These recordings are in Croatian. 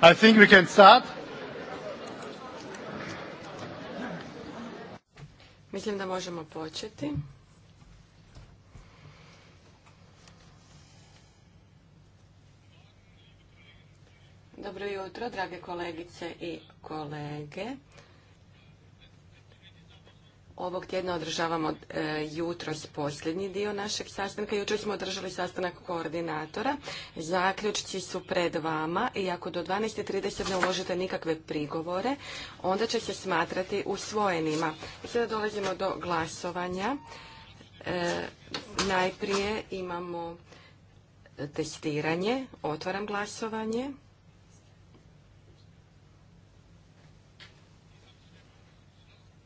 I think we can start. Mislim da možemo početi. Dobro jutro, drage kolegice i kolege. Ovog tjedna održavamo e, jutros posljednji dio našeg sastanka. Jučer smo održali sastanak koordinatora. Zaključci su pred vama i ako do 12.30 ne uložite nikakve prigovore, onda će se smatrati usvojenima. sada dolazimo do glasovanja. E, najprije imamo testiranje. Otvaram glasovanje.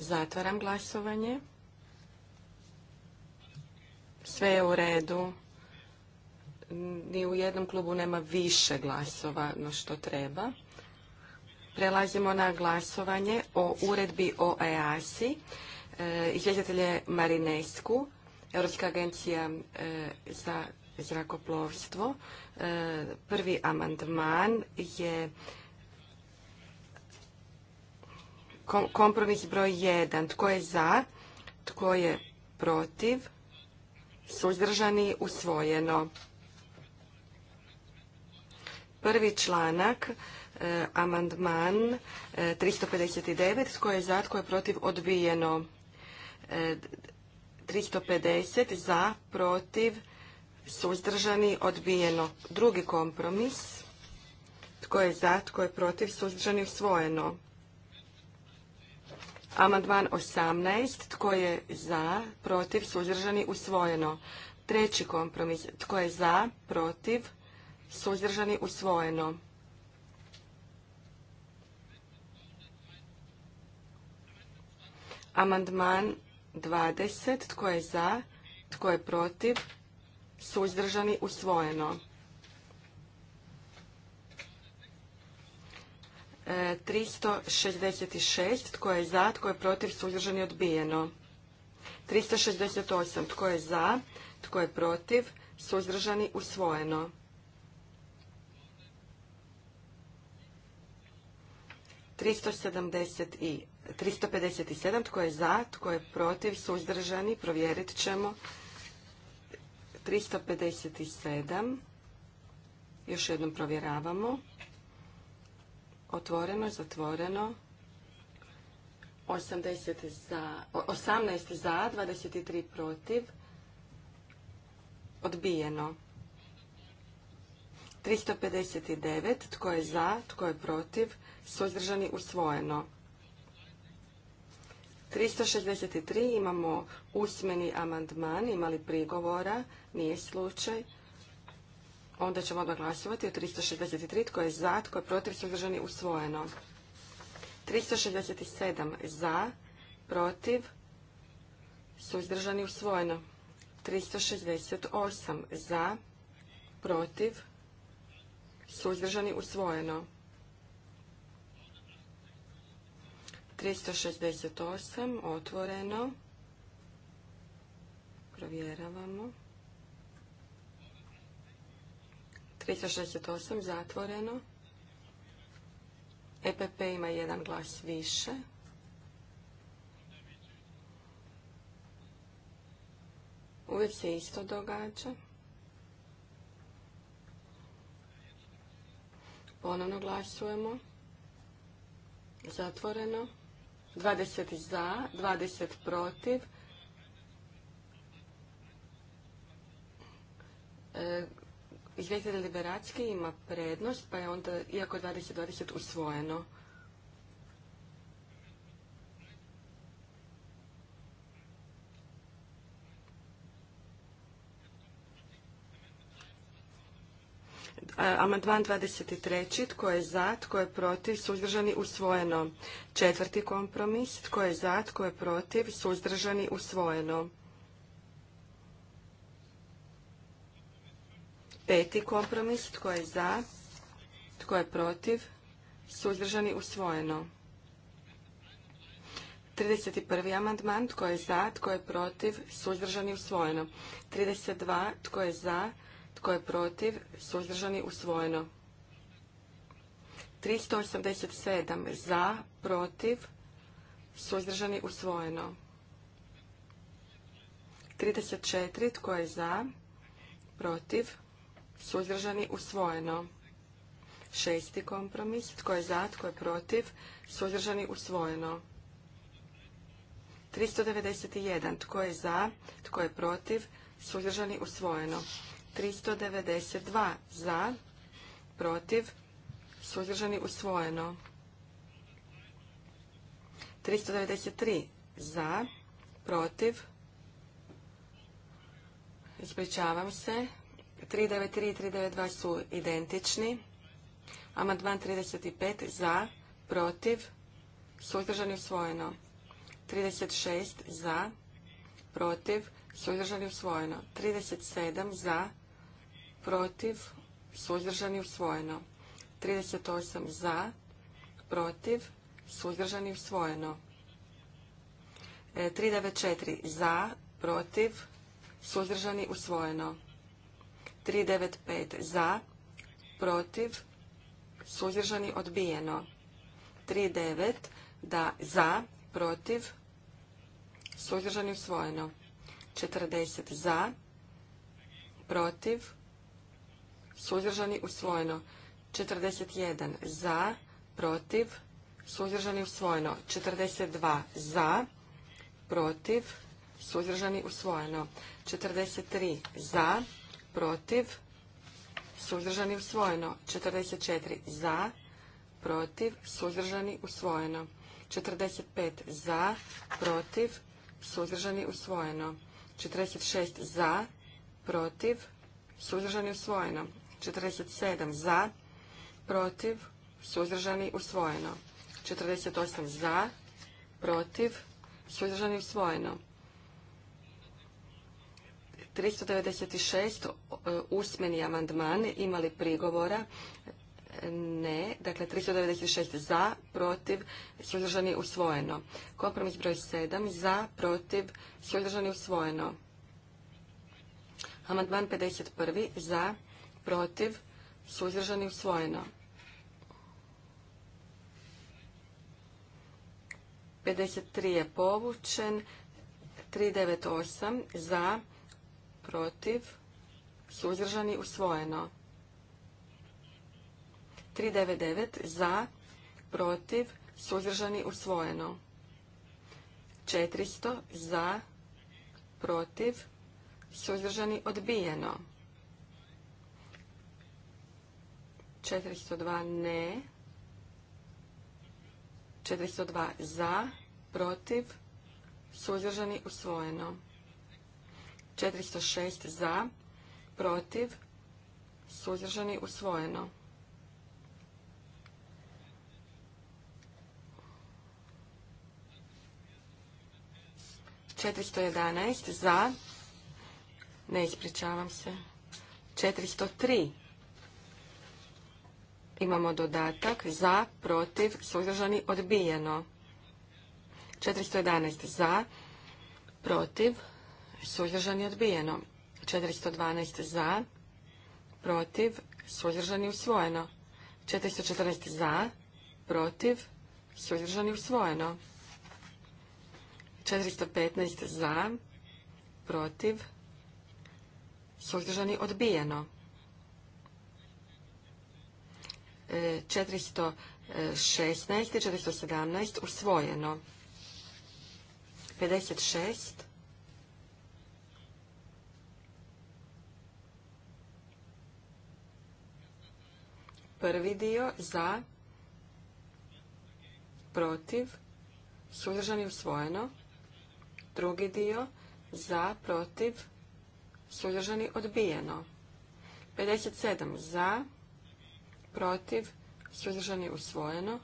Zatvaram glasovanje. Sve je u redu. Ni u jednom klubu nema više glasova no što treba. Prelazimo na glasovanje o uredbi o EASI. E, Izvjetitelj je Marinesku, Europska agencija e, za zrakoplovstvo. E, prvi amandman je Kompromis broj 1. Tko je za? Tko je protiv? Suzdržani usvojeno. Prvi članak, e, amandman 359. E, tko je za? Tko je protiv? Odbijeno. 350 e, za, protiv, suzdržani, odbijeno. Drugi kompromis. Tko je za, tko je protiv, suzdržani, usvojeno. Amandman 18. Tko je za, protiv, suzdržani, usvojeno. Treći kompromis. Tko je za, protiv, suzdržani, usvojeno. Amandman 20. Tko je za, tko je protiv, suzdržani, usvojeno. 366. Tko je za? Tko je protiv? Suzdržan Tristo odbijeno. 368. Tko je za? Tko je protiv? Suzdržani usvojeno. 370 i 357. Tko je za? Tko je protiv? Suzdržani. Provjerit ćemo. 357. Još jednom provjeravamo otvoreno, zatvoreno, 80 za, 18 za, 23 protiv, odbijeno. 359, tko je za, tko je protiv, suzdržani usvojeno. 363 imamo usmeni amandman, imali prigovora, nije slučaj. Onda ćemo odmah glasovati o 363. Tko je za, tko je protiv, suzdržani, usvojeno. 367 za, protiv, suzdržani, usvojeno. 368 za, protiv, suzdržani, usvojeno. 368 otvoreno. Provjeravamo. 368 zatvoreno. EPP ima jedan glas više. Uvijek se isto događa. Ponovno glasujemo. Zatvoreno. 20 za, 20 protiv. E, Izvjestitelj Liberacki ima prednost, pa je onda, iako 2020, usvojeno. Amandman 23. Tko je za, tko je protiv, suzdržani, usvojeno. Četvrti kompromis. Tko je za, tko je protiv, suzdržani, usvojeno. Peti kompromis. Tko je za? Tko je protiv? Suzdržani usvojeno. 31. amandman. Tko je za? Tko je protiv? Suzdržani usvojeno. 32. Tko je za? Tko je protiv? Suzdržani usvojeno. 387. Za? Protiv? Suzdržani usvojeno. 34. Tko je za? Protiv? suzdržani, usvojeno. Šesti kompromis, tko je za, tko je protiv, suzdržani, usvojeno. 391, tko je za, tko je protiv, suzdržani, usvojeno. 392, za, protiv, suzdržani, usvojeno. 393, za, protiv, ispričavam se, 393 i 392 su identični. Amandman 35 za, protiv, suzdržani usvojeno. 36 za, protiv, suzdržani usvojeno. 37 za, protiv, suzdržani usvojeno. 38 za, protiv, suzdržani usvojeno. 394 e, za, protiv, suzdržani usvojeno. 395 za, protiv, suzdržani, odbijeno. 39 da, za, protiv, suzdržani, usvojeno. 40 za, protiv, suzdržani, usvojeno. 41 za, protiv, suzdržani, usvojeno. 42 za, protiv, suzdržani, usvojeno. 43 za, protiv, suzdržani usvojeno. 44 za, protiv, suzdržani usvojeno. 45 za, protiv, suzdržani usvojeno. 46 za, protiv, suzdržani usvojeno. 47 za, protiv, suzdržani usvojeno. 48 za, protiv, suzdržani usvojeno. 396 e, usmeni amandman imali prigovora ne, dakle 396 za, protiv, suzdržani usvojeno. Kompromis broj 7 za, protiv, suzdržani usvojeno. Amandman 51 za, protiv, suzdržani usvojeno. 53 je povučen, 398 za, protiv, suzdržani, usvojeno. 399 za, protiv, suzdržani, usvojeno. 400 za, protiv, suzdržani, odbijeno. 402 ne. 402 za, protiv, suzdržani, usvojeno. 406 za, protiv, suzdržani, usvojeno. Četiristo jedanaest za, ne ispričavam se, četiristo tri. Imamo dodatak za, protiv, suzdržani, odbijeno. 411 za, protiv, suzdržani odbijeno. 412 za, protiv, suzdržani usvojeno. 414 za, protiv, suzdržani usvojeno. 415 za, protiv, suzdržani odbijeno. 416 e, i 417 usvojeno. 56 Prvi dio za, protiv, suzdržani usvojeno. Drugi dio za, protiv, suzdržani odbijeno. 57 za, protiv, suzdržani usvojeno.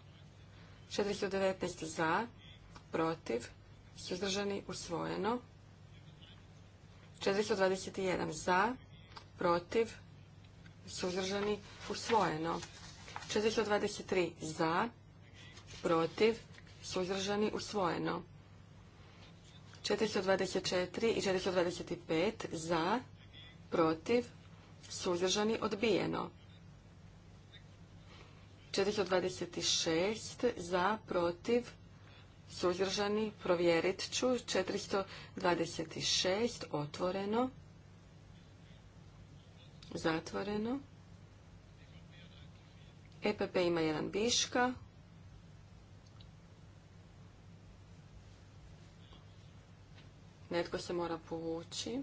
419 za, protiv, suzdržani usvojeno. 421 za, protiv, suzdržani, usvojeno. 423 za, protiv, suzdržani, usvojeno. 424 i 425 za, protiv, suzdržani, odbijeno. 426 za, protiv, suzdržani, provjerit ću. 426 otvoreno. Zatvoreno. EPP ima jedan biška. Netko se mora povući.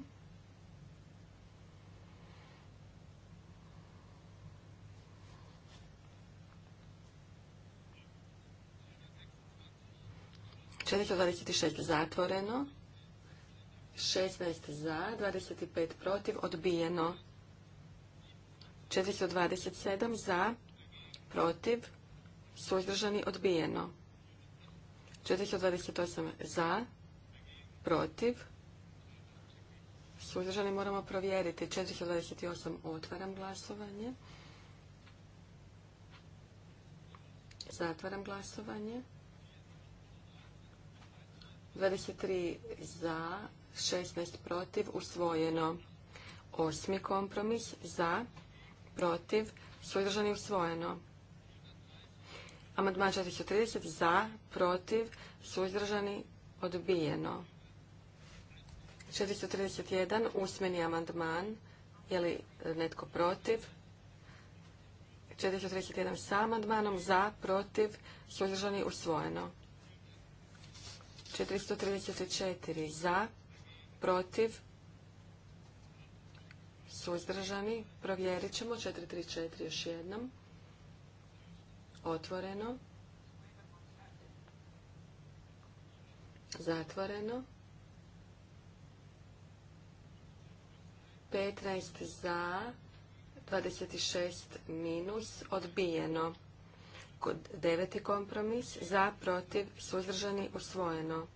Četiristo dvadeset zatvoreno. 16 za, 25 protiv, odbijeno. 427 za, protiv, suzdržani, odbijeno. 428 za, protiv, suzdržani moramo provjeriti. 428 otvaram glasovanje. Zatvaram glasovanje. 23 za, 16 protiv, usvojeno. Osmi kompromis za, protiv, suzdržani usvojeno. Amandman 430 za, protiv, suzdržani odbijeno. 431 usmeni amandman, je li netko protiv? 431 sa amandmanom, za, protiv, suzdržani usvojeno. 434 za, protiv, suzdržani, provjerit ćemo 434 još jednom. Otvoreno. Zatvoreno. 15 za, 26 minus, odbijeno. Deveti kompromis, za, protiv, suzdržani, usvojeno.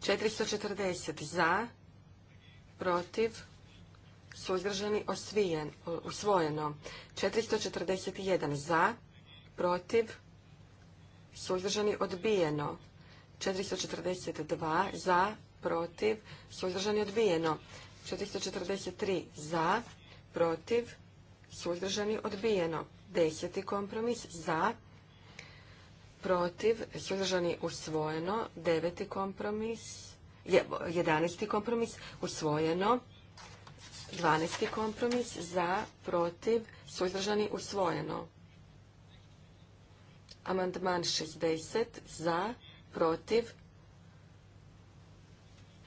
440 za, protiv, suzdržani, usvojeno. 441 za, protiv, suzdržani, odbijeno. 442 za, protiv, suzdržani, odbijeno. 443 za, protiv, suzdržani, odbijeno. Deseti kompromis za, protiv, suzdržani, usvojeno. Deveti kompromis 11. kompromis usvojeno. 12. kompromis za, protiv, suzdržani, usvojeno. Amandman 60 za, protiv,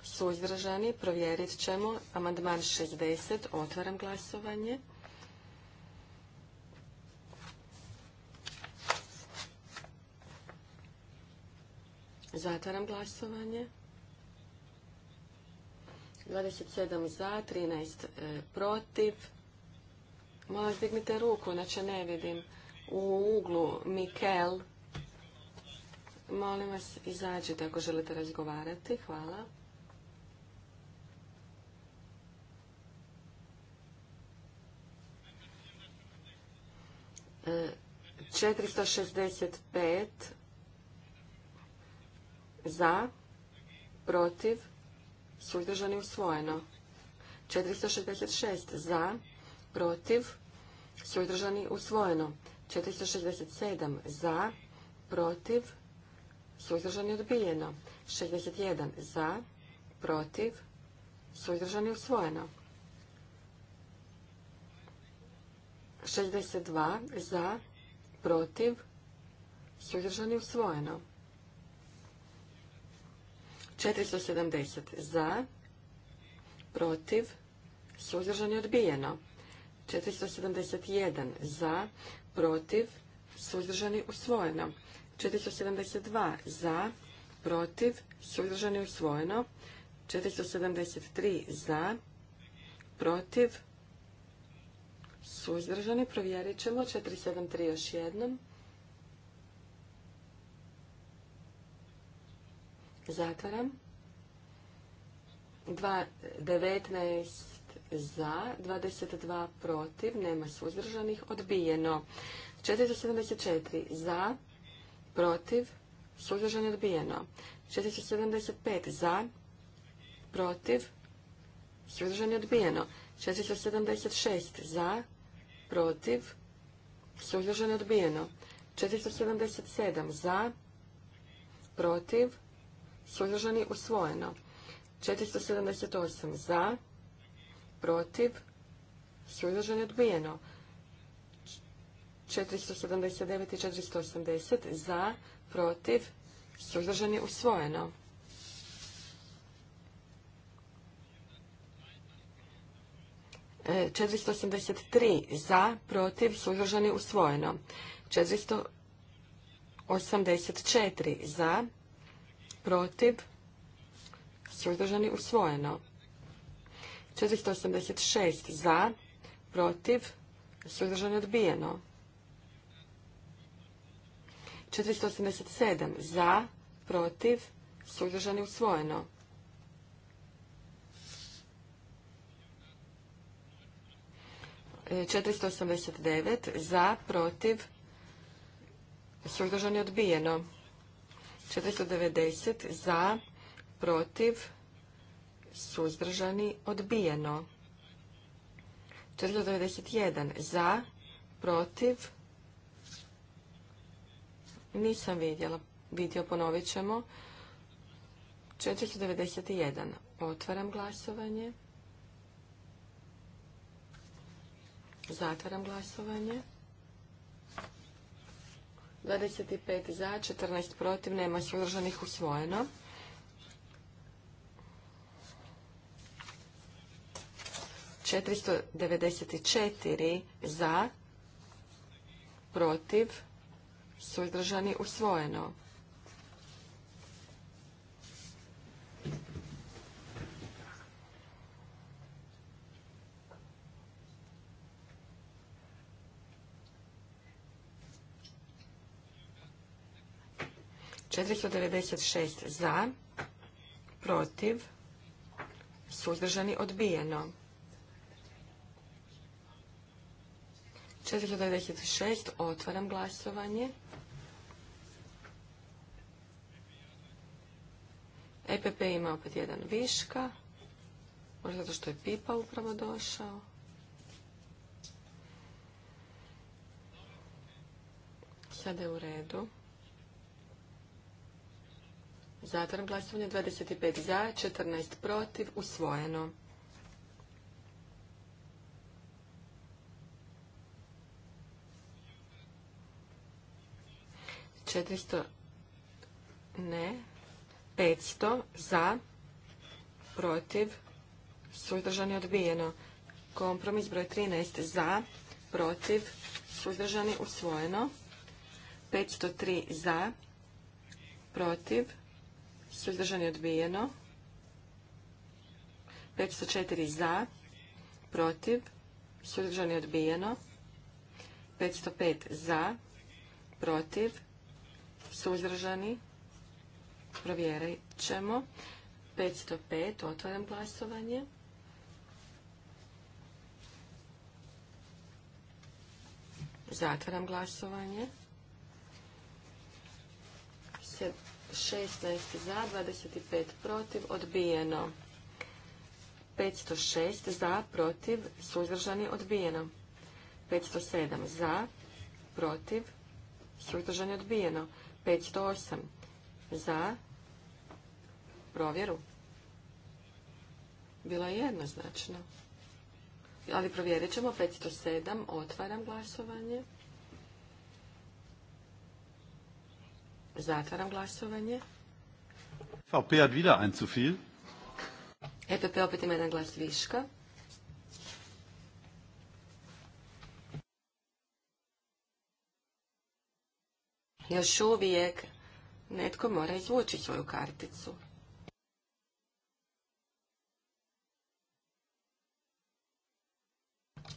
suzdržani, provjerit ćemo. Amandman 60, otvaram glasovanje. Zatvaram glasovanje. 27 za, 13 e, protiv. Molim vas, dignite ruku, inače ne vidim. U uglu Mikel. Molim vas, izađite ako želite razgovarati. Hvala. E, 465 za, protiv, suzdržani usvojeno. 466 za, protiv, suzdržani usvojeno. 467 za, protiv, suzdržani odbijeno. 61 za, protiv, suzdržani usvojeno. 62 za, protiv, suzdržani usvojeno. 470 za, protiv, suzdržani odbijeno. 471 za, protiv, suzdržani usvojeno. 472 za, protiv, suzdržani usvojeno. 473 za, protiv, suzdržani. Provjerit ćemo 473 još jednom. Zatvaram. 19 za, 22 protiv, nema suzdržanih, odbijeno. 474 za, protiv, suzdržani odbijeno. 475 za, protiv, suzdržani odbijeno. 476 za, protiv, suzdržani odbijeno. 477 za, protiv, suzdržani, usvojeno. 478 za, protiv, suzdržani, odbijeno. 479 i 480 za, protiv, suzdržani, usvojeno. 483 e, za, protiv, suzdržani, usvojeno. 484 za, protiv, suzdržani, usvojeno. 486 za, protiv, suzdržani, odbijeno. 487 za, protiv, suzdržani, usvojeno. 489 za, protiv, suzdržani, odbijeno. 490 za, protiv, suzdržani, odbijeno. 491 za, protiv, nisam vidjela, vidio, ponovit ćemo. 491, otvaram glasovanje. Zatvaram glasovanje. 25 za, 14 protiv, nema suzdržanih usvojeno. Četiristo devedeset četiri za, protiv, suzdržani usvojeno. 496 za, protiv, suzdržani, odbijeno. 496, otvaram glasovanje. EPP ima opet jedan viška, možda zato što je Pipa upravo došao. Sada je u redu. Zatvaram glasovanje. 25 za, 14 protiv, usvojeno. Četiristo, ne, 500 za, protiv, suzdržani odbijeno. Kompromis broj 13 za, protiv, suzdržani usvojeno. 503 za, protiv, Suzdržani odbijeno. 504 za. Protiv. je odbijeno. 505 za. Protiv. Suzdržani. Provjerit ćemo. 505. Otvaram glasovanje. Zatvaram glasovanje. 16 za, 25 protiv, odbijeno. 506 za, protiv, suzdržani, odbijeno. 507 za, protiv, suzdržani, odbijeno. 508 za, provjeru. Bilo je jednoznačno. Ali provjerit ćemo 507, otvaram glasovanje. Zatvaram glasovanje. VP wieder ein zu viel. EPP opet ima jedan glas viška. Još uvijek netko mora izvući svoju karticu.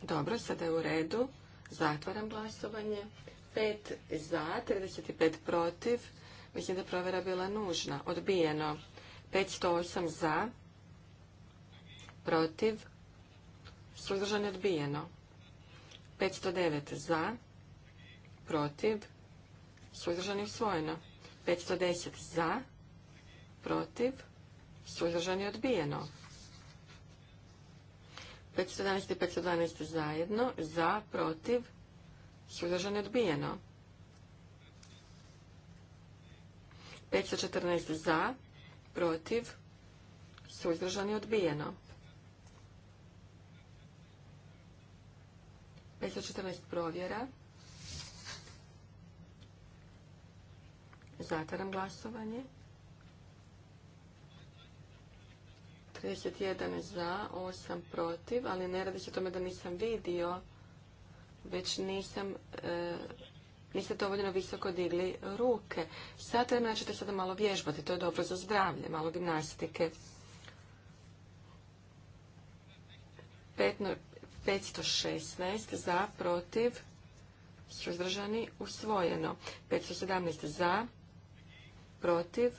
Dobro, sada je u redu. Zatvaram glasovanje. 5 za, 35 protiv. Mislim da provjera bila nužna. Odbijeno. 508 za, protiv, suzdržan je odbijeno. 509 za, protiv, suzdržan je usvojeno. 510 za, protiv, suzdržan je odbijeno. 511 i 512 zajedno, za, protiv, Suzdržan je odbijeno. 514 za, protiv, suzdržan je odbijeno. 514 provjera. Zatvaram glasovanje. 31 za, 8 protiv, ali ne radi se tome da nisam vidio već nisam, e, niste dovoljno visoko digli ruke. Sad da ćete sada malo vježbati, to je dobro za zdravlje, malo gimnastike. 516 za, protiv, suzdržani, usvojeno. 517 za, protiv,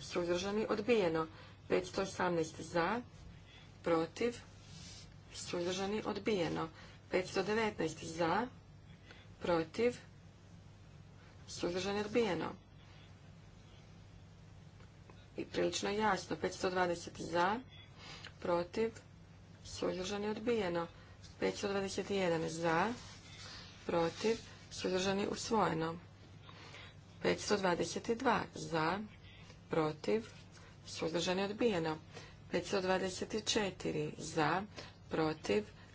suzdržani, odbijeno. 518 za, protiv, suzdržani, odbijeno. 519 za, protiv, suzdržan je odbijeno. I prilično jasno, 520 za, protiv, suzdržan je odbijeno. 521 za, protiv, suzdržan je usvojeno. 522 za, protiv, suzdržan je odbijeno. 524 za, protiv,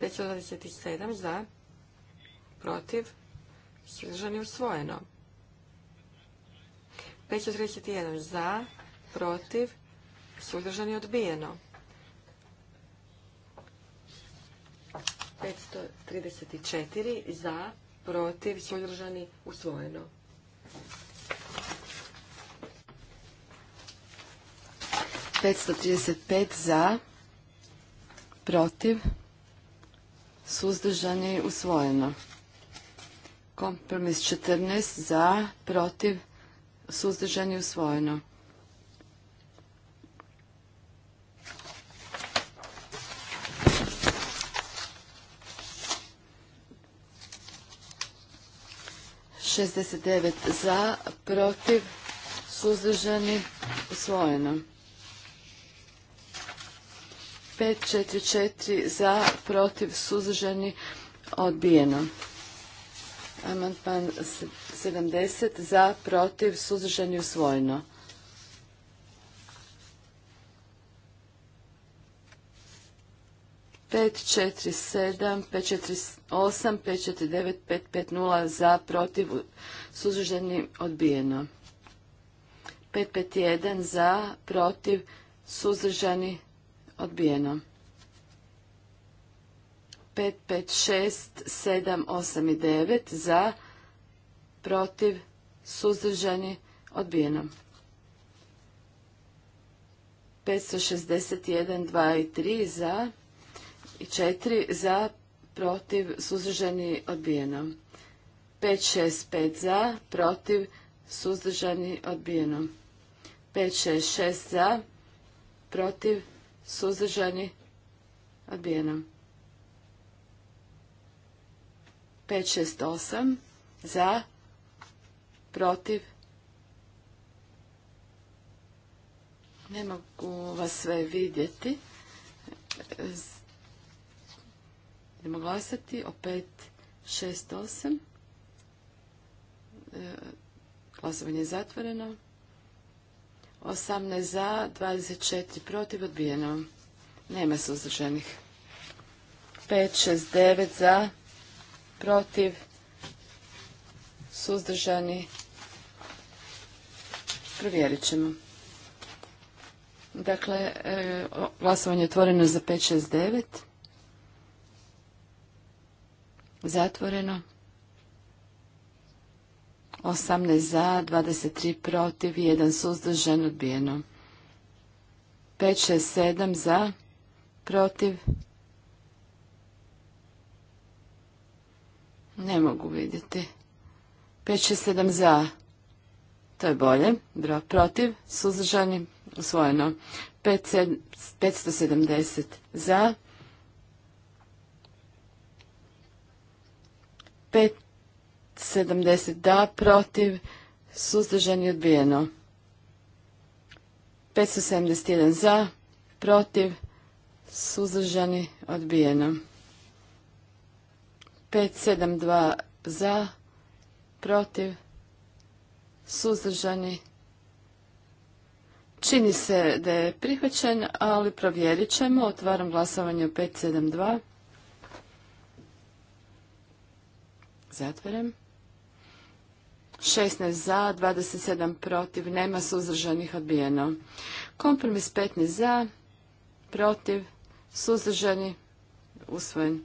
527 za, protiv, suzdržani usvojeno. 531 za, protiv, suzdržani odbijeno. 534 za, protiv, suzdržani usvojeno. Petsto trideset pet za, protiv, suzdržani, usvojeno. Kompromis 14 za, protiv, suzdržani, usvojeno. Šestdeset devet za, protiv, suzdržani, usvojeno. 544 za, protiv, suzdržani, odbijeno. Amandman 70 za, protiv, suzdržani, usvojeno. pet četiri sedam pet osam pet četiri devet pet pet nula za protiv suzdržani odbijeno pet pet jedan za protiv suzdržani Odbijeno. 5, 5, 6, 7, 8 i 9 za, protiv, suzdržani, odbijeno. 561, 2 i 3 za i 4 za, protiv, suzdržani, odbijeno. 5, 6, 5 za, protiv, suzdržani, odbijeno. 5, 6, 6 za, protiv, Suzdržani? Odbijeno. 568 za, protiv. Ne mogu vas sve vidjeti. Idemo glasati opet 568. E, glasovanje je zatvoreno. 18 za, 24 protiv, odbijeno. Nema suzdržanih. 5, 6, 9 za, protiv, suzdržani. Provjerit ćemo. Dakle, e, glasovanje je otvoreno za 5, 6, 9. Zatvoreno. 18 za, 23 protiv, 1 suzdržan, odbijeno. 5, 6, 7 za, protiv. Ne mogu vidjeti. 5, 6, 7 za. To je bolje. Bro, protiv, suzdržani, usvojeno. 5, 570 za. 5, 70 da, protiv, suzdržani odbijeno. 571 za, protiv, suzdržani odbijeno. 572 za, protiv, suzdržani. Čini se da je prihvaćen, ali provjerit ćemo. Otvaram glasovanje u 572. Zatvaram. 16 za, 27 protiv, nema suzdržanih odbijeno. Kompromis 15 za, protiv, suzdržani, usvojen.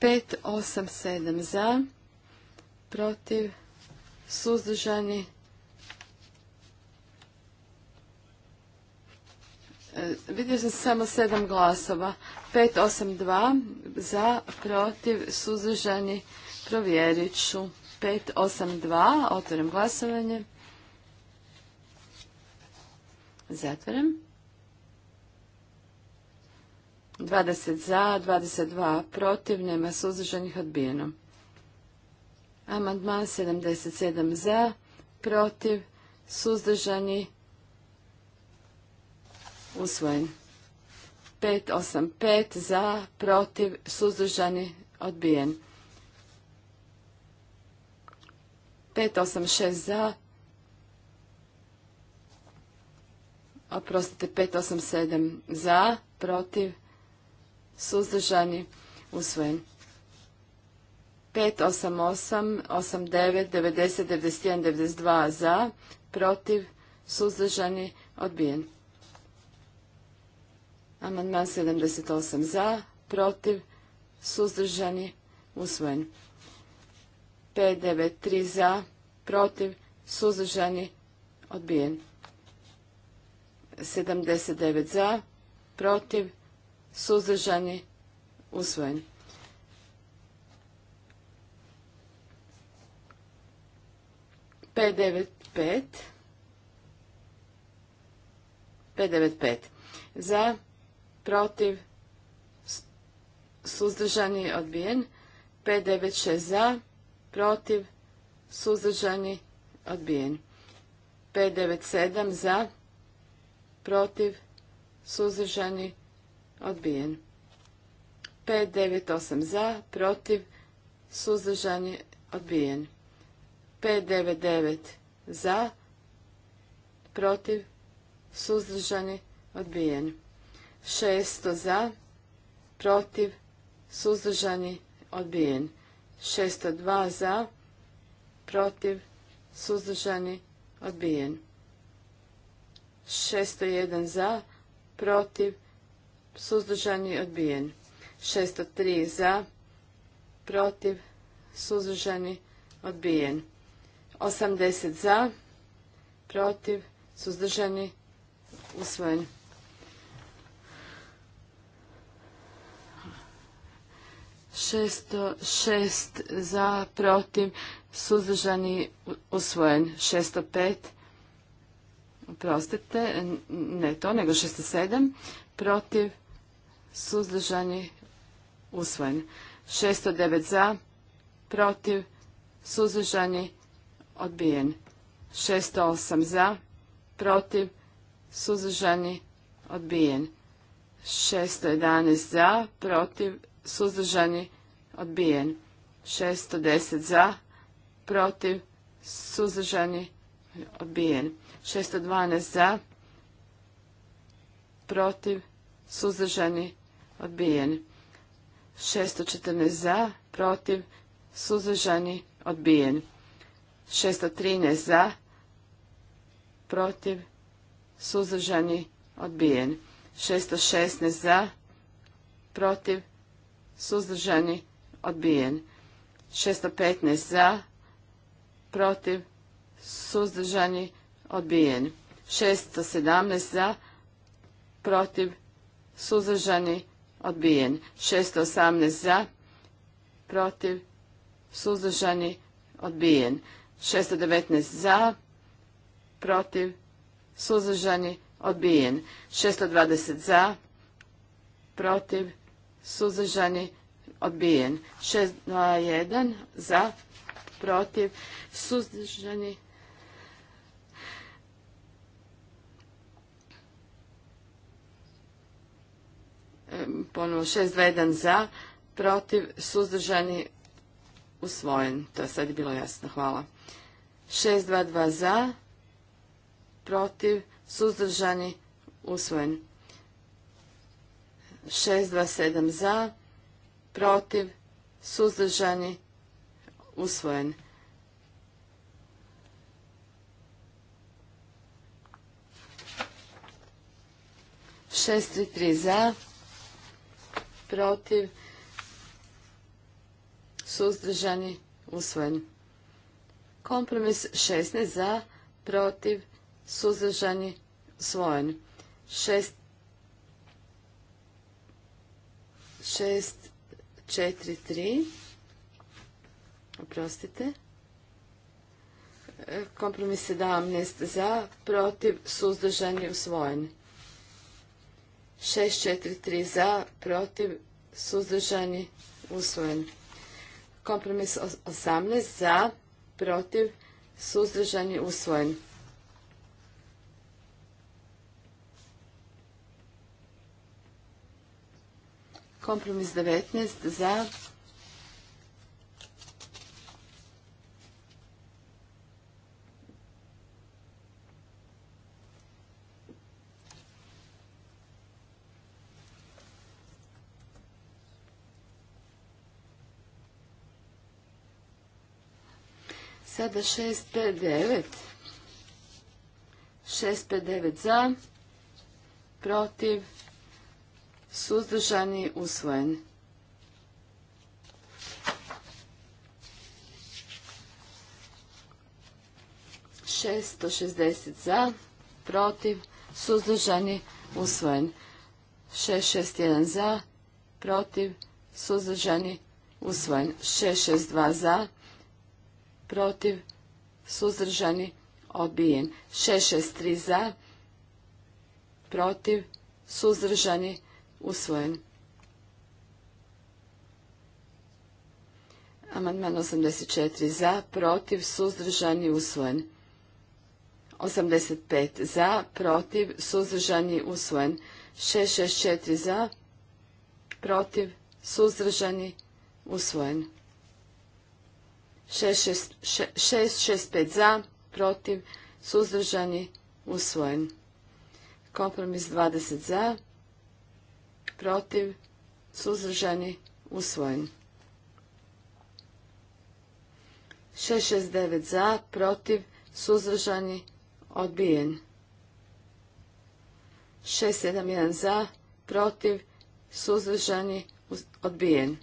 587 za, protiv, suzdržani, e, vidio sam samo sedam glasova, 582 za, protiv, suzdržani, provjerit ću, 582, otvorim glasovanje, zatvorim. 20 za, 22 protiv, nema suzdržanih odbijeno. Amandman 77 za, protiv, suzdržani, usvojen. 585 za, protiv, suzdržani, odbijen. 586 za, oprostite, 587 za, protiv, suzdržani, usvojen. 588, 89, 90, 91, 92 za, protiv, suzdržani, odbijen. Amandman 78 za, protiv, suzdržani, usvojen. 3 za, protiv, suzdržani, odbijen. 79 za, protiv, suzdržani, usvojeni. P95 P95 za, protiv, suzdržani, odbijen. P96 za, protiv, suzdržani, odbijen. P97 za, protiv, suzdržani, Odbijen. 598 za, protiv, suzdržani, odbijen. 599 za, protiv, suzdržani, odbijen. 600 za, protiv, suzdržani, odbijen. 602 za, protiv, suzdržani, odbijen. 601 za, protiv, suzdržani, odbijen. 603 za, protiv, suzdržani, odbijen. 80 za, protiv, suzdržani, usvojen. Šesto šest za, protiv, suzdržani, usvojen. Šesto pet, oprostite, ne to, nego šesto sedam, protiv, suzdržani, usvojen. 609 za, protiv, suzdržani, odbijen. 608 za, protiv, suzdržani, odbijen. 611 za, protiv, suzdržani, odbijen. 610 za, protiv, suzdržani, odbijen. 612 za, protiv, suzdržani, odbijen. 614 za, protiv, suzdržani, odbijen. 613 za, protiv, suzdržani, odbijen. 616 za, protiv, suzdržani, odbijen. 615 za, protiv, suzdržani, odbijen. 617 za, protiv, suzdržani, odbijen. 618 za, protiv, suzdržani, odbijen. 619 za, protiv, suzdržani, odbijen. 620 za, protiv, suzdržani, odbijen. 621 za, protiv, suzdržani, odbijen ponovo 621 za, protiv, suzdržani, usvojen. To je sad bilo jasno, hvala. 622 za, protiv, suzdržani, usvojen. 627 za, protiv, suzdržani, usvojen. Šest tri za, protiv, suzdržani, usvojen. Kompromis 16 za, protiv, suzdržani, usvojen. 6, 6, 4, 3, oprostite. Kompromis 17 za, protiv, suzdržani, usvojen. 643 za, protiv, suzdržani, usvojen. Kompromis 18 za, protiv, suzdržani, usvojen. Kompromis 19 za, Sada 659. 659 za, protiv, suzdržani, usvojen. 660 za, protiv, suzdržani, usvojen. Šest šest za, protiv, suzdržani, usvojen. Šest za, protiv, suzdržani, odbijen. 663 za, protiv, suzdržani, usvojen. Amandman 84 za, protiv, suzdržani, usvojen. 85 za, protiv, suzdržani, usvojen. 664 za, protiv, suzdržani, usvojen. 665 za, protiv, suzdržani, usvojen. Kompromis 20 za, protiv, suzdržani, usvojen. 669 za, protiv, suzdržani, odbijen. 671 za, protiv, suzdržani, odbijen.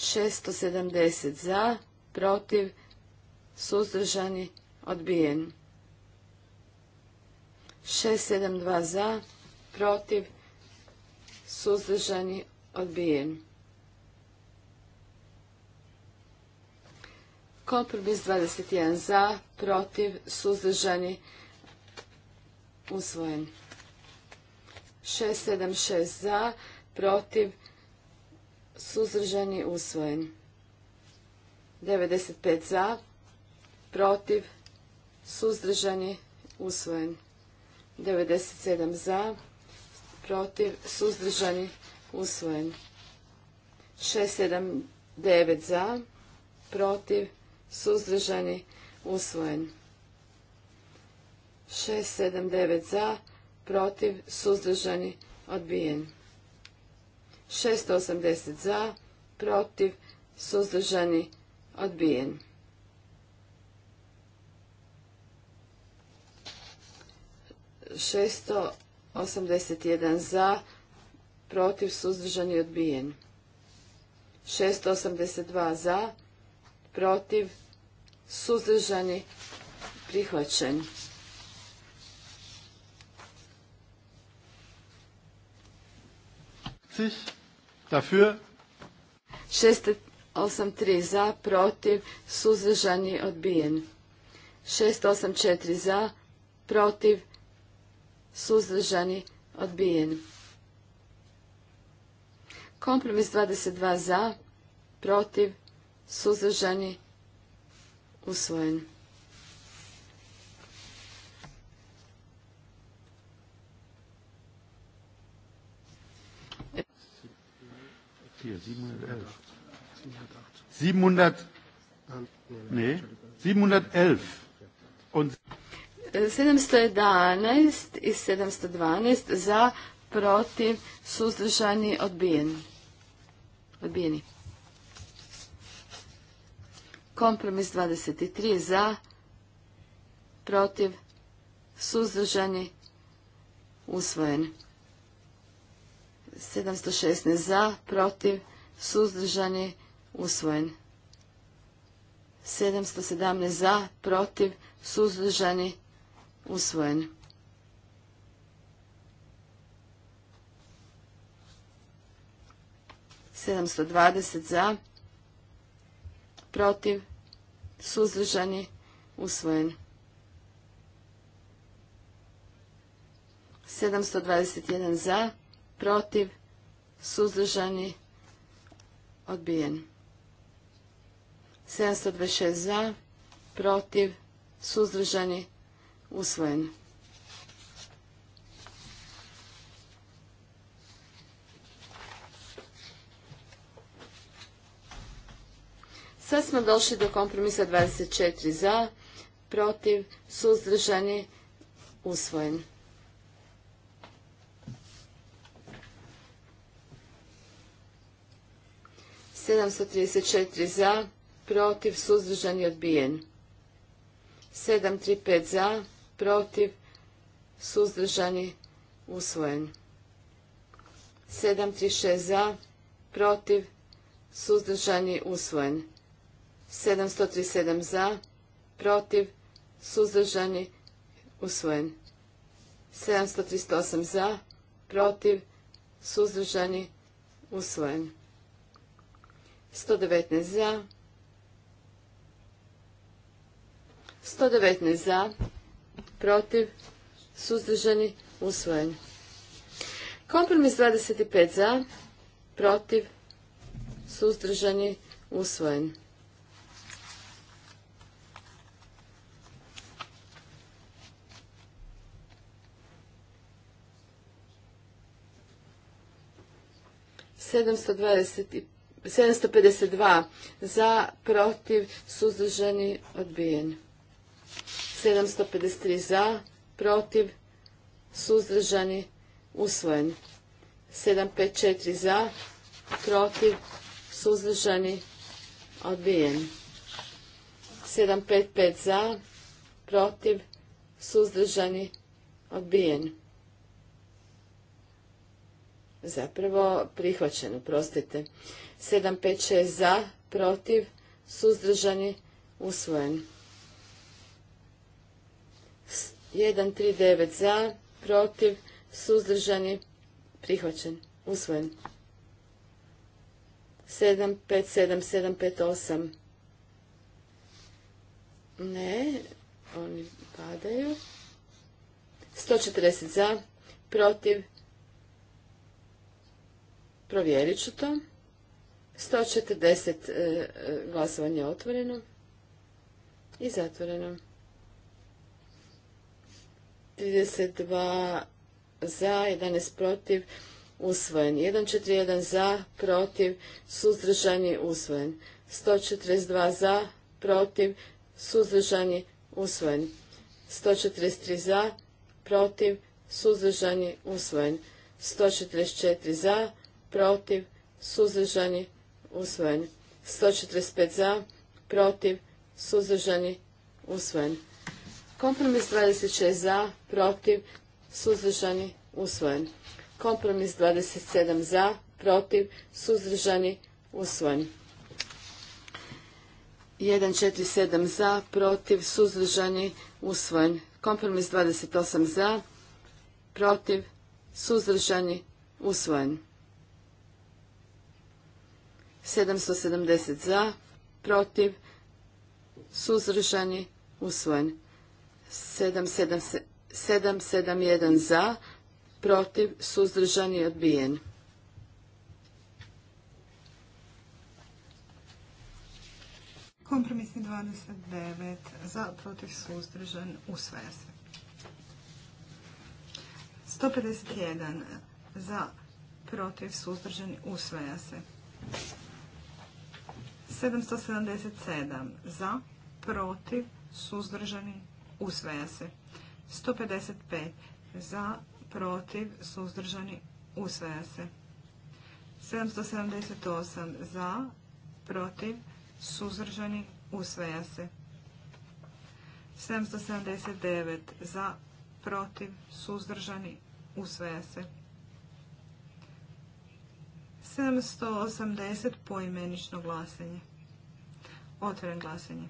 670 za, protiv, suzdržani, odbijen. 672 za, protiv, suzdržani, odbijen. Kompromis 21 za, protiv, suzdržani, usvojen. 676 za, protiv, suzdržani, usvojen. 95 za, protiv, suzdržani, usvojen. 97 za, protiv, suzdržani, usvojen. 679 za, protiv, suzdržani, usvojen. 679 za, protiv, suzdržani, odbijen. 680 za, protiv, suzdržani, odbijen. Šesto osamdeset jedan za, protiv, suzdržani, odbijen. Šesto osamdeset dva za, protiv, suzdržani, prihvaćen. Dafür. 683 za, protiv, suzdržani, odbijen. 684 za, protiv, suzdržani, odbijen. Kompromis 22 za, protiv, suzdržani, usvojen. 711. i 712 za protiv suzdržani odbijen. Odbijeni. Kompromis 23 za protiv suzdržani usvojeni. 716 za, protiv, suzdržani, usvojen. 717 za, protiv, suzdržani, usvojen. Sedamsto dvadeset za, protiv, suzdržani, usvojen. 721 za, protiv, suzdržani, odbijen. 726 za, protiv, suzdržani, usvojen. Sad smo došli do kompromisa 24 za, protiv, suzdržani, usvojen. 734 za, protiv, suzdržan i odbijen. 735 za, protiv, suzdržani, usvojen. 736 za, protiv, suzdržani, usvojen. 737 za, protiv, suzdržani, usvojen. 738 za, protiv, suzdržani, usvojen. 119 za. 119 za. Protiv. Suzdržani. Usvojen. Kompromis 25 za. Protiv. Suzdržani. Usvojen. Sedamsto dvadeset 752 za, protiv, suzdržani, odbijen. 753 za, protiv, suzdržani, usvojen. 754 za, protiv, suzdržani, odbijen. 755 za, protiv, suzdržani, odbijen. Zapravo prihvaćeno, prostite. 756 za, protiv, suzdržani, usvojen. 139 za, protiv, suzdržani, prihvaćen, usvojen. 757, 758. Ne, oni padaju. 140 za, protiv, provjerit ću to. 140 e, glasovanje otvoreno i zatvoreno. 32 za, 11 protiv, usvojen. 141 za, protiv, suzdržani, usvojen. 142 za, protiv, suzdržani, usvojen. 143 za, protiv, suzdržani, usvojen. 144 za, protiv, suzdržani, usvojen usvojen. 145 za, protiv, suzdržani, usvojen. Kompromis 26 za, protiv, suzdržani, usvojen. Kompromis 27 za, protiv, suzdržani, usvojen. 147 za, protiv, suzdržani, usvojen. Kompromis 28 za, protiv, suzdržani, usvojen. 770 za, protiv, suzdržani, usvojen. 771 za, protiv, suzdržani, odbijen. Kompromisni 29 za, protiv, suzdržan, usvaja se. 151 za, protiv, suzdržan, usvaja se. 777 za, protiv, suzdržani, usvaja se. 155 za, protiv, suzdržani, usvaja se. 778 za, protiv, suzdržani, usvaja se. 779 za, protiv, suzdržani, usvaja se. 780 poimenično glasanje. Otvoren glasanje.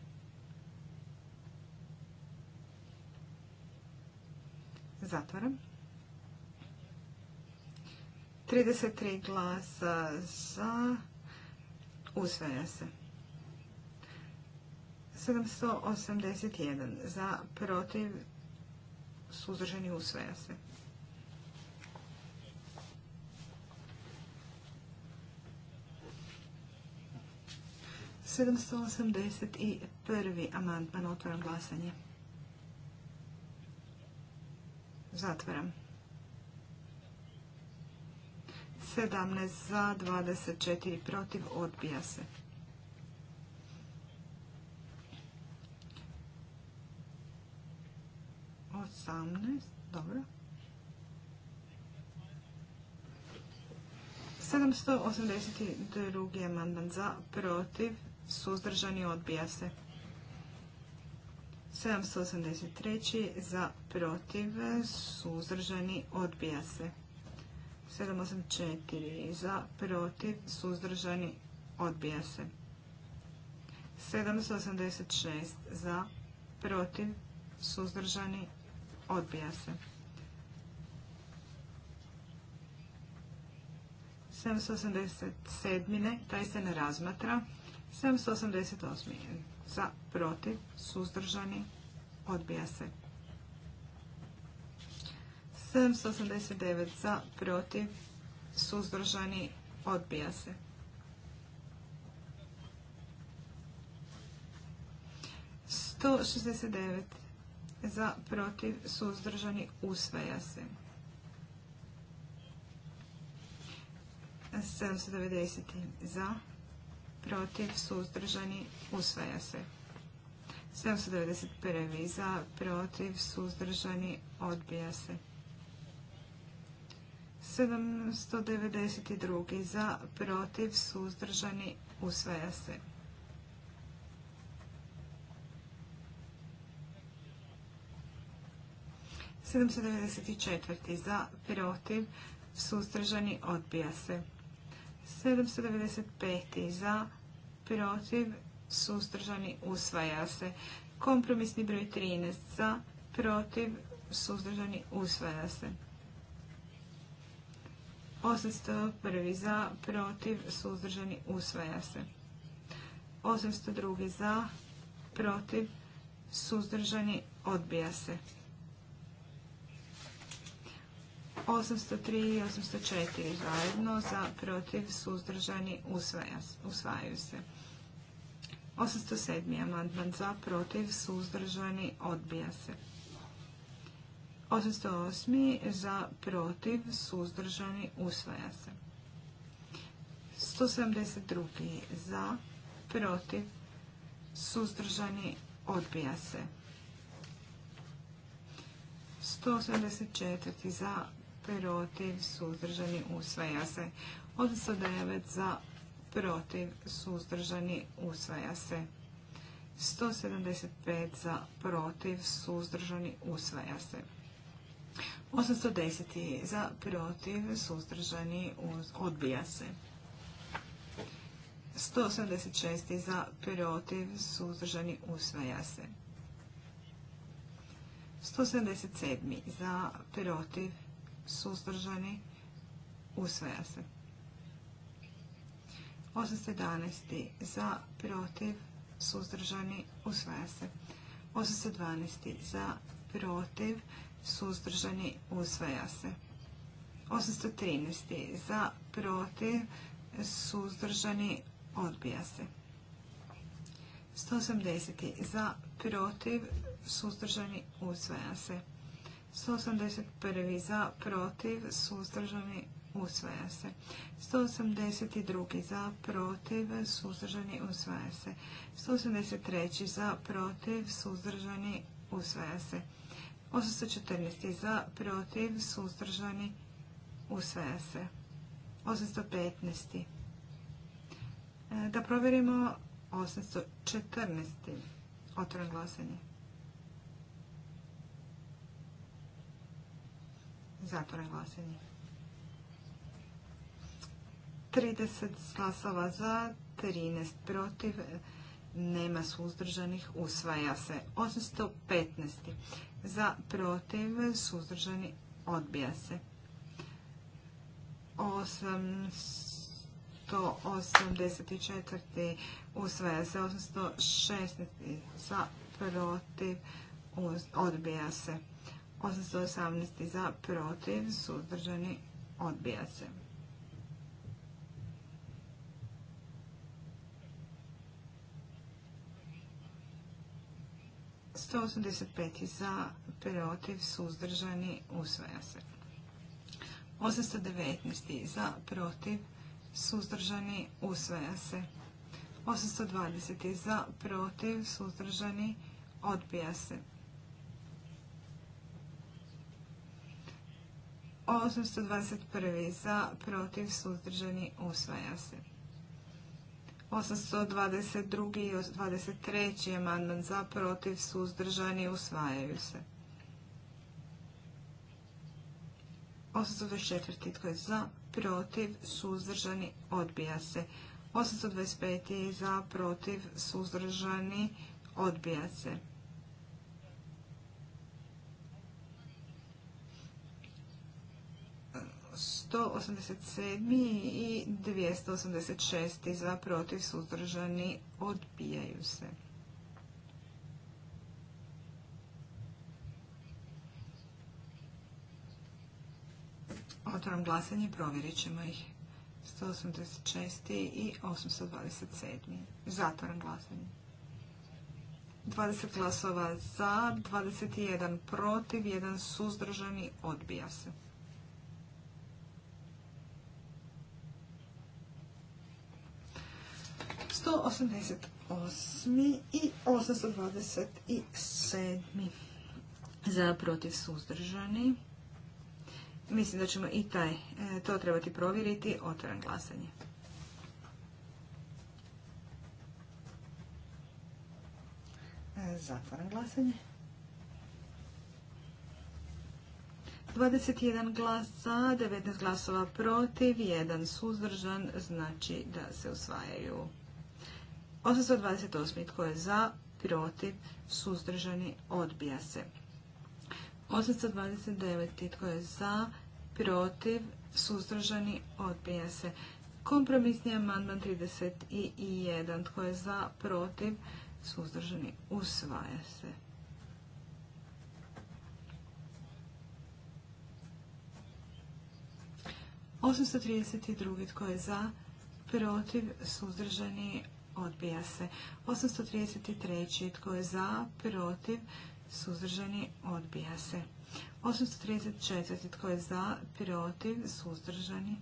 Zatvaram. 33 glasa za. Usvaja se. 781 za, protiv, suzdržani usvaja se. 781. amandman. Otvoram glasanje. Zatvaram. 17 za, 24 protiv. Odbija se. Osamnaest, dobro. 782. amandman za, protiv, suzdržani, odbija se. 783 za protiv, suzdržani, odbija se. 784 za protiv, suzdržani, odbija se. 786 za protiv, suzdržani, odbija se. 787. taj se ne razmatra. 788. Za, protiv, suzdržani, odbija se. 789. Za, protiv, suzdržani, odbija se. 169. Za, protiv, suzdržani, usvaja se. 790. Za, protiv, suzdržani, usvaja se. 791. za, protiv, suzdržani, odbija se. 792. za, protiv, suzdržani, usvaja se. 794. za, protiv, suzdržani, odbija se. 795. za, protiv, suzdržani, usvaja se. Kompromisni broj 13 za, protiv, suzdržani, usvaja se. 801 za, protiv, suzdržani, usvaja se. 802 za, protiv, suzdržani, odbija se. 803 i 804 zajedno za protiv suzdržani usvaja, usvajaju se. 807. amandman za protiv suzdržani odbija se. 808. za protiv suzdržani usvaja se. 172. za protiv suzdržani odbija se. 184. za protiv, suzdržani, usvaja se. 809 za, protiv, suzdržani, usvaja se. 175 za, protiv, suzdržani, usvaja se. 810 za, protiv, suzdržani, odbija se. 186 za, protiv, suzdržani, usvaja se. 177 za, protiv, suzdržani, usvaja se. 811. za, protiv, suzdržani, usvaja se. 812. za, protiv, suzdržani, usvaja se. 813. za, protiv, suzdržani, odbija se. 180. za, protiv, suzdržani, usvaja se. 181. za, protiv, suzdržani, usvaja se. 182. za, protiv, suzdržani, usvaja se. 183. za, protiv, suzdržani, usvaja se. 814. za, protiv, suzdržani, usvaja se. 815. E, da provjerimo 814. Otvoren glasanje. Zatvoren glasanje. 30 glasova za, 13 protiv, nema suzdržanih, usvaja se. 815. Za, protiv, suzdržani, odbija se. 884. usvaja se. 816. Za, protiv, odbija se. 818. za, protiv, suzdržani, odbija se. za, protiv, suzdržani, usvaja se. 819. za, protiv, suzdržani, usvaja se. 820. za, protiv, suzdržani, odbija se. 821. za, protiv, suzdržani, usvaja se. 822. i 23. amandman za, protiv, suzdržani, usvajaju se. 824. tko je za, protiv, suzdržani, odbija se. 825. za, protiv, suzdržani, odbija se. 187. i 286. za protiv suzdržani odbijaju se. Otvaram glasanje, provjerit ćemo ih. 186. i 827. zatvorom glasanje. 20 glasova za, 21 protiv, 1 suzdržani, odbija se. 188. i 827. Za protiv suzdržani. Mislim da ćemo i taj, e, to trebati provjeriti. Otvoren glasanje. E, Zatvoren glasanje. 21 glas za, 19 glasova protiv, 1 suzdržan, znači da se usvajaju. 828. Tko je za? Protiv? Suzdržani? Odbija se. 829. Tko je za? Protiv? Suzdržani? Odbija se. Kompromisni amandman 31. Tko je za? Protiv? Suzdržani? Usvaja se. Osamsto trideset tko je za protiv suzdržani odbija se. 833. tko je za, protiv, suzdržani, odbija se. 834. tko je za, protiv, suzdržani,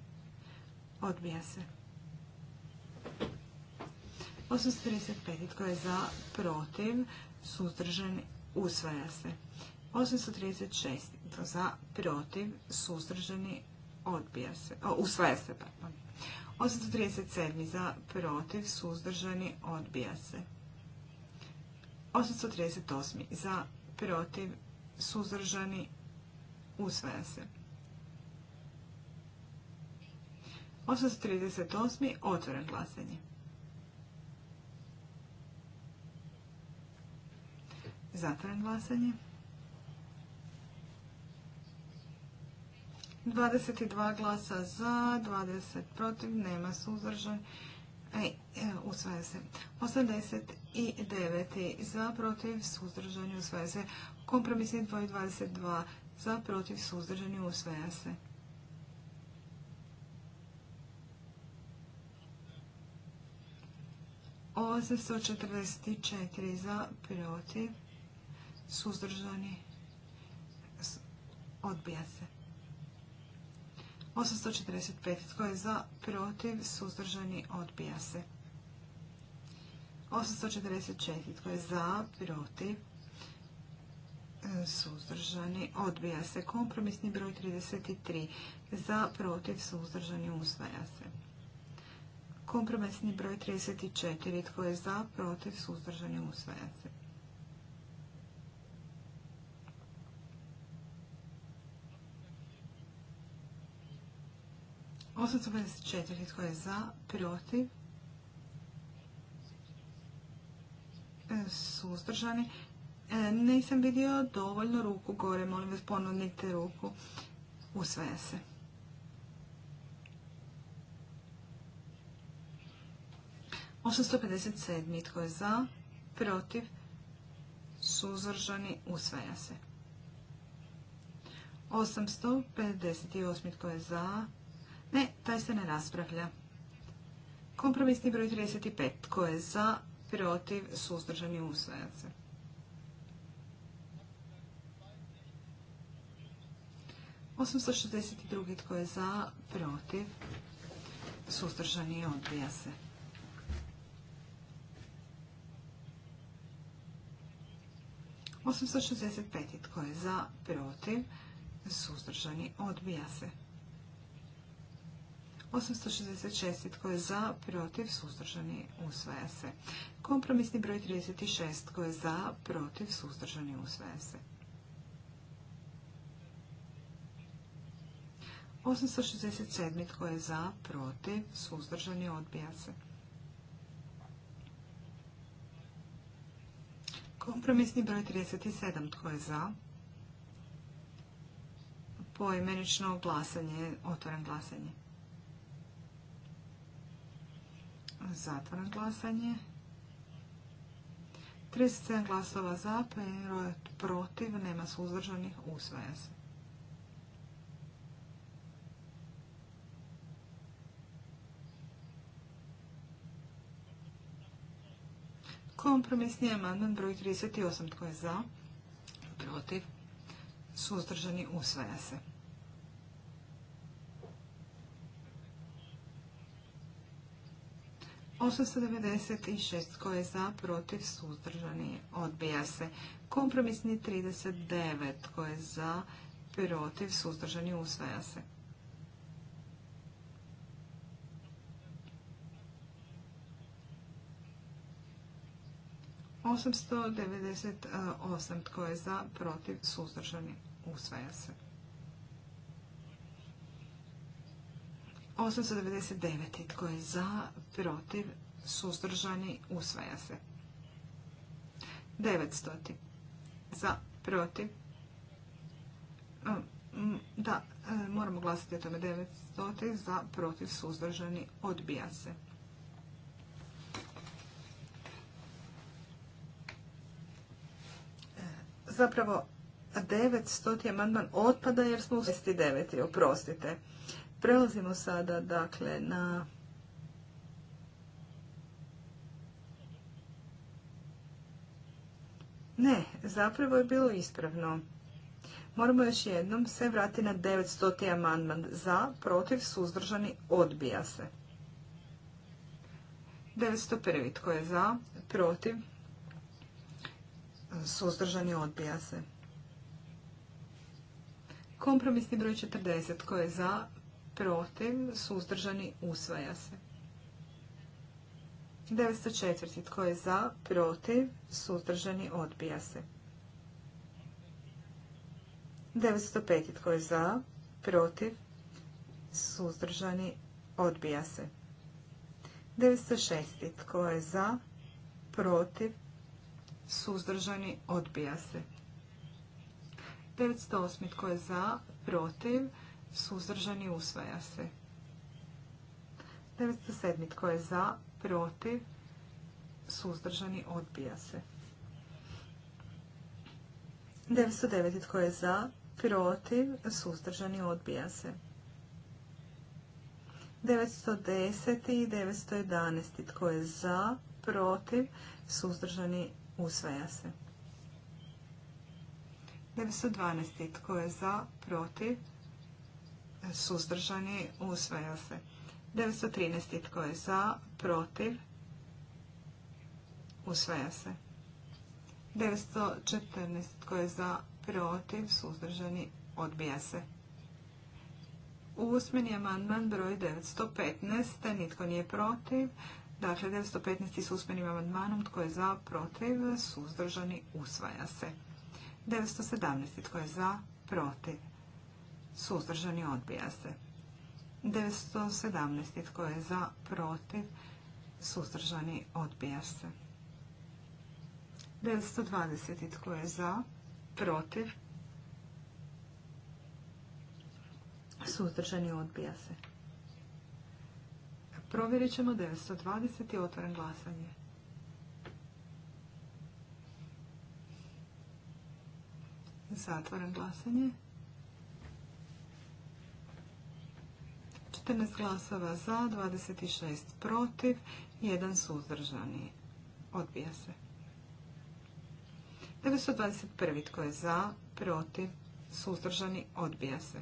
odbija se. 835. tko je za, protiv, suzdržani, usvaja se. 836. tko za, protiv, suzdržani, odbija se. usvaja se, pardon. 837. za protiv suzdržani odbija se. 838. za protiv suzdržani usvaja se. 838. otvoren glasanje. Zatvoren glasanje. 22 glasa za, 20 protiv, nema suzdržan. E, e usvaja se. 89 za, protiv, suzdržani, usvaja se. Kompromisni 22 za, protiv, suzdržani, usvaja se. Ovo 144 za, protiv, suzdržani, odbija se. 845. Tko je za? Protiv? Suzdržani? Odbija se. 844. Tko je za? Protiv? E, suzdržani? Odbija se. Kompromisni broj 33. Za? Protiv? Suzdržani? Usvaja se. Kompromisni broj 34. Tko je za? Protiv? Suzdržani? Usvaja se. 854. Tko je za? Protiv? Suzdržani? E, nisam vidio dovoljno ruku gore. Molim vas ponudnite ruku. Usvaja se. 857. Tko je za? Protiv? Suzdržani? Usvaja se. 858. Tko je za? Ne, taj se ne raspravlja. Kompromisni broj 35. Tko je za, protiv, suzdržani usvaja se. 862. šestdeset tko je za, protiv, suzdržani odbija se. 865. šestdeset tko je za, protiv, suzdržani odbija se. 866. Tko je za, protiv, suzdržani, usvaja se. Kompromisni broj 36. Tko je za, protiv, suzdržani, usvaja se. 867. Tko je za, protiv, suzdržani, odbija se. Kompromisni broj 37. Tko je za? Poimenično glasanje. Otvoren glasanje. Zatvoram glasanje. 37 glasova za, je protiv, nema suzdržanih, usvaja se. Kompromisni amandman broj 38. Tko je za? Protiv. Suzdržani usvaja se. 896 tko je za, protiv, suzdržani, odbija se. Kompromisni 39 tko je za, protiv, suzdržani, usvaja se. Osamsto devedeset osam tko je za, protiv, suzdržani, usvaja se. 899. Tko je za, protiv, suzdržani, usvaja se. 900. Za, protiv. E, da, e, moramo glasiti o tome 900. Za, protiv, suzdržani, odbija se. E, zapravo, 900. amandman otpada jer smo u 69. Oprostite. Prelazimo sada dakle na Ne, zapravo je bilo ispravno. Moramo još jednom se vratiti na 900. amandman za, protiv, suzdržani, odbija se. 901. Tko je za, protiv, suzdržani, odbija se. Kompromisni broj 40. Tko je za, protiv, suzdržani, usvaja se. 904. Tko je za, protiv, suzdržani, odbija se. 905. Tko je za, protiv, suzdržani, odbija se. 906. Tko je za, protiv, suzdržani, odbija se. 908. Tko je za, protiv, suzdržani, usvaja se. 907. Tko je za, protiv, suzdržani, odbija se. 909. Tko je za, protiv, suzdržani, odbija se. 910. i 911. Tko je za, protiv, suzdržani, usvaja se. 912. Tko je za, protiv, suzdržani, usvaja se. 913. Tko je za, protiv, usvaja se. 914. Tko je za, protiv, suzdržani, odbija se. Usmeni amandman broj 915. Nitko nije protiv. Dakle, 915. s usmenim amandmanom. Tko je za, protiv, suzdržani, usvaja se. 917. Tko je za, protiv, suzdržani, odbija se. 917. Tko je za, protiv, suzdržani, odbija se. 920. Tko je za, protiv, suzdržani, odbija se. Provjerit ćemo 920. i otvoren glasanje. Zatvoren glasanje. 14 glasova za, 26 protiv, 1 suzdržani. Odbija se. 921. Tko je za, protiv, suzdržani, odbija se.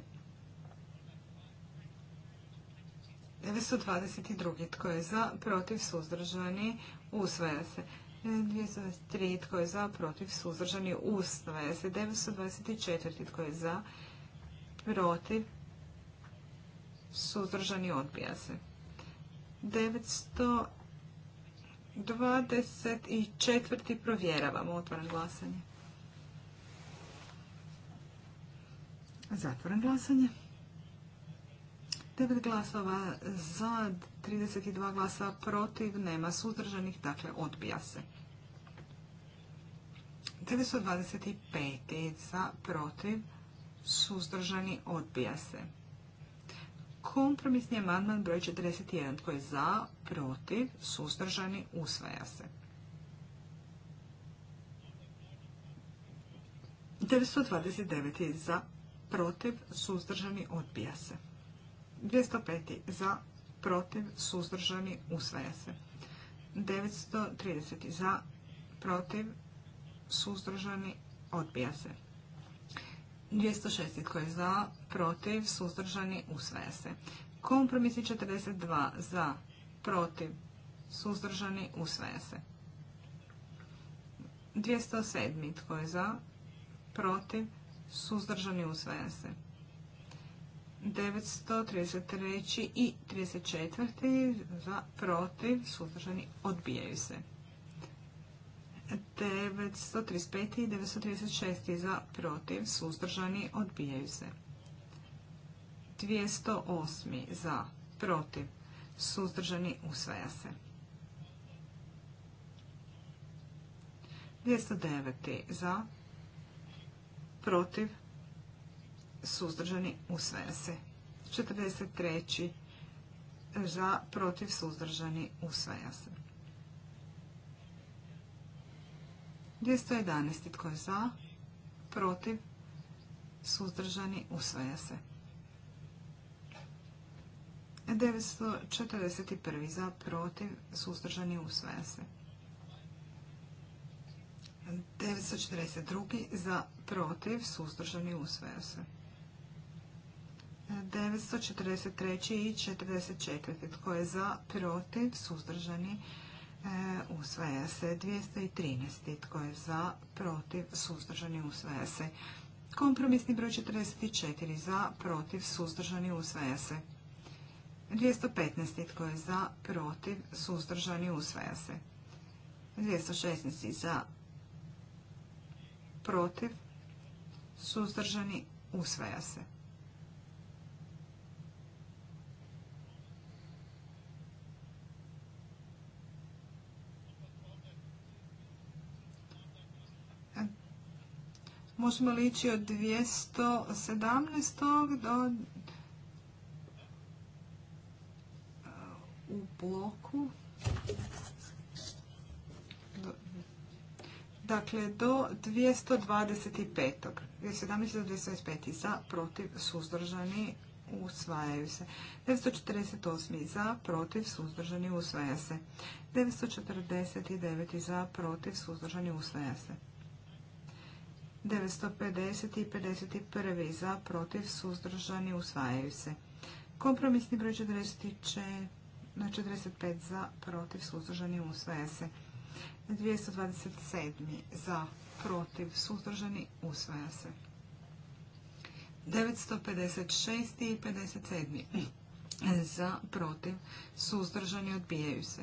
922. Tko je za, protiv, suzdržani, usvaja se. 923. Tko je za, protiv, suzdržani, usvaja se. 924. Tko je za, protiv, suzdržani odbija se. 924. provjeravamo. Otvoren glasanje. Zatvoren glasanje. 9 glasova za, 32 glasa protiv, nema suzdržanih, dakle odbija se. 925 za, protiv, suzdržani, odbija se. Kompromisni amandman broj 41. Tko je za, protiv, suzdržani, usvaja se. 929. za, protiv, suzdržani, odbija se. 205. Za, protiv, suzdržani, usvaja se. 930. Za, protiv, suzdržani, odbija se. 206. Tko je za? Protiv? Suzdržani? Usvaja se. Kompromisi 42. Za? Protiv? Suzdržani? Usvaja se. 207. Tko je za? Protiv? Suzdržani? Usvaja se. 933. i 34. Za? Protiv? Suzdržani? Odbijaju se. 935 i 936 za protiv, suzdržani, odbijaju se. 208 za protiv, suzdržani, usvaja se. 209 za protiv, suzdržani, usvaja se. 43 za protiv, suzdržani, usvaja se. 211. Tko je za? Protiv? Suzdržani? Usvaja se. 941. Za? Protiv? Suzdržani? Usvaja se. 942. Za? Protiv? Suzdržani? Usvaja se. 943. i 44. Tko je za? Protiv? Suzdržani? Usvaja se. E, usvaja se. 213. Tko je za, protiv, suzdržani, usvaja se. Kompromisni broj 44. Za, protiv, suzdržani, usvaja se. 215. Tko je za, protiv, suzdržani, usvaja se. 216. Za, protiv, suzdržani, usvaja se. Možemo li ići od 217. do e, u bloku. Dakle, do 225. 217. do 225. Za, protiv, suzdržani, usvajaju se. 948. Za, protiv, suzdržani, usvaja se. 949. Za, protiv, suzdržani, usvaja se. 950 i 51 za, protiv, suzdržani, usvajaju se. Kompromisni broj 45 za, protiv, suzdržani, usvaja se. 227 za, protiv, suzdržani, usvaja se. 956 i 57 za, protiv, suzdržani, odbijaju se.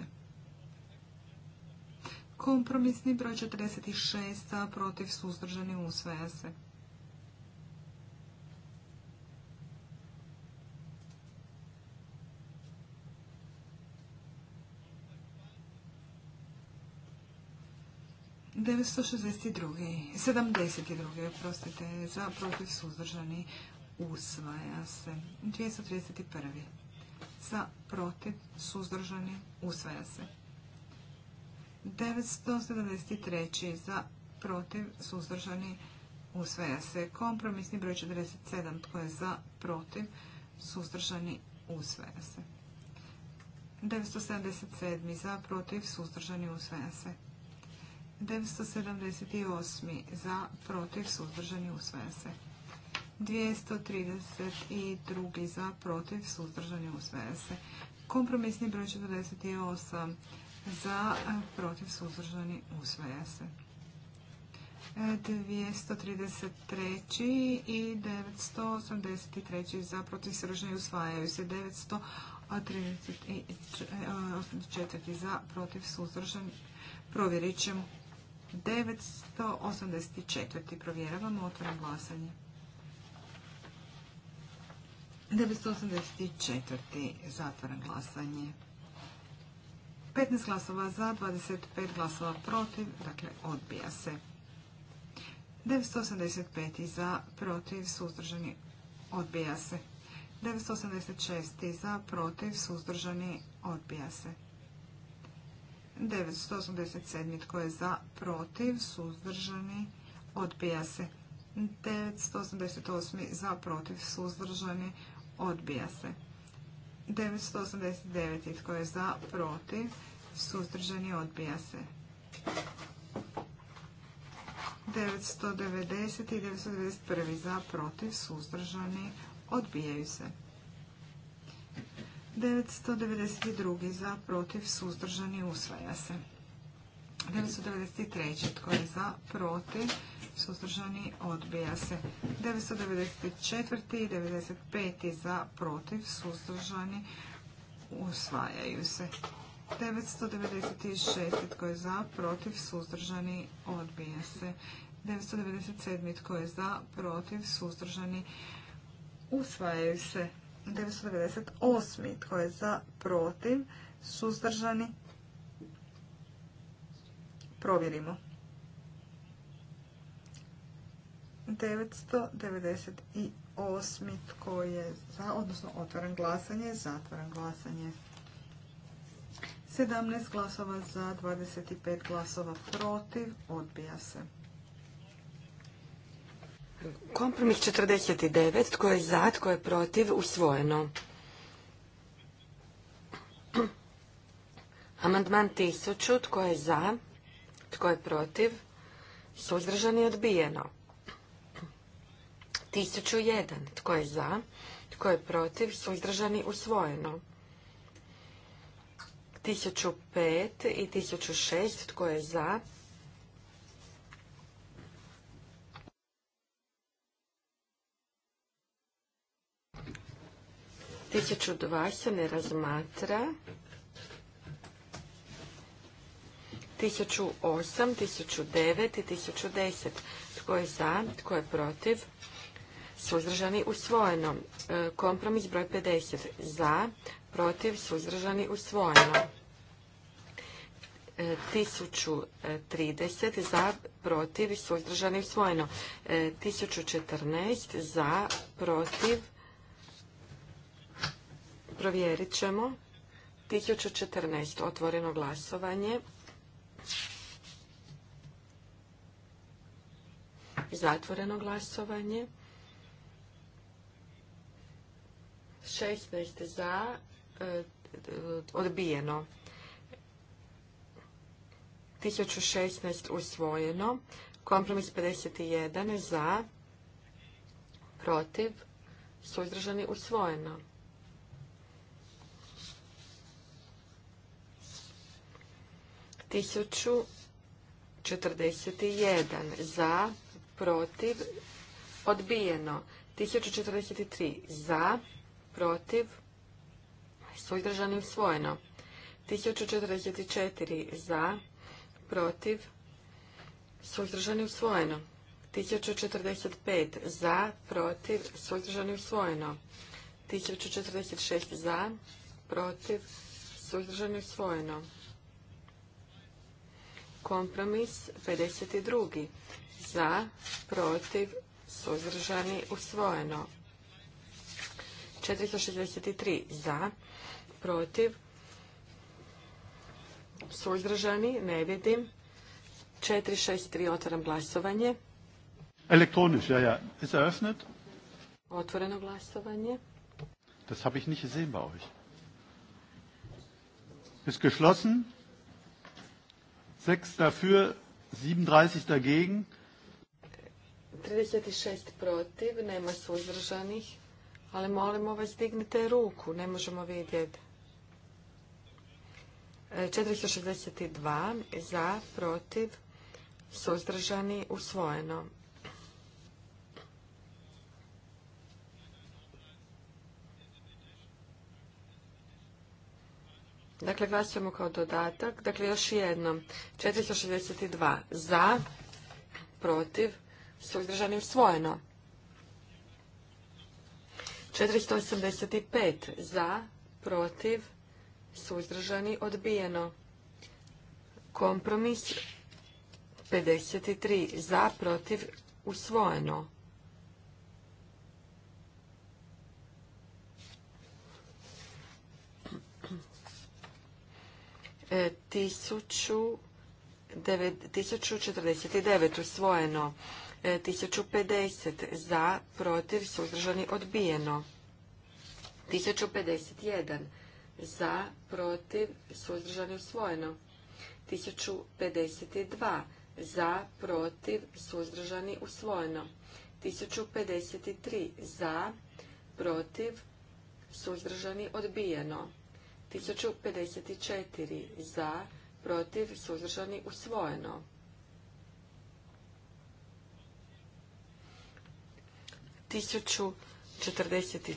Kompromisni broj 46 za protiv suzdržani usvaja se. devetsto šezdeset dva za protiv suzdržani usvaja se 231. za protiv suzdržani usvaja se 973. za protiv suzdržani usvaja se. Kompromisni broj 47 tko je za protiv suzdržani usvaja se. 977. za protiv suzdržani usvaja se. 978. za protiv suzdržani usvaja se. 232. za protiv suzdržani usvaja se. Kompromisni broj 48 za, e, protiv, suzdržani, usvaja se. 233. E, i 983. za, protiv, suzržani usvajaju se. 934. E, za, protiv, suzržani provjerit ćemo. 984. provjeravamo, otvorim glasanje. 984. zatvoren glasanje. 15 glasova za, 25 glasova protiv, dakle odbija se. 985 za, protiv, suzdržani, odbija se. 986 za, protiv, suzdržani, odbija se. 987 tko je za, protiv, suzdržani, odbija se. 988 za, protiv, suzdržani, odbija se. 989. Tko je za, protiv, suzdržani, odbija se. 990 i 991 za, protiv, suzdržani, odbijaju se. 992 za, protiv, suzdržani, usvaja se. 993. Tko je za? Protiv? Suzdržani? Odbija se. 994. i 95. Za? Protiv? Suzdržani? Usvajaju se. 996. Tko je za? Protiv? Suzdržani? Odbija se. 997. Tko je za? Protiv? Suzdržani? Usvajaju se. 998. Tko je za? Protiv? Suzdržani? Provjerimo. 998. Tko je za, odnosno otvoren glasanje, zatvaran glasanje. 17 glasova za, 25 glasova protiv, odbija se. Kompromis 49, tko je za, tko je protiv, usvojeno. Amandman 1000, tko je za, tko je protiv? Suzdržani odbijeno. 1001. Tko je za? Tko je protiv? Suzdržani usvojeno. 1005 i 1006. Tko je za? Tisuću dva se ne razmatra. 1008, 1009 i 1010. Tko je za? Tko je protiv? Suzdržani usvojeno. E, kompromis broj 50. Za, protiv, suzdržani usvojeno. 1030 e, za, protiv, suzdržani usvojeno. 1014 e, za, protiv, provjerit ćemo. 1014 otvoreno glasovanje. Zatvoreno glasovanje. 16 za, e, odbijeno. 1016 usvojeno. Kompromis 51 za, protiv, suzdržani usvojeno. 1041 za, protiv, odbijeno. 1043 za, protiv, suzdržani usvojeno. 1044 za, protiv, suzdržani usvojeno. 1045 za, protiv, suzdržani usvojeno. 1046 za, protiv, suzdržani usvojeno. Kompromis 52. Za, protiv, suzdržani, usvojeno. 463. Za, protiv, suzdržani, ne vidim. 463. Otvaram glasovanje. Elektronisch, ja, ja. Ist eröffnet. Otvoreno glasovanje. Das habe ich nicht gesehen bei euch. Ist geschlossen. 6 dafür, 37 dagegen. 36 protiv, nema suzdržanih, ali molimo vas dignite ruku, ne možemo vidjeti. 462 e, za, protiv, suzdržani, usvojeno. Dakle, glasujemo kao dodatak. Dakle, još jednom. 462 za, protiv, suzdržanim svojeno. 485 za, protiv, suzdržani, odbijeno. Kompromis 53 za, protiv, usvojeno. 1049 e, usvojeno, 1050 e, za, protiv, suzdržani, odbijeno, 1051 za, protiv, suzdržani, usvojeno, 1052 za, protiv, suzdržani, usvojeno, 1053 za, protiv, suzdržani, odbijeno, 1054 za, protiv, suzdržani, usvojeno. Tisuću četrdeset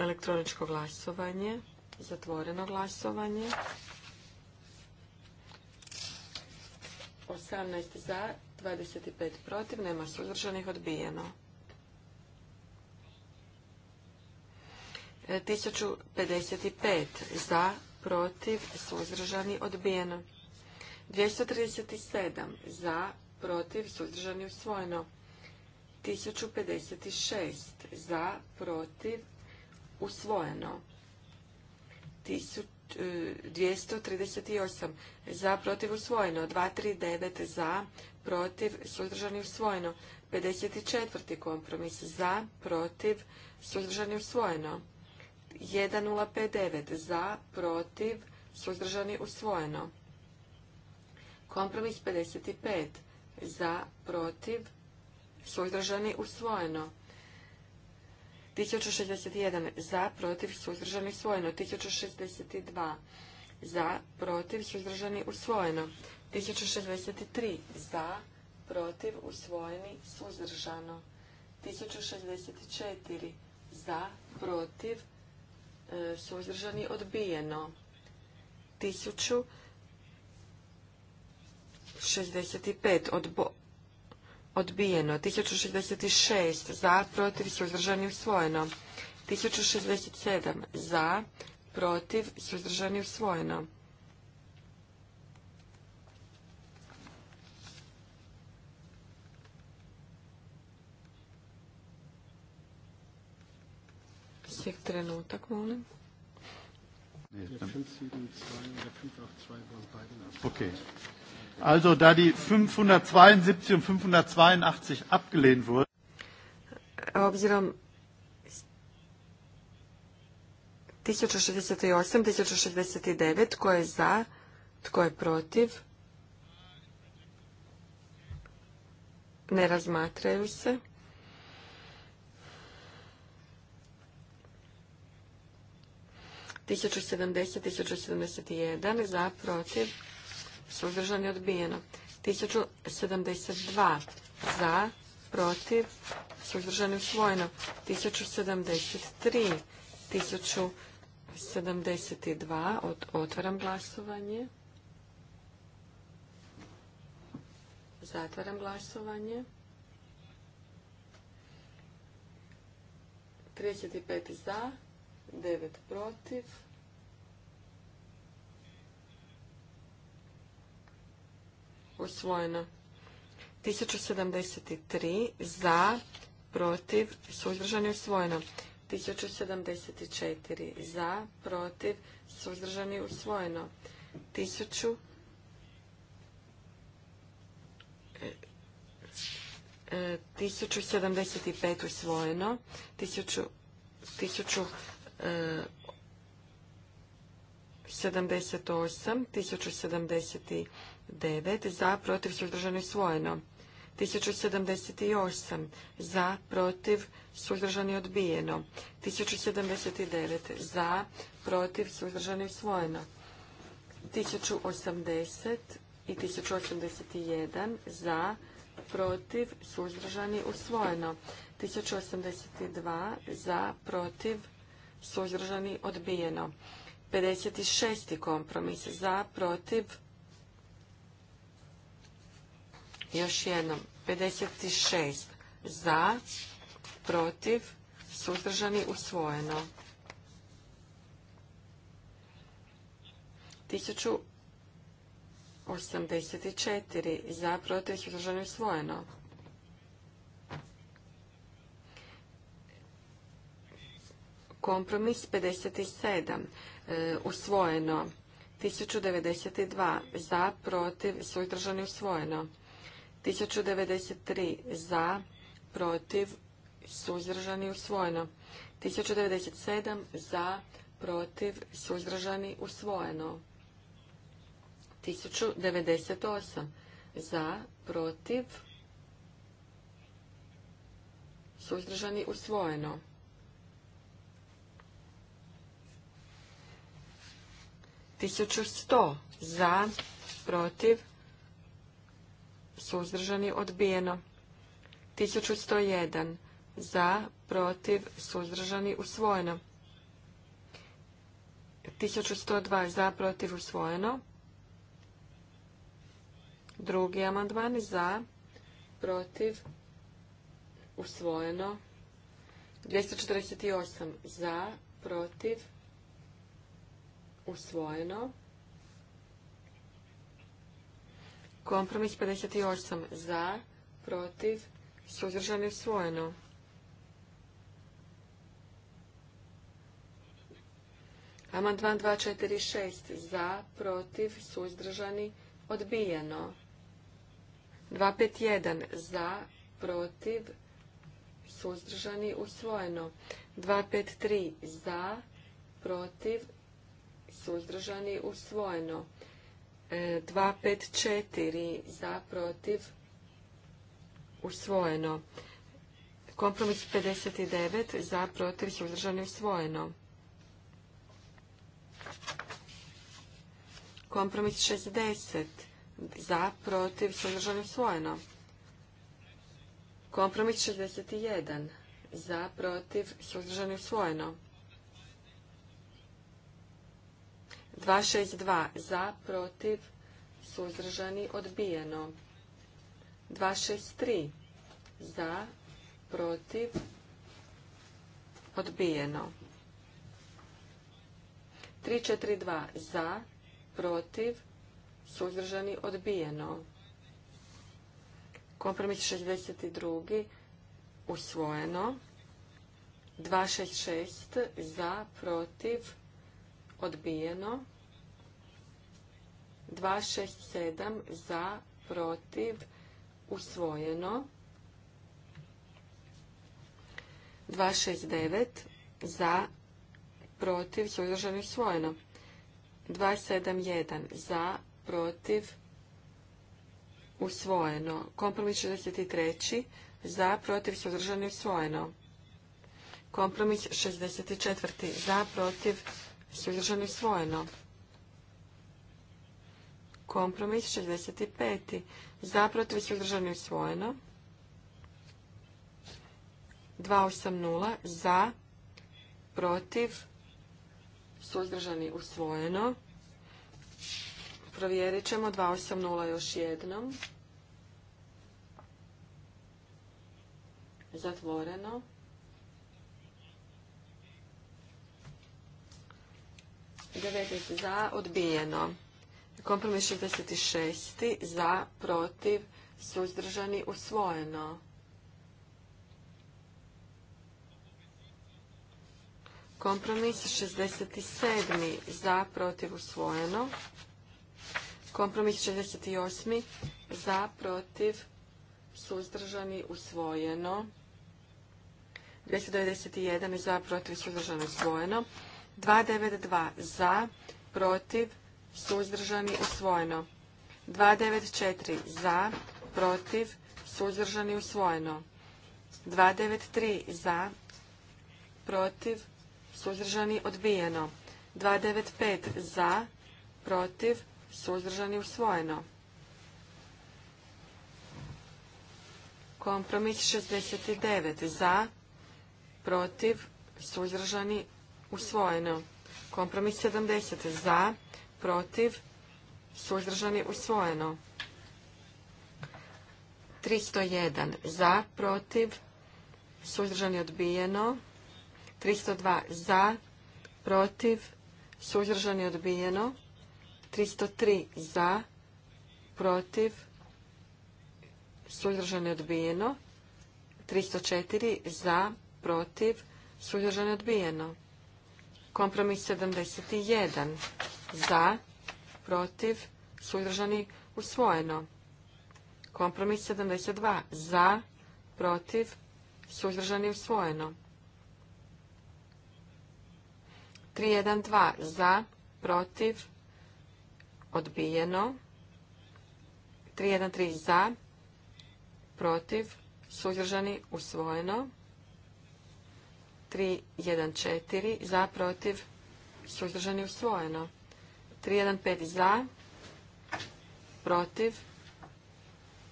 elektroničko glasovanje, zatvoreno glasovanje. 18 za, 25 protiv, nema suzdržanih, odbijeno. 1055 za, protiv, suzdržani, odbijeno. 237 za, protiv, suzdržani, usvojeno. 1056 za, protiv, usvojeno. 238 e, za, protiv, usvojeno. 239 za, protiv, suzdržani, usvojeno. 54. kompromis za, protiv, suzdržani, usvojeno. 1059 za, protiv, suzdržani, usvojeno. Kompromis 55 za, protiv, suzdržani, usvojeno. 1061 za, protiv, suzdržani, usvojeno. 1062 za, protiv, suzdržani, usvojeno. 1063 za, protiv, usvojeni, suzdržano. 1064 za, protiv, E, suzdržani odbijeno. 1065 odbijeno. 1066 za, protiv, suzdržani usvojeno. 1067 za, protiv, suzdržani usvojeno. Prosjek trenutak, molim. Okay. Also da die 572 und 582 abgelehnt wurden. Obzirom 1068, 1069, tko je za, tko je protiv, ne razmatraju se. 1070, 1071 za, protiv, je odbijeno. 1072 za, protiv, je usvojeno. 1073, 1072, od, otvaram glasovanje. Zatvaram glasovanje. 35 za, 9 protiv. Osvojeno. 1073 za, protiv, suzdržani usvojeno. 1074 za, protiv, suzdržani usvojeno. 1000 1075 e, usvojeno, 1000 78, 1079, za, protiv, suzdržano i svojeno. 1078, za, protiv, suzdržani odbijeno. 1079, za, protiv, suzdržano i usvojeno. 1080 i 1081, za, protiv, suzdržani usvojeno. 1082, za, protiv, suzdržani, odbijeno. 56. kompromis za, protiv, još jednom, 56 za, protiv, suzdržani, usvojeno. 1084 za, protiv, suzdržani, usvojeno. Kompromis 57. E, usvojeno. 1092. Za, protiv, suzdržani, usvojeno. 1093. Za, protiv, suzdržani, usvojeno. 1097. Za, protiv, suzdržani, usvojeno. 1098. Za, protiv, suzdržani, usvojeno. 1100 za, protiv, suzdržani, odbijeno. 1101 za, protiv, suzdržani, usvojeno. 1102 za, protiv, usvojeno. Drugi amandman za, protiv, usvojeno. 248 za, protiv, usvojeno. Kompromis 58 za, protiv, suzdržani usvojeno. Amandman 246 za, protiv, suzdržani, odbijeno. 251 za, protiv, suzdržani, usvojeno. 253 za, protiv, suzdržani, usvojeno. 254 e, za, protiv, usvojeno. Kompromis 59 za, protiv, suzdržani, usvojeno. Kompromis 60 za, protiv, suzdržani, usvojeno. Kompromis 61 za, protiv, suzdržani, usvojeno. 262 za, protiv, suzdržani, odbijeno. 263 za, protiv, odbijeno. 342 za, protiv, suzdržani, odbijeno. Kompromis 62 usvojeno. 266 za, protiv, odbijeno. 267 za, protiv, usvojeno. 269 za, protiv, suzdržani, usvojeno. 271 za, protiv, usvojeno. Kompromis 63 za, protiv, suzdržani, usvojeno. Kompromis 64 za, protiv, suzdržani, usvojeno. Kompromis 65. Za protiv suzdržani usvojeno. 280 za protiv suzdržani usvojeno. Provjerit ćemo 280 još jednom. Zatvoreno. Devetnaest za odbijeno. Kompromis 66. Za, protiv, suzdržani, usvojeno. Kompromis 67. Za, protiv, usvojeno. Kompromis 68. Za, protiv, suzdržani, usvojeno. 291. Za, protiv, suzdržani, usvojeno. 292. Za, protiv, suzdržani, usvojeno. 294 za, protiv, suzdržani, usvojeno. 293 za, protiv, suzdržani, odbijeno. 295 za, protiv, suzdržani, usvojeno. Kompromis 69 za, protiv, suzdržani, usvojeno. Kompromis 70 za, protiv, suzdržani, usvojeno. 301 za, protiv, suzdržani, odbijeno. 302 za, protiv, suzdržani, odbijeno. 303 za, protiv, suzdržani, odbijeno. 304 za, protiv, suzdržani, odbijeno. Kompromis 71 za, protiv, suzdržani, usvojeno. Kompromis 72 za, protiv, suzdržani, usvojeno. 312 za, protiv, odbijeno. 313 za, protiv, suzdržani, usvojeno. 314 za, protiv, suzdržani, usvojeno. 315 za, protiv,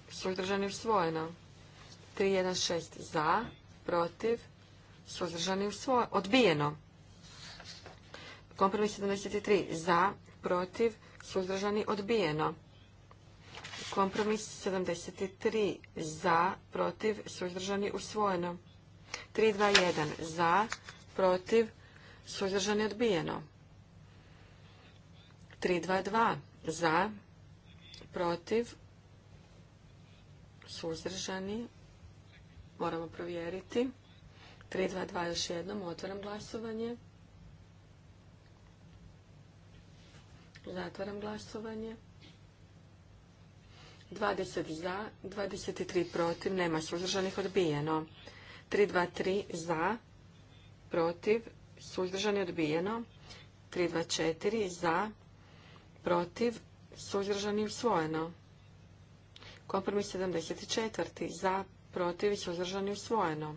suzdržani usvojeno. 316 za, protiv, suzdržani usvojeno. Odbijeno. Kompromis 73 za, protiv, suzdržani odbijeno. Kompromis 73 za, protiv, suzdržani usvojeno. 321 za, protiv, suzdržani odbijeno. 322 za, protiv, suzdržani, moramo provjeriti. 322 još jednom, otvaram glasovanje. Zatvaram glasovanje. 20 za, 23 protiv, nema suzdržanih odbijeno. 323 za, protiv, suzdržani odbijeno. 324 za, protiv, i usvojeno. Kompromis 74. Za, protiv, i usvojeno.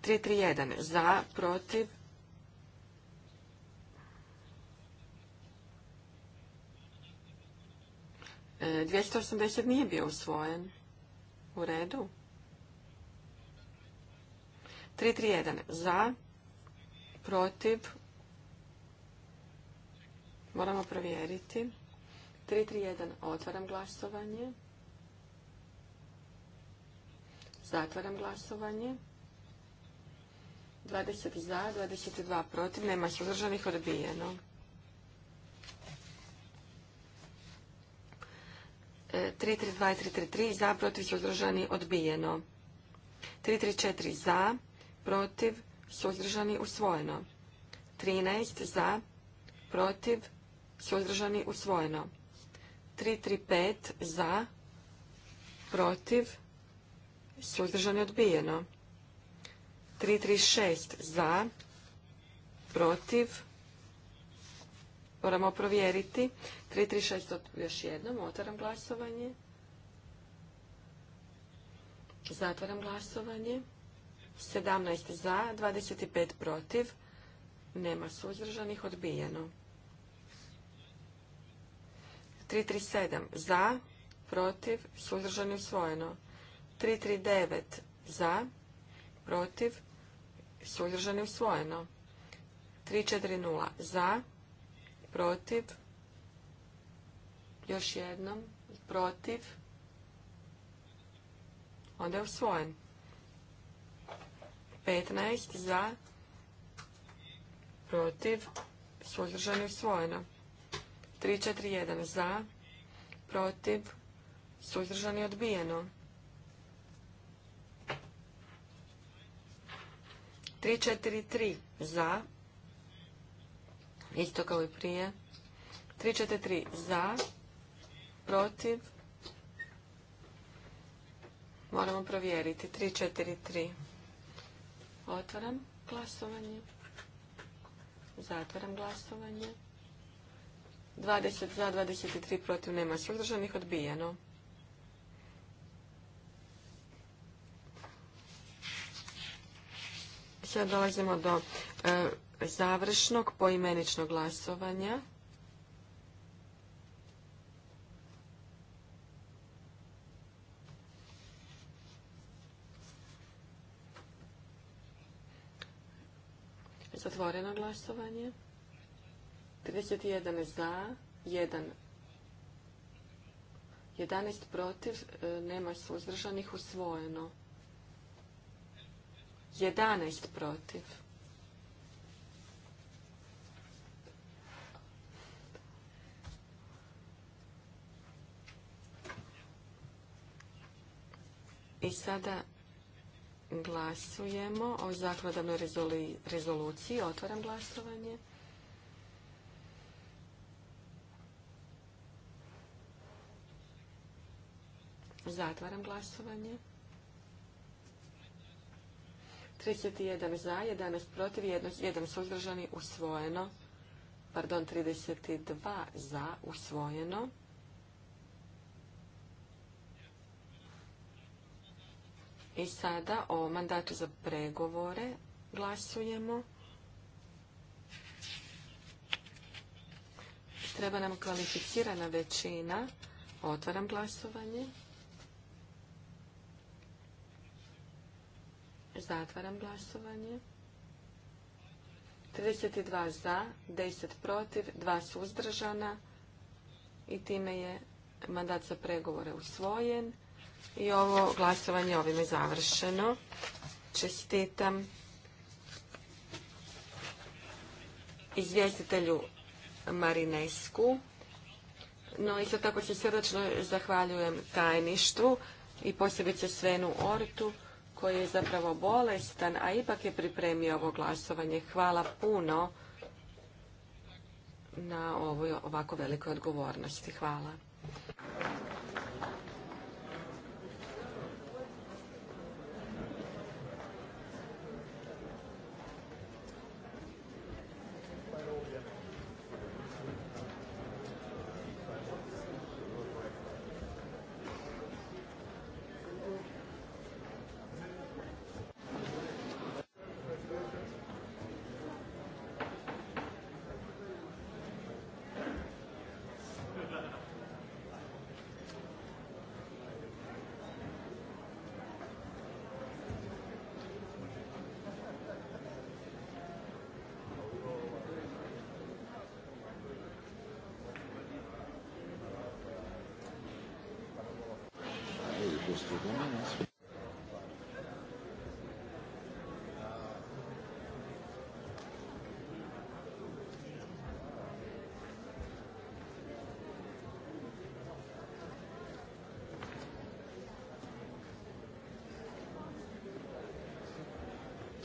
Tri, tri, Za, protiv, e, 280 nije bio usvojen. U redu. 331. Za, protiv, moramo provjeriti. 331, otvaram glasovanje. Zatvaram glasovanje. 20 za, 22 protiv, nema održanih, odbijeno. E, 332 i 333 za, protiv održani, odbijeno. 334 za, protiv suzdržani, usvojeno. 13 za, protiv, suzdržani, usvojeno. 335 za, protiv, suzdržani, odbijeno. 336 za, protiv, moramo provjeriti. 336 još jednom, otvaram glasovanje. Zatvaram glasovanje. 17 za, 25 protiv, nema suzdržanih, odbijeno. 337 za, protiv, suzdržani usvojeno. 339 za, protiv, suzdržani usvojeno. 340 za, protiv, još jednom, protiv, onda je usvojen. 15 za, protiv, suzdržano i 3-4-1 za, protiv, suzdržano i odbijeno. 3-4-3 za, isto kao i prije. 3-4-3 za, protiv, moramo provjeriti. 3-4-3 Otvaram glasovanje. Zatvaram glasovanje. 20 za, 23 protiv, nema suzdržanih, odbijeno. Sad dolazimo do e, završnog poimeničnog glasovanja. Zatvoreno glasovanje. 31 za, 1 11 protiv, e, nema suzdržanih, usvojeno. 11 protiv. I sada Glasujemo o zakonodavnoj rezoluciji. Otvaram glasovanje. Zatvaram glasovanje. 31 za, 11 protiv, 1 suzdržani, usvojeno. Pardon, 32 za, usvojeno. I sada o mandatu za pregovore glasujemo. Treba nam kvalificirana većina. Otvaram glasovanje. Zatvaram glasovanje. 32 za, 10 protiv, 2 suzdržana i time je mandat za pregovore usvojen. I ovo glasovanje ovime završeno. Čestitam izvjestitelju Marinesku. No, isto tako se srdačno zahvaljujem tajništvu i posebice Svenu Ortu koji je zapravo bolestan, a ipak je pripremio ovo glasovanje. Hvala puno na ovoj ovako velikoj odgovornosti. Hvala.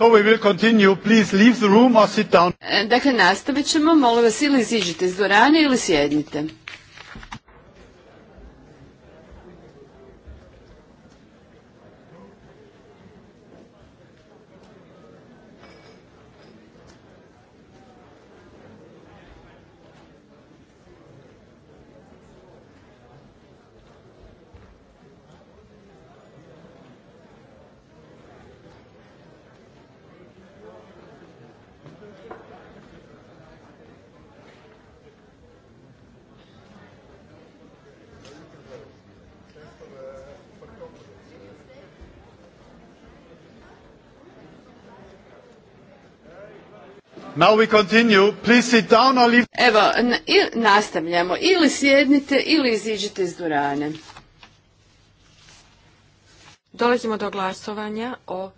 So oh, we will continue. Please leave the room or sit down. E, dakle, nastavit ćemo. Molim vas ili iziđite iz dvorane ili sjednite. Now we continue. Please sit down or leave. Evo, nastavljamo. Ili sjednite ili iziđite iz durane. Dolazimo do glasovanja o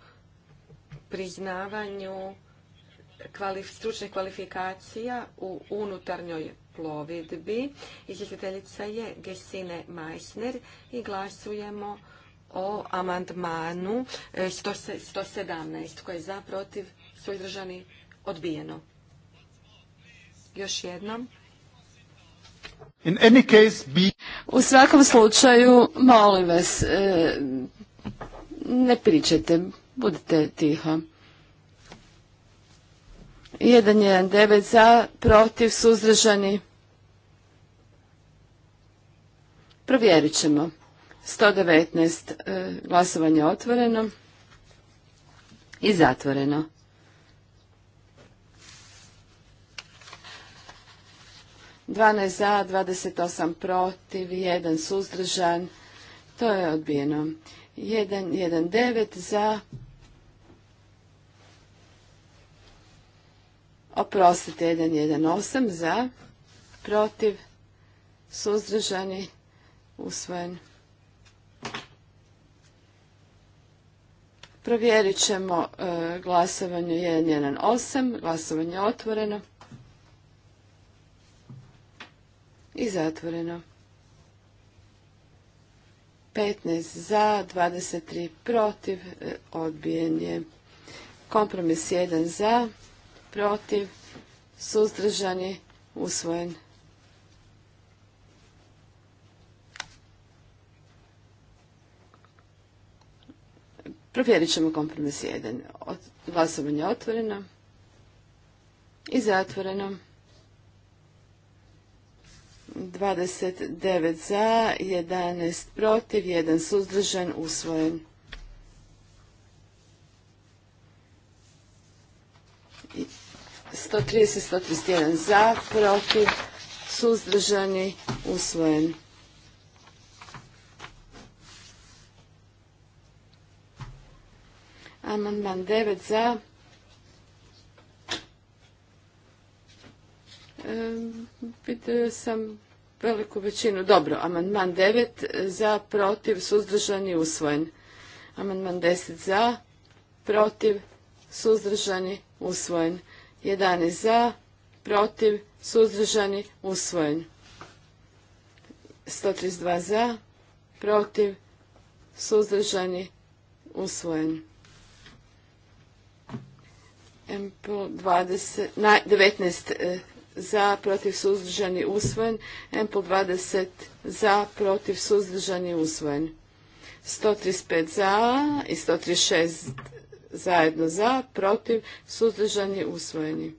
priznavanju stručnih kvalifikacija u unutarnjoj plovidbi. Izvjestiteljica je Gesine Meissner i glasujemo o amandmanu 117 e, koji je za protiv suzdržani Odbijeno. Još jednom. In any case, U svakom slučaju, molim vas, e, ne pričajte, budite tiho. 119 za, protiv, suzdržani. Provjerit ćemo. 119 e, glasovanje otvoreno i zatvoreno. 12 za, 28 protiv, 1 suzdržan. To je odbijeno. 1, 1, 9 za. Oprostite, 1, 1, 8 za, protiv, suzdržani, usvojen. Provjerit ćemo 1, 1, 8. glasovanje otvoreno. i zatvoreno. 15 za, 23 protiv, e, odbijen je. Kompromis 1 za, protiv, suzdržan je, usvojen. Provjerit ćemo kompromis 1. Glasovanje je otvoreno i zatvoreno. 29 za, 11 protiv, 1 suzdržan, usvojen. I 130, 131 za, protiv, suzdržani, usvojen. Amandman 9 za. Pitao sam veliku većinu. Dobro, amandman 9 za, protiv, suzdržani, usvojen. Amandman 10 za, protiv, suzdržani, usvojen. 11 za, protiv, suzdržani, usvojen. 132 za, protiv, suzdržani, usvojen. MP 20, 19 za, protiv, suzdržani, usvojen. po 20 za, protiv, suzdržani, usvojen. 135 za i 136 zajedno za, protiv, suzdržani, usvojeni.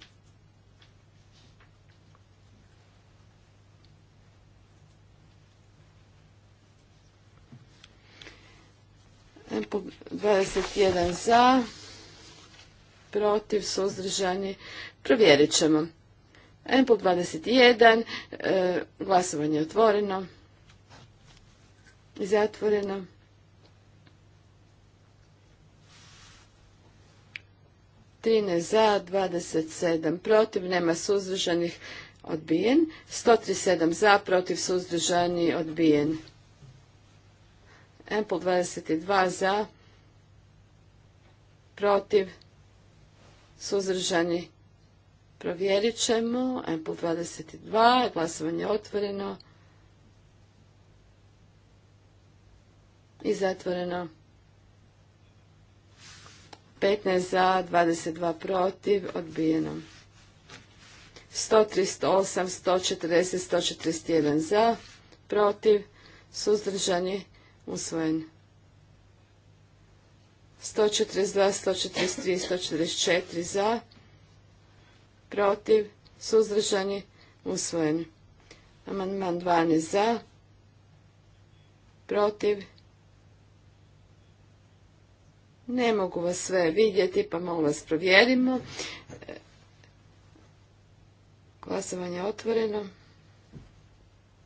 po 21 za, protiv, suzdržani, provjerit ćemo plus 21, e, glasovanje je otvoreno i zatvoreno. Trinaest za, 27 protiv, nema suzdržanih, odbijen. 137 za, protiv, suzdržani, odbijen. Ample 22 za, protiv, suzdržani, odbijen Provjerit ćemo. MPU 22. Glasovanje je otvoreno. I zatvoreno. 15 za, 22 protiv, odbijeno. 138, 140, 141 za, protiv, suzdržani, usvojen. 142, 143, 144 za, protiv, suzdržani, usvojen. Amandman 12 za, protiv, ne mogu vas sve vidjeti, pa malo vas provjerimo. Glasovanje je otvoreno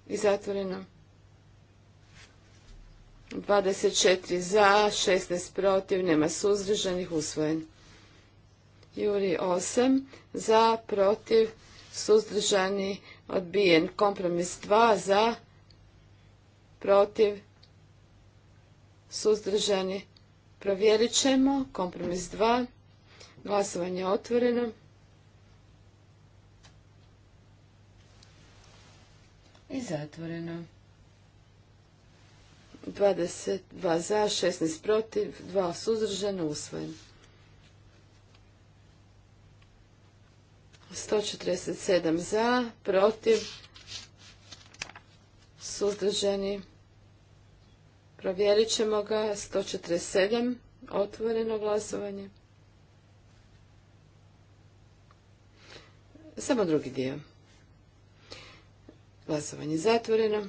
i zatvoreno. 24 za, 16 protiv, nema suzdržanih, usvojen. Juri 8 za, protiv, suzdržani, odbijen. Kompromis 2 za, protiv, suzdržani. Provjerit ćemo. Kompromis 2. Glasovanje otvoreno. I zatvoreno. 22 za, 16 protiv, 2 suzdržano, usvojen. 147 za, protiv, suzdržani. Provjerit ćemo ga. 147. Otvoreno glasovanje. Samo drugi dio. Glasovanje zatvoreno.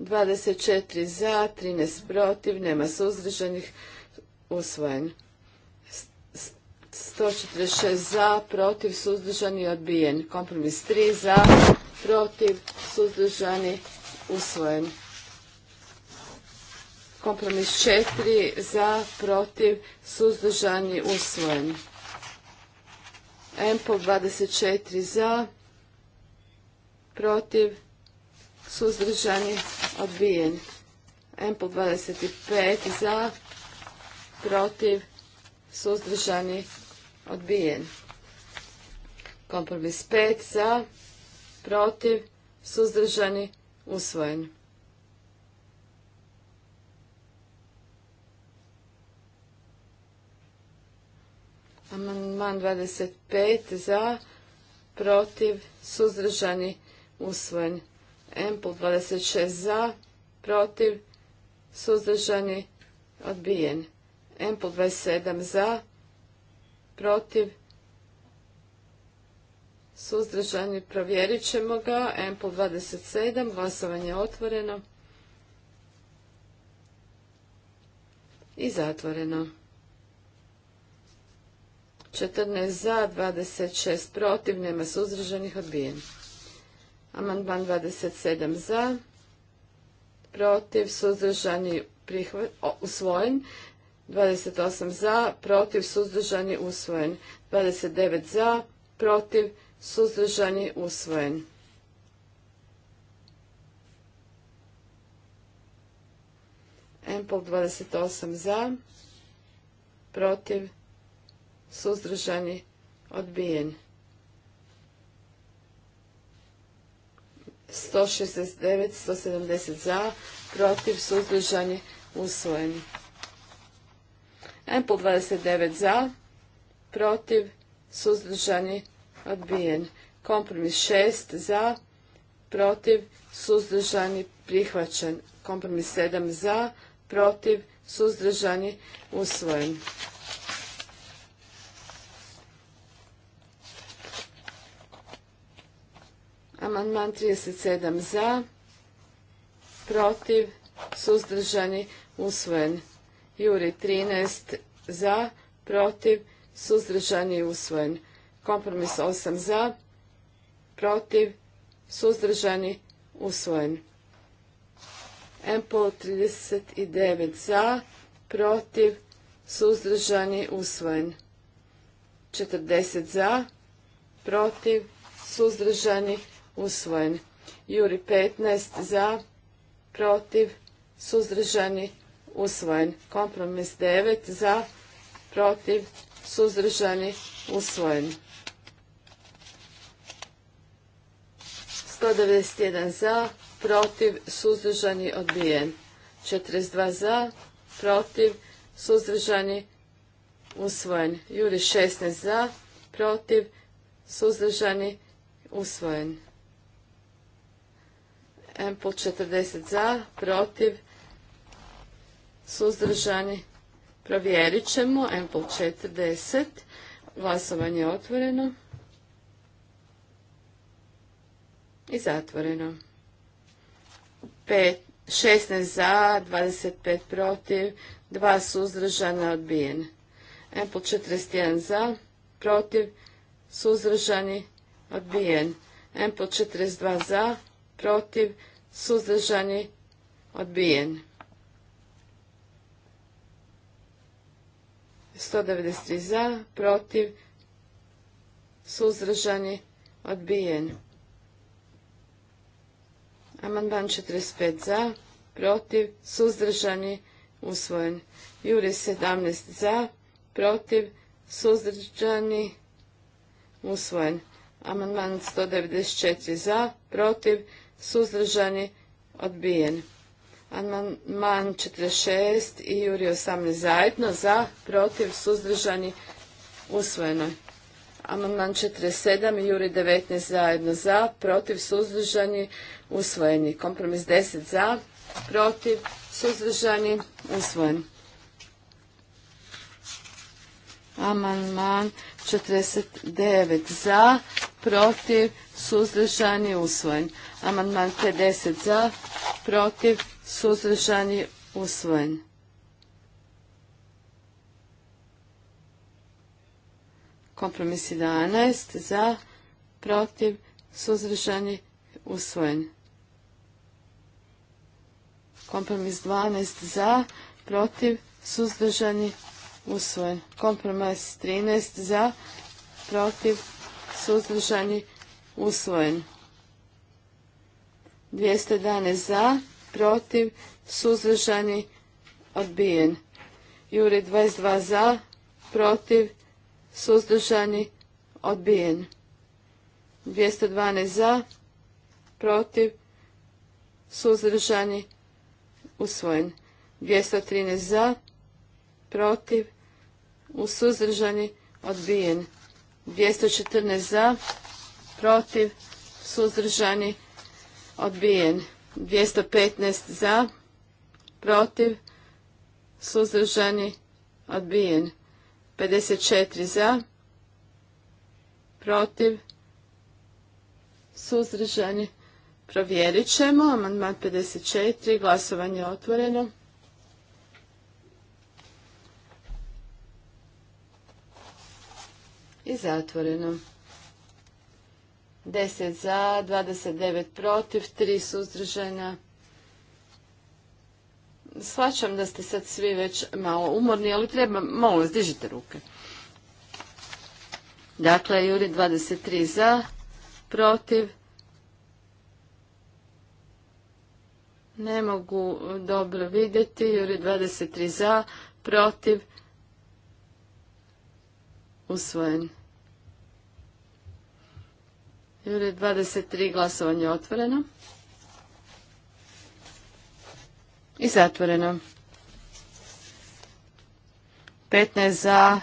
24 za, 13 protiv, nema suzdržanih, usvojeno. 146 za, protiv, suzdržani, odbijen. Kompromis 3 za, protiv, suzdržani, usvojen. Kompromis 4 za, protiv, suzdržani, usvojen. MPO 24 za, protiv, suzdržani, odbijen. MPO 25 za, protiv, suzdržani, odbijen Odbijen. Kompromis 5 za, protiv, suzdržani, usvojen. Amandman 25 za, protiv, suzdržani, usvojen. Empul 26 za, protiv, suzdržani, odbijen. Empul 27 za, protiv, suzdržani, provjerit ćemo ga, Ample 27, glasovanje je otvoreno i zatvoreno. 14 za, 26 protiv, nema suzdržanih, odbijen. Amandman 27 za, protiv, suzdržani, usvojen. 28 za, protiv, suzdržani, usvojen. 29 za, protiv, suzdržani, usvojen. Empol 28 za, protiv, suzdržani, odbijen. 169, 170 za, protiv, suzdržani, usvojen. Ample 29 za, protiv, suzdržani, odbijen. Kompromis 6 za, protiv, suzdržani, prihvaćen. Kompromis 7 za, protiv, suzdržani, usvojen. Amandman 37 za, protiv, suzdržani, usvojen. Juri 13 za, protiv, suzdržani usvojen. Kompromis 8 za, protiv, suzdržani usvojen. MPO 39 za, protiv, suzdržani usvojen. 40 za, protiv, suzdržani usvojen. Juri 15 za, protiv, suzdržani usvojen usvojen. Kompromis 9 za, protiv, suzdržani, usvojen. 191 za, protiv, suzdržani, odbijen. 42 za, protiv, suzdržani, usvojen. Juri 16 za, protiv, suzdržani, usvojen. Empul 40 za, protiv, suzdržani. Provjerit ćemo, Ample 40, glasovanje je otvoreno i zatvoreno. 16 za, 25 protiv, 2 suzdržana odbijen. Ample 41 za, protiv, suzdržani, odbijen. Ample 42 za, protiv, suzdržani, odbijen. 193 za, protiv, suzdržani, odbijen. Amandman 45 za, protiv, suzdržani, usvojen. Juri 17 za, protiv, suzdržani, usvojen. Amandman 194 za, protiv, suzdržani, odbijen. Amandman 46 i Juri 18 zajedno za, protiv, suzdržani, usvojeno. Amandman 47 i Juri 19 zajedno za, protiv, suzdržani, usvojeni. Kompromis 10 za, protiv, suzdržani, usvojen. Amandman 49 za, protiv, suzdržani, usvojen. Amandman 50 za, protiv, suzdržani, usvojen. Kompromis 11 za, protiv, suzdržani, usvojen. Kompromis 12 za, protiv, suzdržani, usvojen. Kompromis 13 za, protiv, suzdržani, usvojen. 211 za, protiv, suzdržani, odbijen. Juri 22 za, protiv, suzdržani, odbijen. 212 za, protiv, suzdržani, usvojen. 213 za, protiv, suzdržani, odbijen. 214 za, protiv, suzdržani, odbijen. 215 za, protiv, suzdržani, odbijen. 54 za, protiv, suzdržani, provjerit ćemo. Amandman 54, glasovanje otvoreno. I zatvoreno. 10 za, 29 protiv, 3 suzdržana. Shvaćam da ste sad svi već malo umorni, ali treba, molim vas, dižite ruke. Dakle, Juri 23 za, protiv. Ne mogu dobro vidjeti. Juri 23 za, protiv. Usvojen. Jure 23 glasovanje otvoreno. I zatvoreno. 15 za,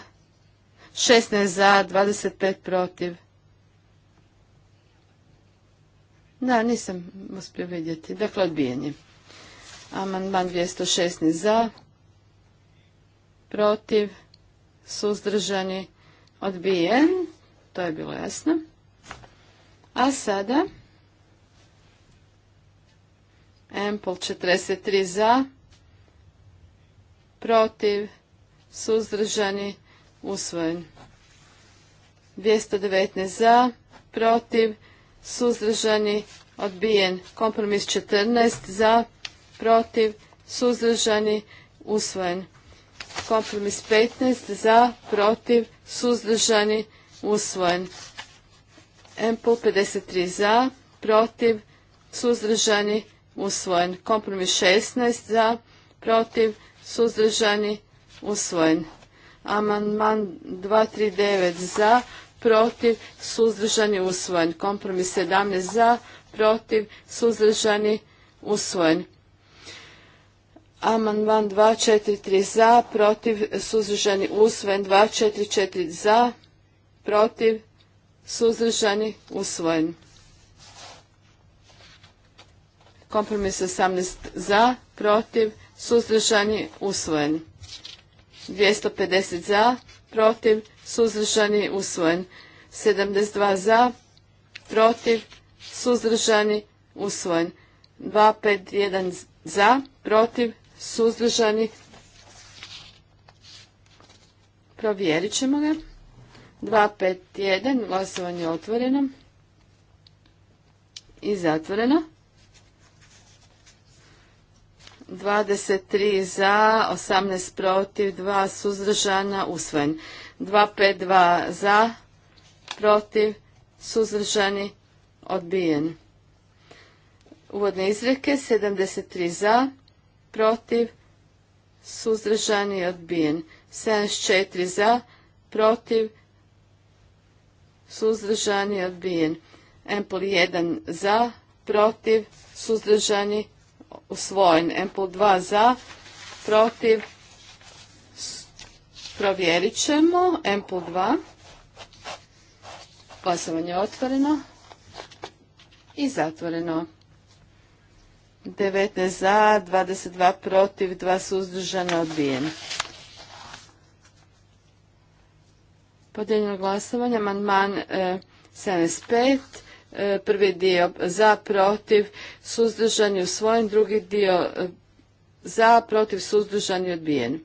16 za, 25 protiv. Da, nisam uspio vidjeti. Dakle, odbijen je. Amandman 216 za, protiv, suzdržani, odbijen. To je bilo jasno. A sada Ample 43 za, protiv, suzdržani, usvojen. 219 za, protiv, suzdržani, odbijen. Kompromis 14 za, protiv, suzdržani, usvojen. Kompromis 15 za, protiv, suzdržani, usvojen. MPL 53 za, protiv, suzdržani, usvojen. Kompromis 16 za, protiv, suzdržani, usvojen. Amandman 239 za, protiv, suzdržani, usvojen. Kompromis 17 za, protiv, suzdržani, usvojen. Amandman 243 za, protiv, suzdržani, usvojen. 244 za, protiv, suzdržani, usvojen. Kompromis 18 za, protiv, suzdržani, usvojen. 250 za, protiv, suzdržani, usvojen. 72 za, protiv, suzdržani, usvojen. 251 za, protiv, suzdržani, provjerit ćemo ga. 251, glasovanje otvoreno i zatvoreno. 23 za, 18 protiv, 2 suzdržana, usvojen. 252 za, protiv, suzdržani, odbijen. Uvodne izreke 73 za, protiv, suzdržani, odbijen. 74 za, protiv, suzdržani, odbijen. Empol 1 za, protiv, suzdržani, usvojen. Empol 2 za, protiv, provjerit ćemo. Empol 2, glasovanje je otvoreno i zatvoreno. 19 za, 22 protiv, 2 suzdržana, odbijen. Podijeljeno glasovanje, amandman 75, e, e, prvi dio za, protiv, suzdržan i usvojen, drugi dio e, za, protiv, suzdržan i odbijen.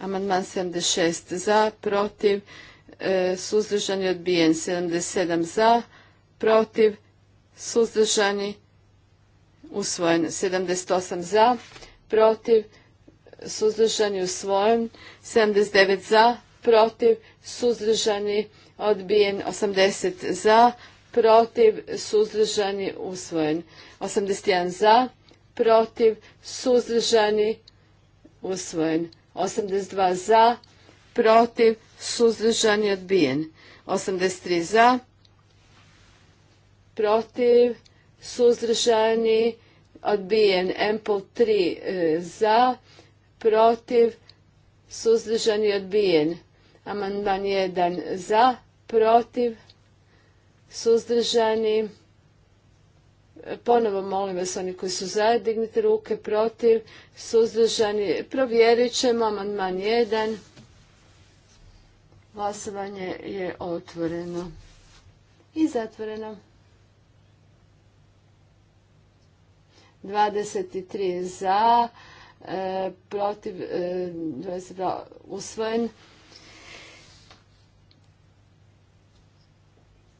Amandman 76 za, protiv, suzdržan i odbijen, 77 za, protiv, suzdržani, usvojen, 78 za, protiv, suzdržani, usvojen, 79 za, protiv, suzdržani, odbijen, 80 za, protiv, suzdržani, usvojen, 81 za, protiv, suzdržani, usvojen, 82 za, protiv, suzdržani, odbijen, 83 za, protiv, suzdržani, odbijen, Ample 3 za, protiv, suzdržani, odbijen, Amandman 1 za, protiv, suzdržani. Ponovo molim vas oni koji su za, dignite ruke protiv, suzdržani. Provjerit ćemo amandman 1. Glasovanje je otvoreno i zatvoreno. 23 za, e, protiv, e, usvojen.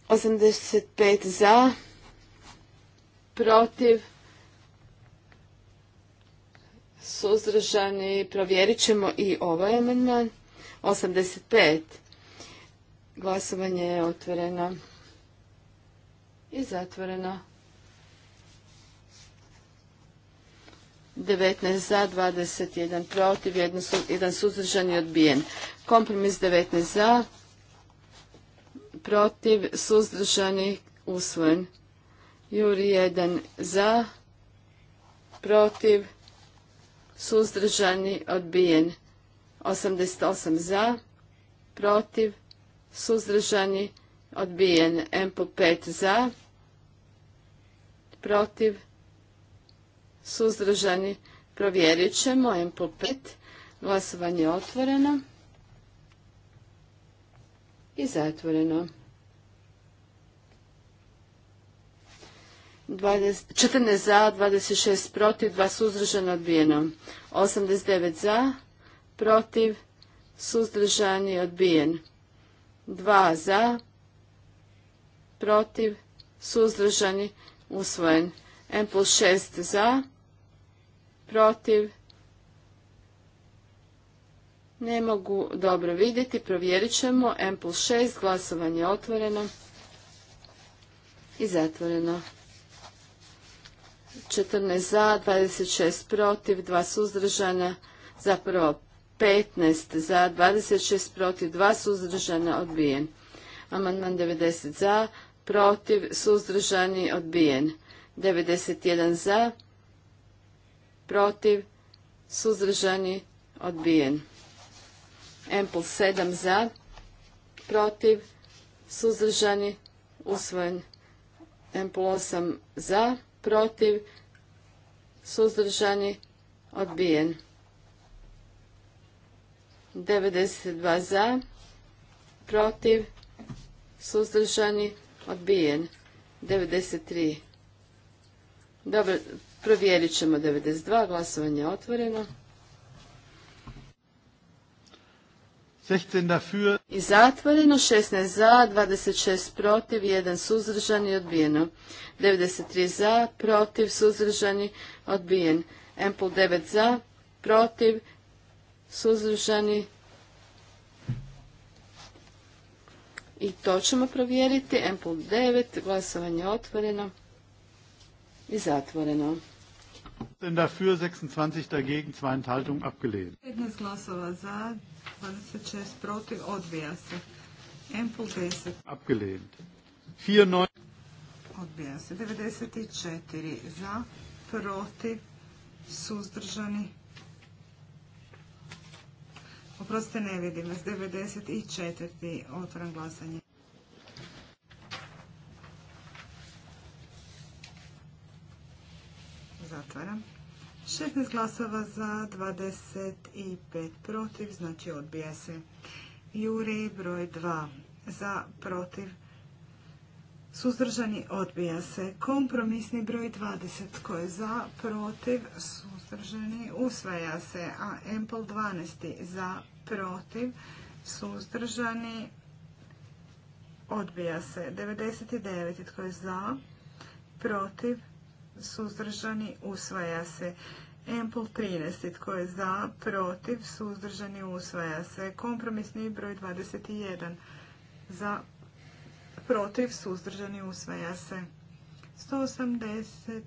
85 za, protiv, suzdržani, provjerit ćemo i ovaj amendman, 85. Glasovanje je otvoreno i zatvoreno. 19 za, 21 protiv, 1 suzdržan i odbijen. Kompromis 19 za, protiv, suzdržani, usvojen. Juri 1 za, protiv, suzdržani, odbijen. 88 za, protiv, suzdržani, odbijen. MPO 5 za, protiv, suzdržani, provjerit ćemo. MPO 5, glasovanje otvoreno i zatvoreno. 14 za, 26 protiv, 2 suzdržano odbijeno. 89 za, protiv, suzdržani odbijen. 2 za, protiv, suzdržani usvojen. M plus 6 za, protiv, ne mogu dobro vidjeti, provjerit ćemo. M plus 6, glasovanje otvoreno i zatvoreno. 14 za, 26 protiv, 2 suzdržana, zapravo 15 za, 26 protiv, 2 suzdržana, odbijen. Amandman 90 za, protiv, suzdržani, odbijen. 91 za, protiv, suzdržani, odbijen. Empul 7 za, protiv, suzdržani, usvojen. Empul 8 za, protiv, suzdržani, odbijen. 92 za, protiv, suzdržani, odbijen. 93. Dobro, provjerit ćemo 92, glasovanje je otvoreno. I zatvoreno, 16 za, 26 protiv, 1 suzdržan i odbijeno. 93 za, protiv, suzdržani, odbijen. Empul 9 za, protiv, suzdržani. I to ćemo provjeriti. Empul 9, glasovanje otvoreno i zatvoreno. Dafür 26 dagegen, 2 Enthaltungen abgelehnt. 15 glasova za, 26 protiv, odbija se. Empul 10. Abgelehnt. 4, 9. Odbija se. 94 za, protiv, suzdržani. Oprostite, ne vidim vas. 94. Otvoram glasanje. Zatvaram. 16 glasova za, 25 protiv, znači odbija se. Juri broj 2 za, protiv, suzdržani odbija se. Kompromisni broj 20 koji je za, protiv, suzdržani usvaja se. A Empol 12 za, protiv, suzdržani odbija se. 99 tko je za, protiv, suzdržani, usvaja se. Ample 13. Tko je za, protiv, suzdržani, usvaja se. Kompromisni broj 21. Za, protiv, suzdržani, usvaja se. 180,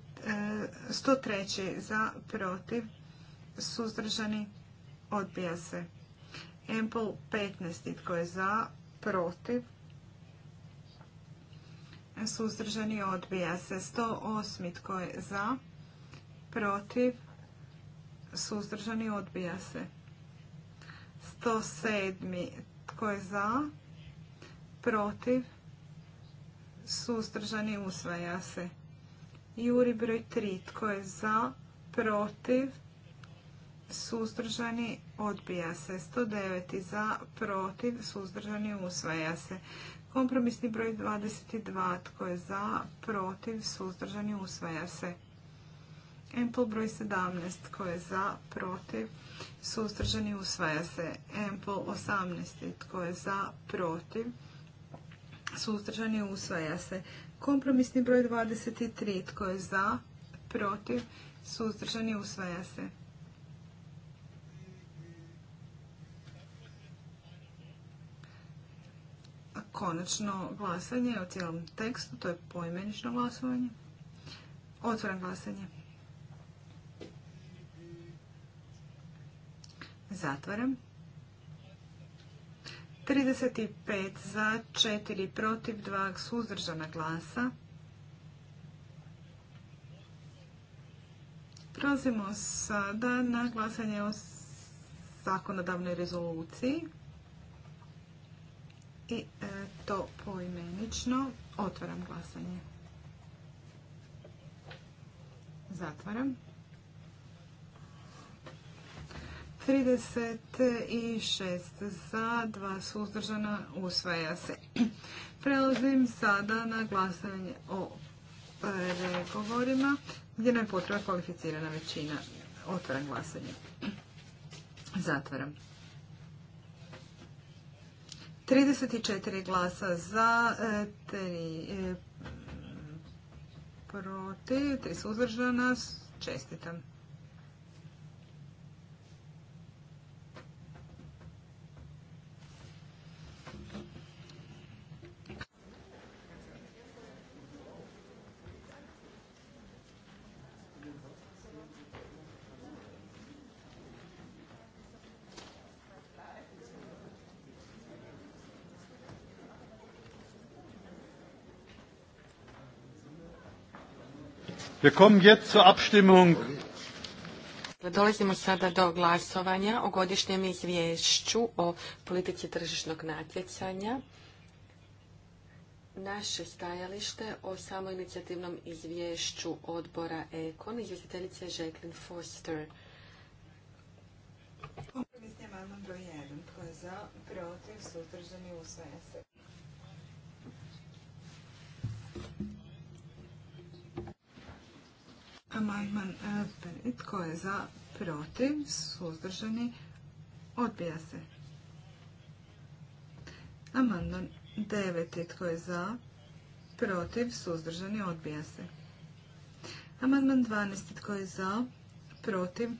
103. E, za, protiv, suzdržani, odbija se. Ample 15. Tko je za, protiv, suzdržani odbija se. 108. Tko je za? Protiv? Suzdržani odbija se. 107. Tko je za? Protiv? Suzdržani usvaja se. Juri broj 3. Tko je za? Protiv? Suzdržani odbija se. 109. Za? Protiv? Suzdržani usvaja se. Kompromisni broj 22. Tko je za, protiv, i usvaja se. Ample broj 17. Tko je za, protiv, i usvaja se. Ample 18. Tko je za, protiv, i usvaja se. Kompromisni broj 23. Tko je za, protiv, suzdržani, usvaja se. konačno glasanje o cijelom tekstu, to je poimenično glasovanje. Otvoren glasanje. Zatvaram. 35 za, 4 protiv, 2 suzdržana glasa. Prelazimo sada na glasanje o zakonodavnoj rezoluciji. E, to poimenično. Otvaram glasanje. Zatvaram. 36 za, 2 suzdržana, usvaja se. Prelazim sada na glasanje o pregovorima gdje nam je potrebna kvalificirana većina. Otvaram glasanje. Zatvaram. 34 glasa za, 3 e, e, protiv, 3 suzdržana. Čestitam. Dakle, dolazimo sada do glasovanja o godišnjem izvješću o politici tržišnog natjecanja. Naše stajalište o samoinicijativnom izvješću odbora EKON, izvjestiteljice Jacqueline Foster. Kompromisni amandman broj 1. za? Protiv? Usvaja Amandman 5. E, tko je za? Protiv. Suzdržani. Odbija se. Amandman 9. Tko je za? Protiv. Suzdržani. Odbija se. Amandman 12. Tko je za? Protiv.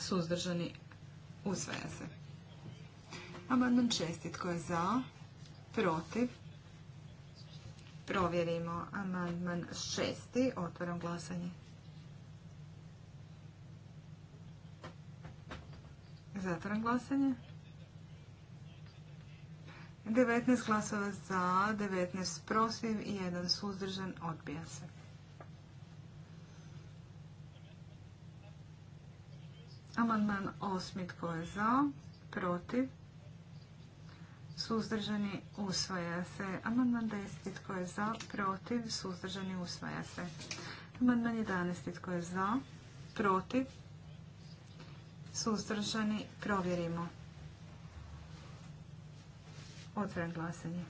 Suzdržani. Usvaja se. Amandman 6. Tko je za? Protiv. Provjerimo amandman šesti otvorom glasanje. Zatvoram glasanje. 19 glasova za, 19 protiv i 1 suzdržan odbija se. Amandman osmi tko je za, protiv, suzdržani usvaja se. Amandman desetit tko je za, protiv, suzdržani usvaja se. Amandman jedanesti tko je za, protiv, suzdržani, provjerimo. Otvoren glasanje.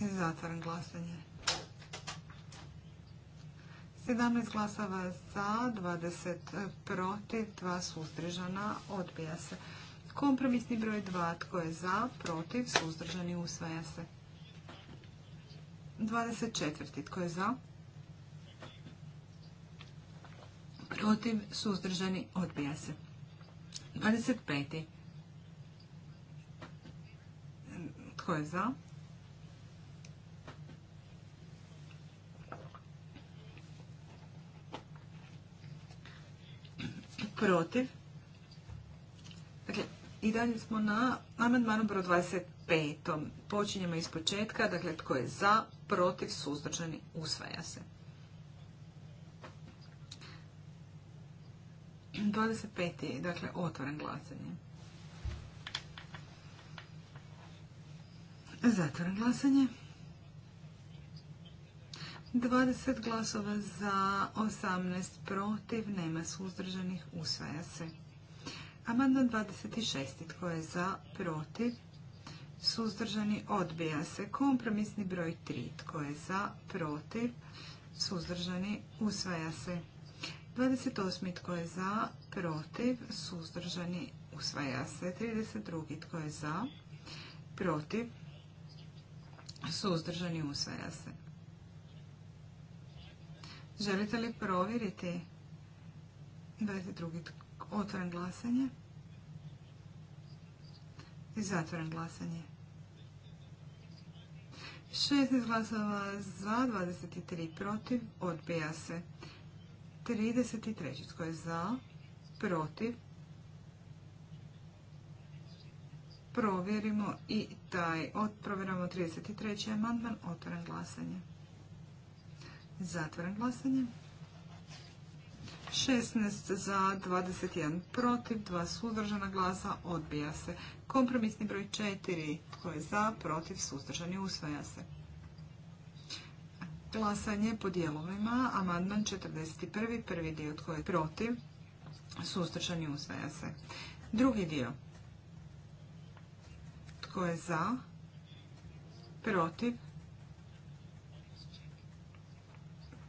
Zatvoren glasanje. 17 glasova za, 20 protiv, 2 suzdržana, odbija se. Kompromisni broj 2, tko je za, protiv, suzdržani, usvaja se. 24. Tko je za? protiv, suzdržani, odbija se. 25. Tko je za? Protiv. Dakle, i dalje smo na amandmanu broj 25. Počinjemo iz početka. Dakle, tko je za, protiv, suzdržani, usvaja se. 25. Dakle, otvoren glasanje. Zatvoren glasanje. 20 glasova za, 18 protiv, nema suzdržanih, usvaja se. Amandman 26. Tko je za, protiv, suzdržani, odbija se. Kompromisni broj 3. Tko je za, protiv, suzdržani, usvaja se. 28. tko je za, protiv, suzdržani, usvaja se. 32. tko je za, protiv, suzdržani, usvaja se. Želite li provjeriti 22. otvoren glasanje i zatvoren glasanje? 16 glasova za, 23 protiv, odbija se. 33. Tko je za? Protiv? Provjerimo i taj. Provjeramo 33. amandman. Otvoren glasanje. Zatvoren glasanje. 16 za, 21 protiv, 2 suzdržana glasa, odbija se. Kompromisni broj 4, tko je za, protiv, suzdržani, usvaja se. Glasanje po dijelovima. Amandman 41. Prvi dio tko je protiv. Sustršan i usvaja se. Drugi dio. Tko je za? Protiv.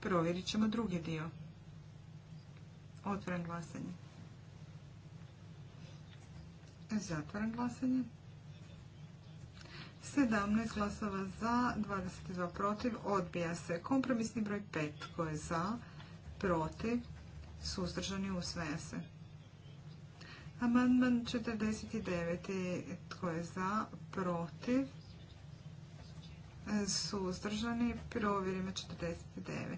Provjerit ćemo drugi dio. Otvoren glasanje. Zatvoren glasanje. 17 glasova za, 22 protiv, odbija se. Kompromisni broj 5 koji je za, protiv, suzdržani usvaja se. Amandman 49. Tko je za? Protiv? Suzdržani? Provjerimo 49.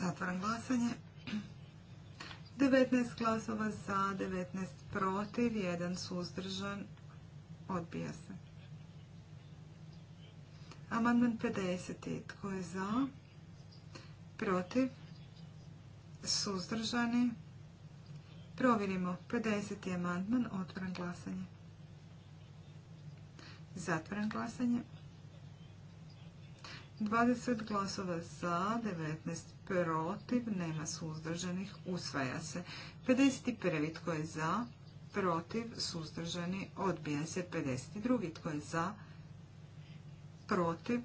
Zatvaram glasanje. 19 glasova za, 19 protiv, 1 suzdržan, odbija se. Amandman 50. Tko je za? Protiv? Suzdržani? Provjerimo. 50. amandman. Otvoren glasanje. Zatvoren glasanje. 20 glasova za, 19 protiv, nema suzdržanih, usvaja se. 51. tko je za, protiv, suzdržani, odbija se. 52. tko je za, protiv,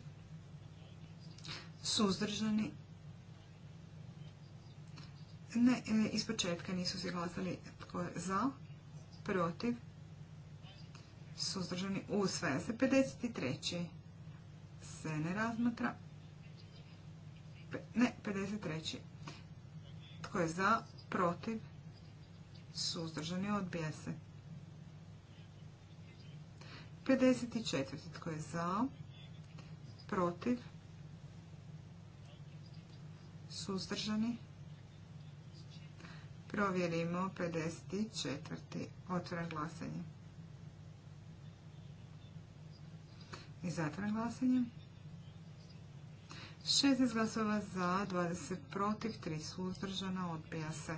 suzdržani, ne, e, iz početka nisu se glasali tko je za, protiv, suzdržani, usvaja se. 53 se ne razmatra. Ne, 53. Tko je za, protiv, suzdržani, odbije se. 54. Tko je za, protiv, suzdržani, Provjerimo 54. Otvoren glasanje. I zatvoren glasanje. 16 glasova za, 20 protiv, 3 suzdržana, odbija se.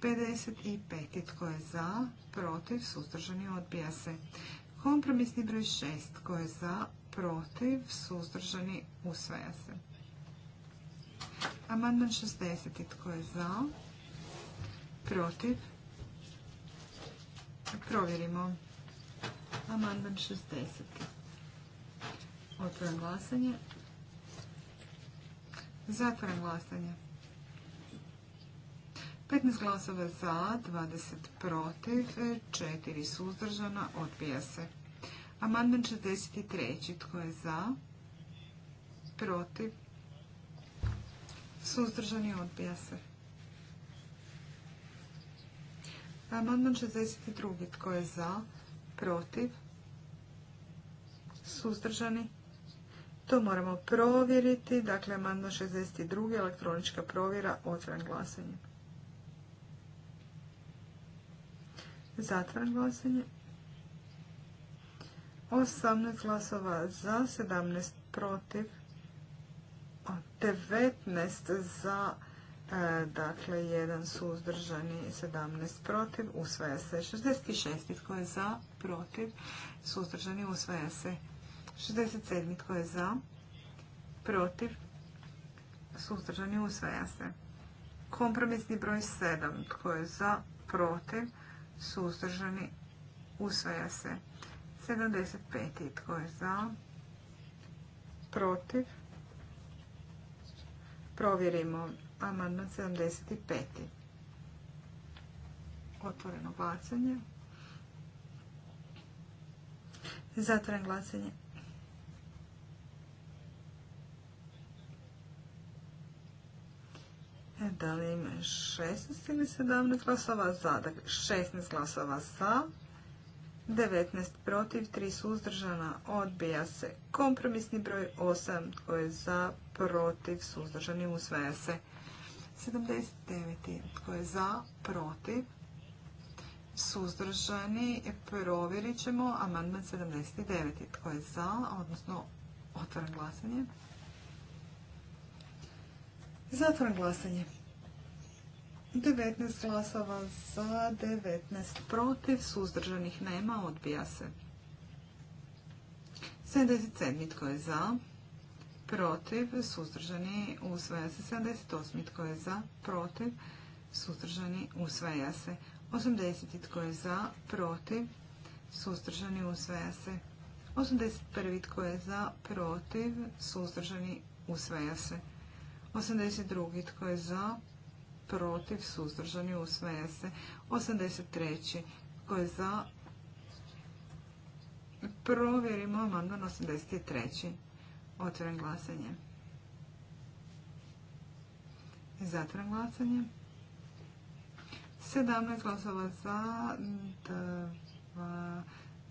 55. Tko je za, protiv, suzdržani, odbija se. Kompromisni broj 6. Tko je za, protiv, suzdržani, usvaja se. Amandman 60. Tko je za, protiv, provjerimo. Amandman 60. Otvorim glasanje. Zatvaram glasanje. 15 glasova za, 20 protiv, 4 suzdržana, odbija se. Amandman 63. Tko je za? Protiv? Suzdržani, odbija se. Amandman 62. Tko je za? Protiv? Suzdržani? To moramo provjeriti. Dakle, amandman 62. elektronička provjera. Otvoren glasanje. Zatvaram glasanje. 18 glasova za, 17 protiv, 19 za, e, dakle, 1 suzdržani, 17 protiv, usvaja se 66. Tko je za, protiv, suzdržani, usvaja se 67. Tko je za? Protiv? Suzdržani usvaja se. Kompromisni broj 7. Tko je za? Protiv? Suzdržani usvaja se. 75. Tko je za? Protiv? Provjerimo amandman 75. Otvoreno glasanje. Zatvoren glasanje. E, da li ima 16 ili 17 glasova za? Dakle, 16 glasova za, 19 protiv, 3 suzdržana, odbija se. Kompromisni broj 8, tko je za, protiv, suzdržani, usvaja se. 79. Tko je za, protiv, suzdržani, provjerit ćemo amandman 79. Tko je za, odnosno otvoren glasanje. Zatvoren glasanje. 19 glasova za, 19 protiv, suzdržanih nema, odbija se. 77. Tko je za? Protiv, suzdržani, usvaja se. 78. Tko je za? Protiv, suzdržani, usvaja se. 80. Tko je za? Protiv, suzdržani, usvaja se. 81. Tko je za? Protiv, suzdržani, usvaja se. 82. Tko je za? Protiv? Suzdržani? Usvaja se. 83. Tko je za? Provjerimo amandman 83. Otvoren glasanje. Zatvoren glasanje. 17 glasova za,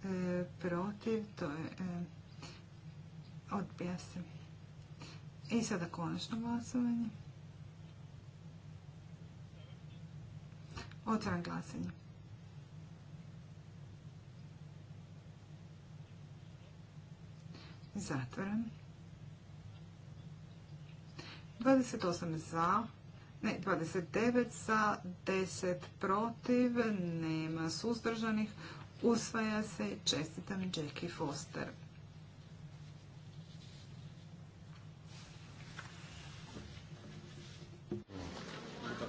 e, protiv, to je e, odbija se. I sada konačno glasovanje. Otvaram glasanje. Zatvaram. 28 za, ne, 29 za, 10 protiv, nema suzdržanih. Usvaja se, čestitam Jackie Foster.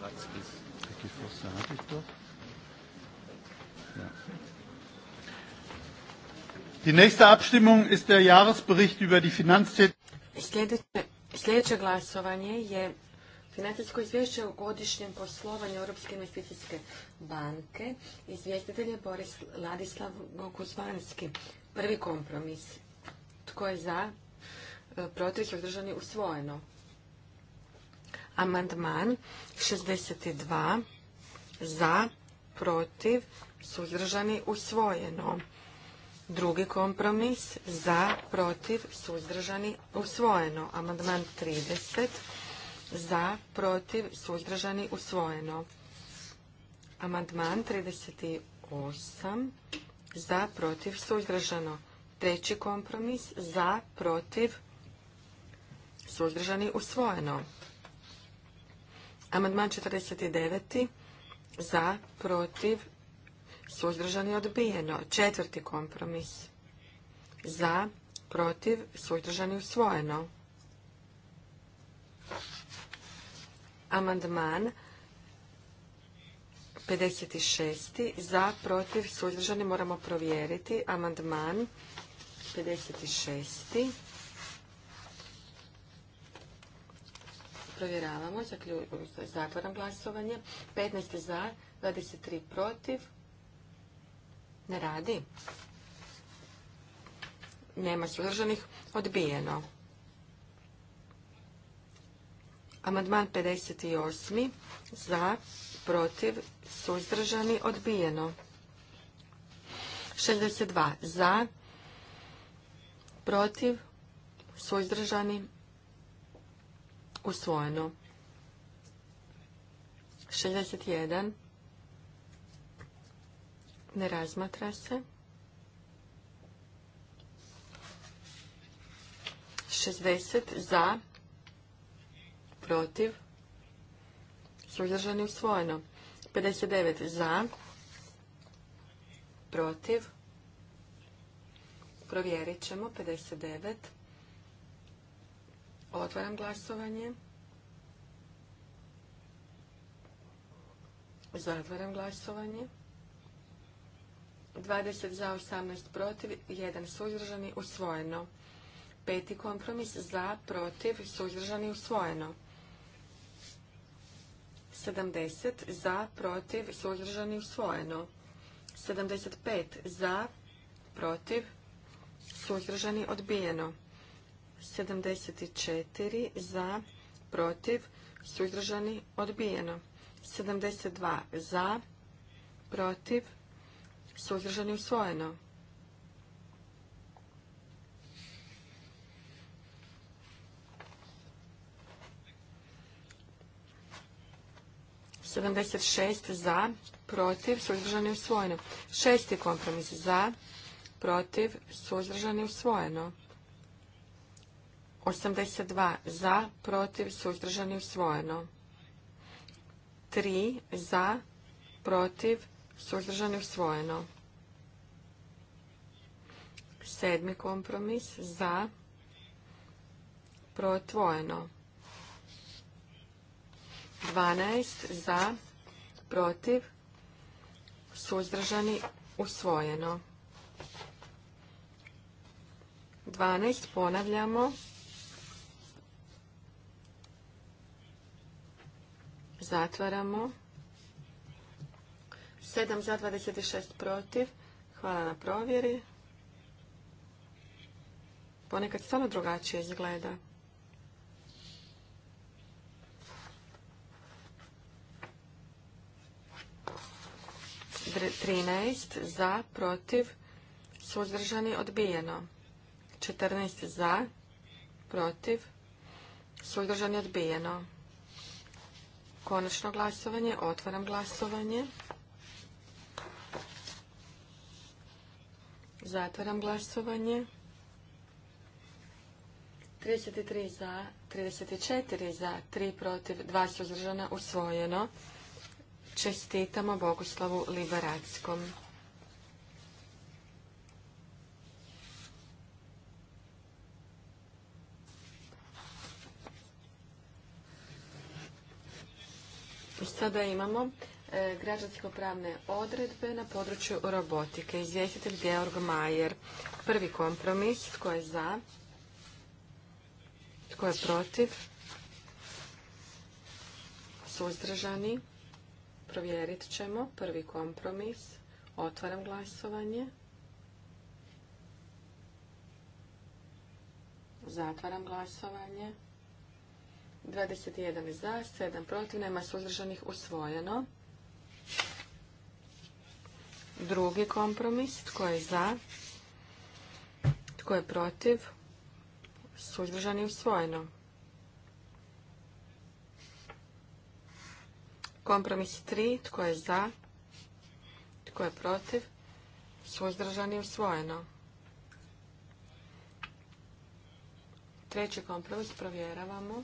der Sljedeće glasovanje je financijsko izvješće o godišnjem poslovanju Europske investicijske banke. Izvjestitelj je Boris Ladislav Gokuzvanski. Prvi kompromis. Tko je za? E, protiv održani usvojeno. Amandman 62 za, protiv, suzdržani, usvojeno. Drugi kompromis za, protiv, suzdržani, usvojeno. Amandman 30 za, protiv, suzdržani, usvojeno. Amandman 38 za, protiv, suzdržano. Treći kompromis za, protiv, suzdržani, usvojeno. Amandman 49. Za, protiv, suzdržani odbijeno. Četvrti kompromis. Za, protiv, suzdržani usvojeno. Amandman 56. Za, protiv, suzdržani moramo provjeriti. Amandman 56. provjeravamo, zatvoram glasovanje. 15 za, 23 protiv. Ne radi. Nema suzdržanih. Odbijeno. Amandman 58. Za, protiv, suzdržani, odbijeno. 62. Za, protiv, suzdržani, usvojeno. 61 ne razmatra se. 60 za, protiv, suzdržani usvojeno. 59 za, protiv, provjerit ćemo, 59 Otvaram glasovanje. Zatvaram glasovanje. 20 za, 18 protiv, 1 suzdržani, usvojeno. Peti kompromis za, protiv, suzdržani, usvojeno. 70 za, protiv, suzdržani, usvojeno. 75 za, protiv, suzdržani, odbijeno. 74 za, protiv, suzdržani, odbijeno. 72 za, protiv, suzdržani, usvojeno. Sedamdeset šest za, protiv, suzdržani, usvojeno. Šesti kompromis za, protiv, suzdržani, usvojeno. 82 za, protiv, suzdržani, usvojeno. 3 za, protiv, suzdržani, usvojeno. Sedmi kompromis za, protvojeno. 12 za, protiv, suzdržani, usvojeno. 12 ponavljamo. Zatvaramo. 7 za 26 protiv. Hvala na provjeri. Ponekad stvarno drugačije izgleda. 13 za, protiv, suzdržani, odbijeno. 14 za, protiv, suzdržani, odbijeno. Konačno glasovanje. Otvaram glasovanje. Zatvaram glasovanje. 33 za, 34 za, 3 protiv, 2 suzdržana, usvojeno. Čestitamo Bogoslavu Liberackom. Sada imamo e, građansko-pravne odredbe na području robotike. Izvjestitelj Georg Majer. Prvi kompromis. Tko je za? Tko je protiv? Suzdržani? Provjerit ćemo. Prvi kompromis. Otvaram glasovanje. Zatvaram glasovanje. 21 za, 7 protiv, nema suzdržanih usvojeno. Drugi kompromis, tko je za, tko je protiv, suzdržani usvojeno. Kompromis 3, tko je za, tko je protiv, suzdržani usvojeno. Treći kompromis provjeravamo.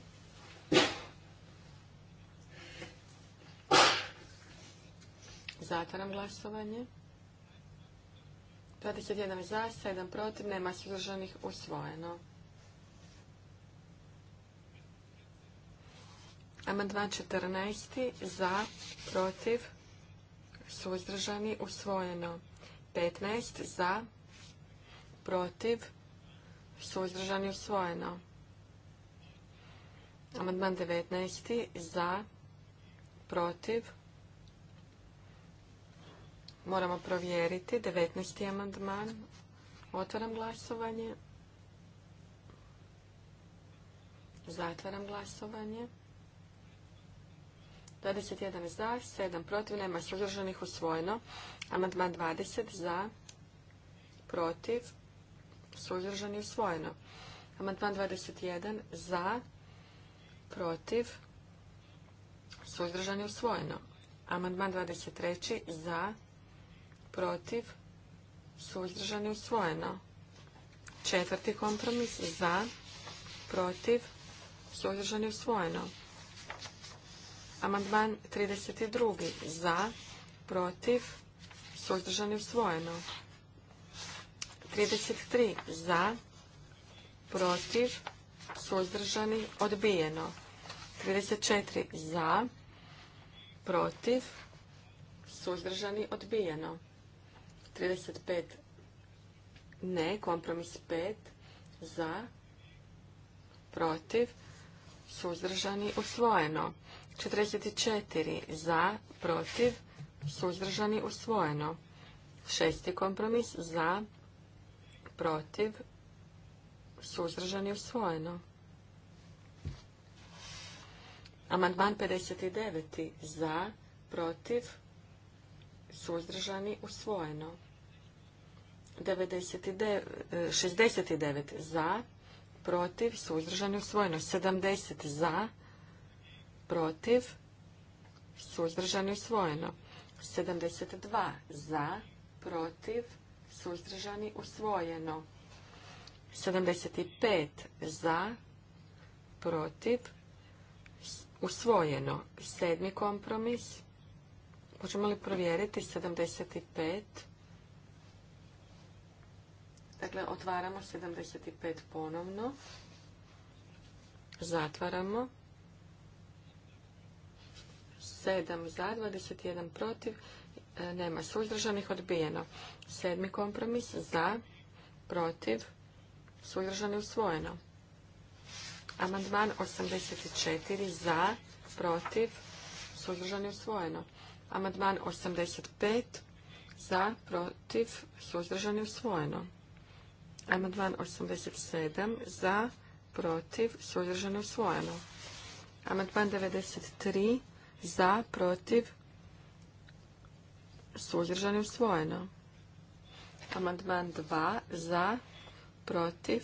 Zatvaram glasovanje. 21 za, 7 protiv, nema suzdržanih, usvojeno. Amandman 14. Za, protiv, suzdržani, usvojeno. 15. Za, protiv, suzdržani, usvojeno. Amandman 19. Za, protiv, Moramo provjeriti. 19. amandman. Otvaram glasovanje. Zatvaram glasovanje. 21 za, 7 protiv, nema suzdržanih usvojeno. Amandman 20 za, protiv, suzdržani usvojeno. Amandman 21 za, protiv, suzdržani usvojeno. Amandman 23 za, protiv, suzdržani, usvojeno. Četvrti kompromis za, protiv, suzdržani, usvojeno. Amandman 32. Za, protiv, suzdržani, usvojeno. 33. Za, protiv, suzdržani, odbijeno. 34. Za, protiv, suzdržani, odbijeno. 35 ne, kompromis 5 za, protiv, suzdržani, usvojeno. 44 za, protiv, suzdržani, usvojeno. Šesti kompromis za, protiv, suzdržani, usvojeno. Amandman 59 za, protiv, suzdržani, usvojeno. 69 za, protiv, suzdržani, usvojeno. 70 za, protiv, suzdržani, usvojeno. 72 za, protiv, suzdržani, usvojeno. 75 za, protiv, usvojeno. Sedmi kompromis. Možemo li provjeriti 75 Dakle, otvaramo 75 ponovno. Zatvaramo. 7 za, 21 protiv. E, nema suzdržanih, odbijeno. Sedmi kompromis za, protiv, suzdržani usvojeno. Amandman 84 za, protiv, suzdržani usvojeno. Amandman 85 za, protiv, suzdržani usvojeno. Amandman 87 za, protiv, suzdržano usvojeno. Amandman 93 za, protiv, suzdržano usvojeno. Amandman 2 za, protiv,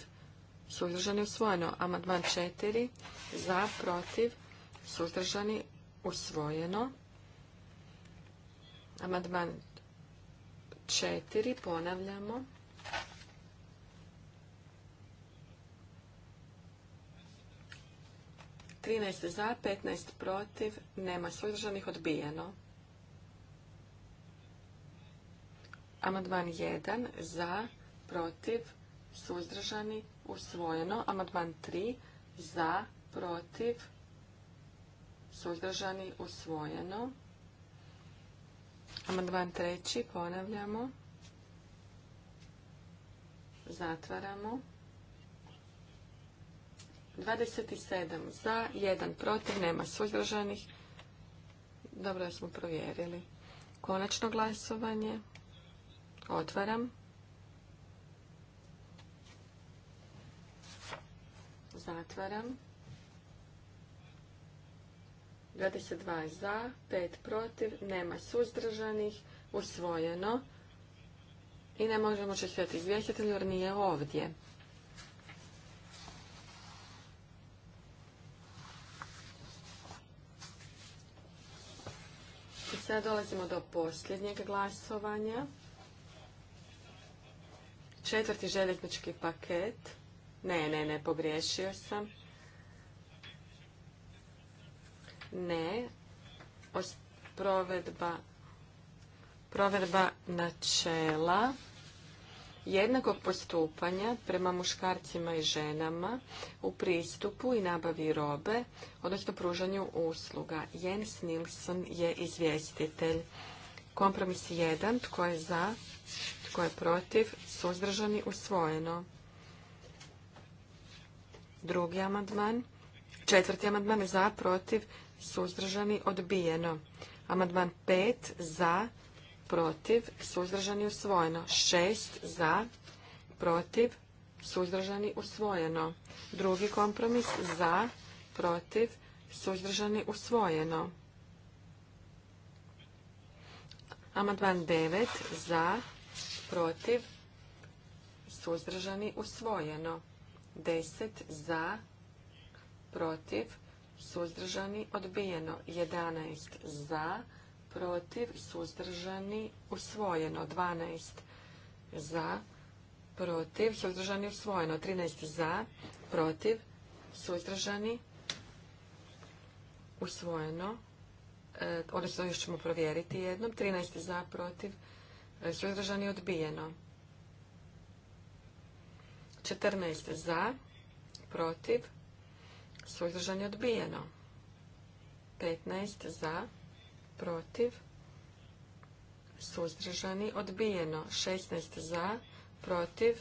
suzdržano, usvojeno. Amandman 4 za, protiv, suzdržani usvojeno. Amandman 4 ponavljamo. 13 za, 15 protiv, nema suzdržanih, odbijeno. Amandman 1 za, protiv, suzdržani, usvojeno. Amandman 3 za, protiv, suzdržani, usvojeno. Amandman 3 ponavljamo. Zatvaramo. 27 za, 1 protiv, nema suzdržanih. Dobro da smo provjerili. Konačno glasovanje. Otvaram. Zatvaram. 22 za, 5 protiv, nema suzdržanih, usvojeno. I ne možemo čestiti izvjestitelju jer nije ovdje. Sada dolazimo do posljednjeg glasovanja. Četvrti željeznički paket. Ne, ne, ne, pogriješio sam. Ne. Provedba, provedba načela jednakog postupanja prema muškarcima i ženama u pristupu i nabavi robe, odnosno pružanju usluga. Jens Nilsson je izvjestitelj. Kompromis 1. Tko je za? Tko je protiv? Suzdržani usvojeno. Drugi amandman. Četvrti amandman za, protiv, suzdržani, odbijeno. Amandman 5 za, protiv, suzdržani, usvojeno. 6 za, protiv, suzdržani, usvojeno. Drugi kompromis za, protiv, suzdržani, usvojeno. Amandman 9 za, protiv, suzdržani, usvojeno. Deset, za, protiv, suzdržani, odbijeno. 11 za, protiv, suzdržani, usvojeno. 12 za, protiv, suzdržani, usvojeno. 13 za, protiv, suzdržani, usvojeno. E, odnosno, još ćemo provjeriti jednom. 13 e, za, protiv, suzdržani, odbijeno. 14 za, protiv, suzdržani, odbijeno. 15 za, protiv, suzdržani, odbijeno. 16 za, protiv,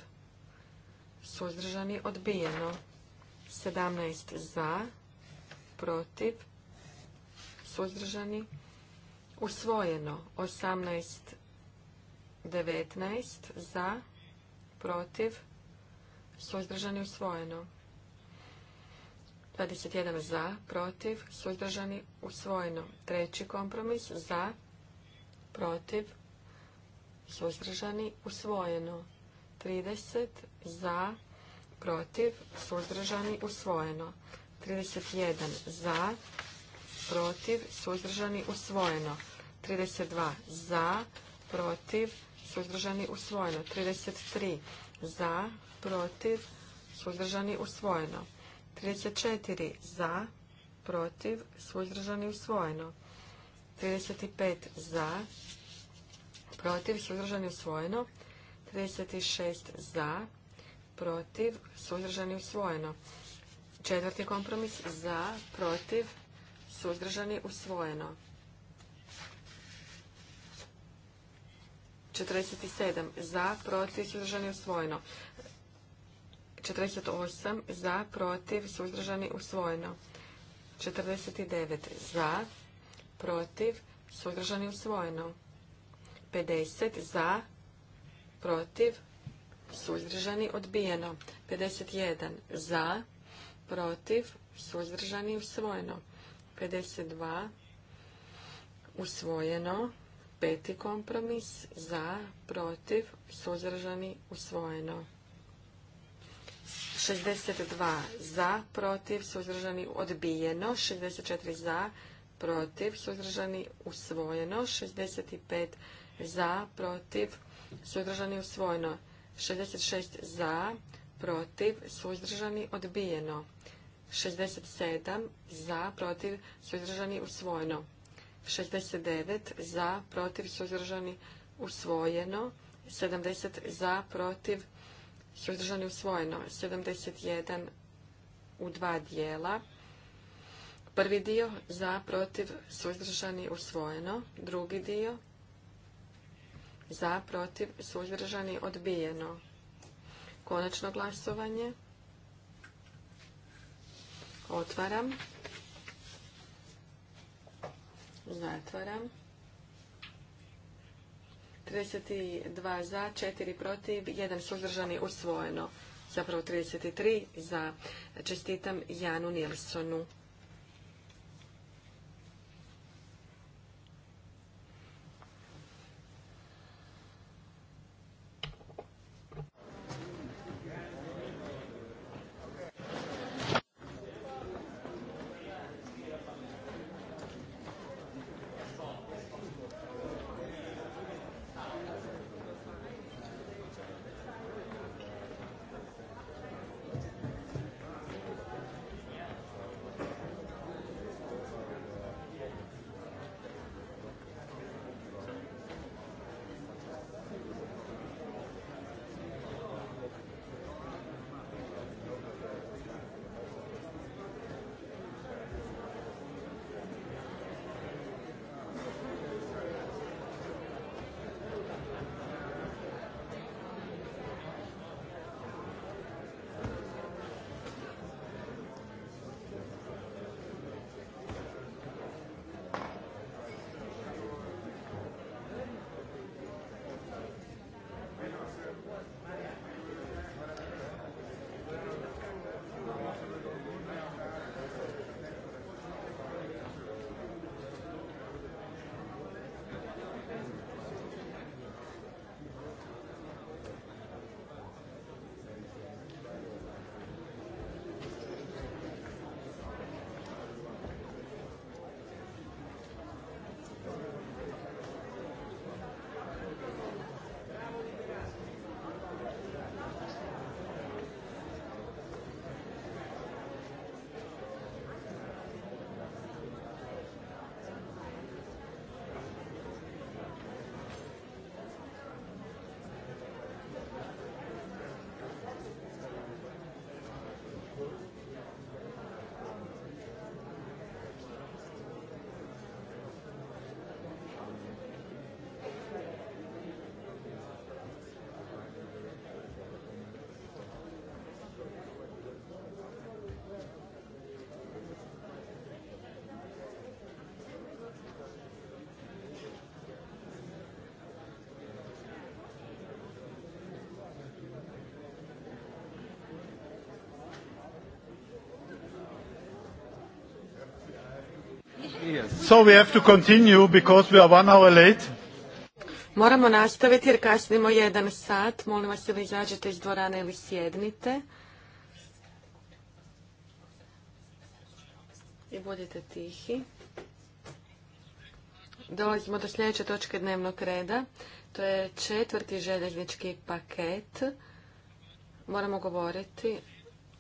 suzdržani, odbijeno. 17 za, protiv, suzdržani, usvojeno. 18, 19 za, protiv, suzdržani, usvojeno. 21 za, protiv, suzdržani, usvojeno. Treći kompromis za, protiv, suzdržani, usvojeno. 30 za, protiv, suzdržani, usvojeno. 31 za, protiv, suzdržani, usvojeno. 32 za, protiv, suzdržani, usvojeno. 33 za, protiv, suzdržani, usvojeno. 34 za, protiv, suzdržani usvojeno. 35 za, protiv, suzdržani usvojeno. 36 za, protiv, suzdržani usvojeno. Četvrti kompromis za, protiv, suzdržani usvojeno. 47 za, protiv, suzdržani usvojeno. 48 za, protiv, suzdržani, usvojeno. 49 za, protiv, suzdržani, usvojeno. 50 za, protiv, suzdržani, odbijeno. 51 za, protiv, suzdržani, usvojeno. 52 usvojeno. Peti kompromis za, protiv, suzdržani, usvojeno. 62 za, protiv, suzdržani, odbijeno. 64 za, protiv, suzdržani, usvojeno. 65 za, protiv, suzdržani, usvojeno. 66 za, protiv, suzdržani, odbijeno. 67 za, protiv, suzdržani, usvojeno. 69 za, protiv, suzdržani, usvojeno. 70 za, protiv, suzdržani usvojeno 71 u dva dijela. Prvi dio za, protiv, suzdržani usvojeno. Drugi dio za, protiv, suzdržani odbijeno. Konačno glasovanje. Otvaram. Zatvaram. 32 za, 4 protiv, 1 suzdržani usvojeno. Zapravo 33 za. Čestitam Janu Nilsonu. So Moramo nastaviti jer kasnimo jedan sat. Molim vas ili izađete iz dvorane ili sjednite. I budite tihi. Dolazimo do sljedeće točke dnevnog reda. To je četvrti željeznički paket. Moramo govoriti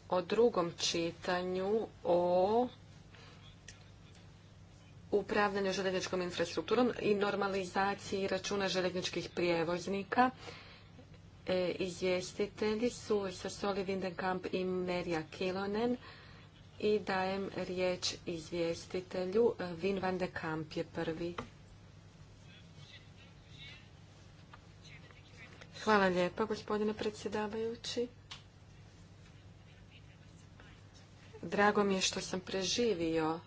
o drugom čitanju, o upravljanju željezničkom infrastrukturom i normalizaciji računa željezničkih prijevoznika. E, izvjestitelji su sa Soli Windenkamp i Merja Kilonen i dajem riječ izvjestitelju. Vin e, van de Kamp je prvi. Hvala lijepa, gospodine predsjedavajući. Drago mi je što sam preživio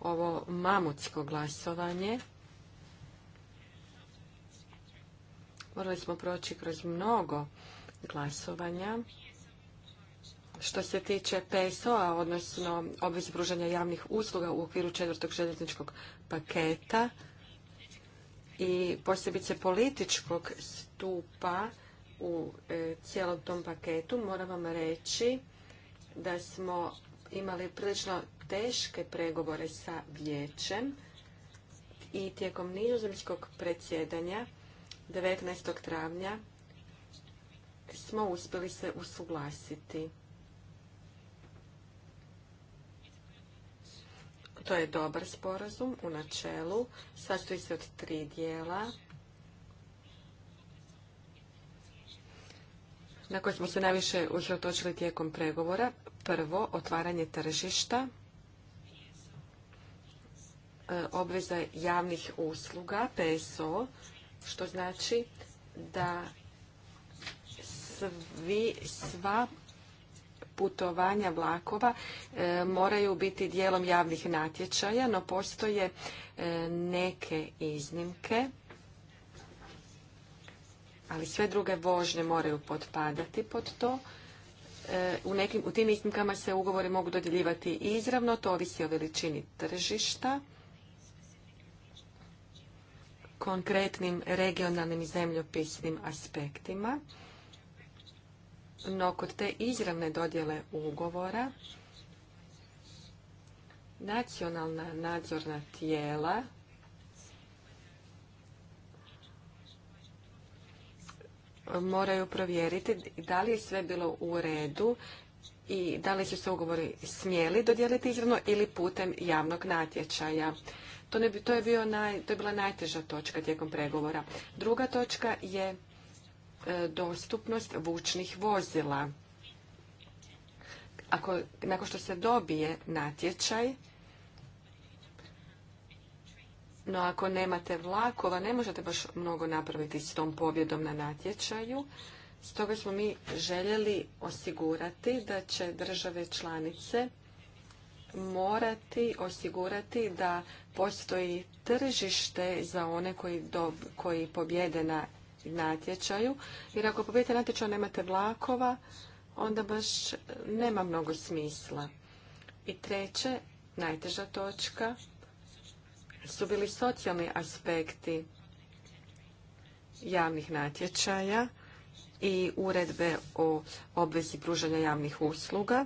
ovo mamutsko glasovanje. Morali smo proći kroz mnogo glasovanja. Što se tiče PSO-a, odnosno obveze pružanja javnih usluga u okviru četvrtog željezničkog paketa i posebice političkog stupa u e, cijelom tom paketu, moram vam reći da smo imali prilično teške pregovore sa vijećem i tijekom nizozemskog predsjedanja 19. travnja smo uspjeli se usuglasiti. To je dobar sporazum u načelu. Sastoji se od tri dijela. na koje smo se najviše usredotočili tijekom pregovora. Prvo, otvaranje tržišta, e, obveza javnih usluga, PSO, što znači da svi, sva putovanja vlakova e, moraju biti dijelom javnih natječaja, no postoje e, neke iznimke, ali sve druge vožnje moraju potpadati pod to. E, u, nekim, u tim iznimkama se ugovori mogu dodjeljivati izravno, to ovisi o veličini tržišta, konkretnim regionalnim i zemljopisnim aspektima, no kod te izravne dodjele ugovora nacionalna nadzorna tijela moraju provjeriti da li je sve bilo u redu i da li su se ugovori smjeli dodijeliti izravno ili putem javnog natječaja. To, ne bi, to, je bio naj, to je bila najteža točka tijekom pregovora. Druga točka je e, dostupnost vučnih vozila. Ako, nakon što se dobije natječaj, no ako nemate vlakova, ne možete baš mnogo napraviti s tom pobjedom na natječaju. Stoga smo mi željeli osigurati da će države članice morati osigurati da postoji tržište za one koji, do, koji pobjede na natječaju. Jer ako pobjedite natječaj nemate vlakova, onda baš nema mnogo smisla. I treće, najteža točka, su bili socijalni aspekti javnih natječaja i uredbe o obvezi pružanja javnih usluga.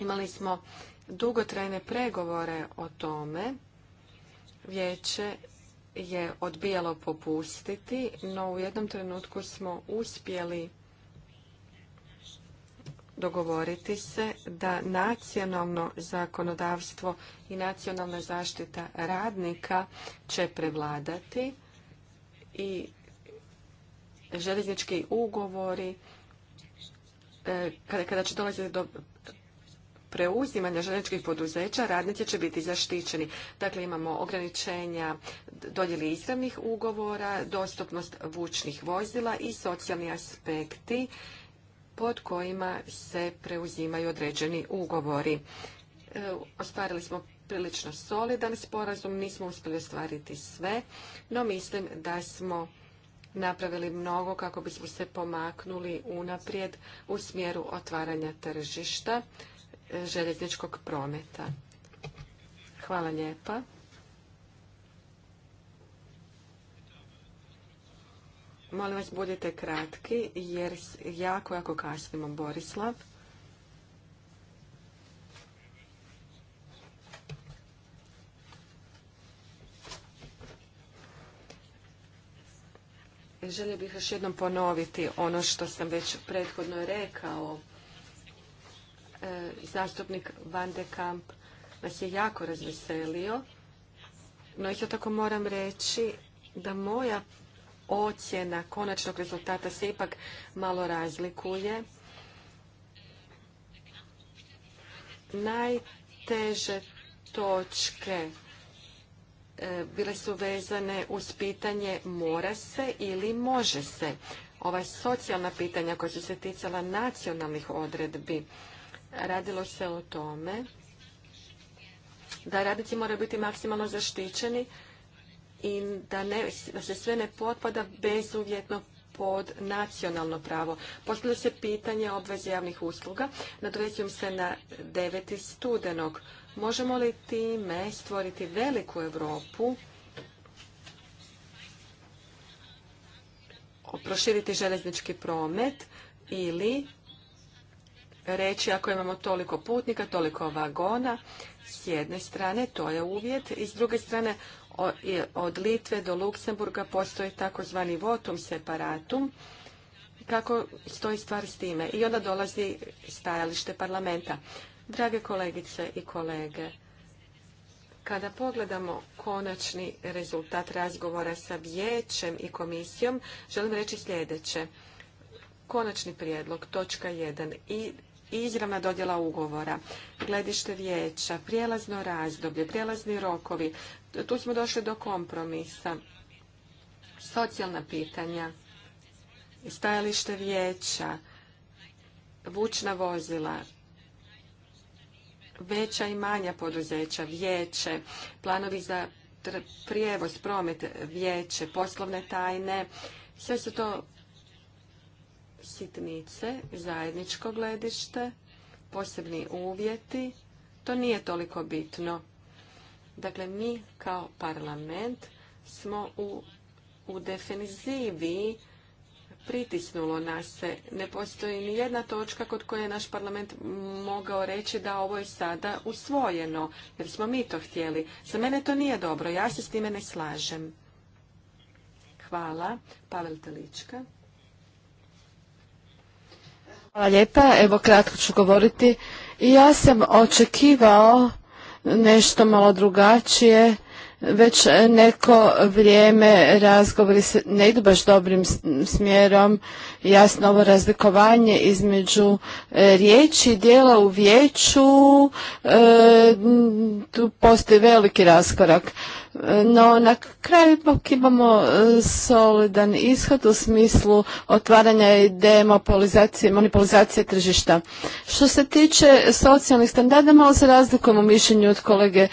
Imali smo dugotrajne pregovore o tome. Vijeće je odbijalo popustiti, no u jednom trenutku smo uspjeli dogovoriti se da nacionalno zakonodavstvo i nacionalna zaštita radnika će prevladati i željeznički ugovori e, kada, će dolaziti do preuzimanja željezničkih poduzeća radnici će biti zaštićeni. Dakle, imamo ograničenja dodjeli izravnih ugovora, dostupnost vučnih vozila i socijalni aspekti pod kojima se preuzimaju određeni ugovori. E, ostvarili smo prilično solidan sporazum, nismo uspjeli ostvariti sve, no mislim da smo napravili mnogo kako bismo se pomaknuli unaprijed u smjeru otvaranja tržišta e, željezničkog prometa. Hvala lijepa. Molim vas, budite kratki, jer jako, jako kasnimo, Borislav. Želio bih još jednom ponoviti ono što sam već prethodno rekao. E, zastupnik Van de Kamp nas je jako razveselio, no isto tako moram reći da moja ocjena konačnog rezultata se ipak malo razlikuje. Najteže točke e, bile su vezane uz pitanje mora se ili može se. Ova socijalna pitanja koja su se ticala nacionalnih odredbi, radilo se o tome da radnici moraju biti maksimalno zaštićeni, i da, se sve ne potpada bezuvjetno pod nacionalno pravo. Postavlja se pitanje obveze javnih usluga. Nadređujem se na 9. studenog. Možemo li time stvoriti veliku Europu, proširiti željeznički promet ili reći ako imamo toliko putnika, toliko vagona, s jedne strane to je uvjet i s druge strane od Litve do Luksemburga postoji takozvani votum separatum. Kako stoji stvar s time? I onda dolazi stajalište parlamenta. Drage kolegice i kolege, kada pogledamo konačni rezultat razgovora sa vijećem i komisijom, želim reći sljedeće. Konačni prijedlog, točka 1 i izravna dodjela ugovora, gledište vijeća, prijelazno razdoblje, prijelazni rokovi, tu smo došli do kompromisa. Socijalna pitanja, stajalište vijeća, vučna vozila, veća i manja poduzeća, vijeće, planovi za prijevoz, promet, vijeće, poslovne tajne, sve su to sitnice, zajedničko gledište, posebni uvjeti. To nije toliko bitno. Dakle, mi kao parlament smo u, u pritisnulo nas se. Ne postoji ni jedna točka kod koje je naš parlament mogao reći da ovo je sada usvojeno, jer smo mi to htjeli. Za mene to nije dobro, ja se s time ne slažem. Hvala. Pavel Telička. Hvala lijepa. Evo kratko ću govoriti. Ja sam očekivao nešto malo drugačije. Već neko vrijeme razgovori se ne idu baš dobrim smjerom, jasno ovo razlikovanje između e, riječi i dijela u vijeću, e, tu postoji veliki raskorak. No, na kraju ipak imamo e, solidan ishod u smislu otvaranja i demopolizacije, monopolizacije tržišta. Što se tiče socijalnih standarda, malo se razlikujemo mišljenju od kolege.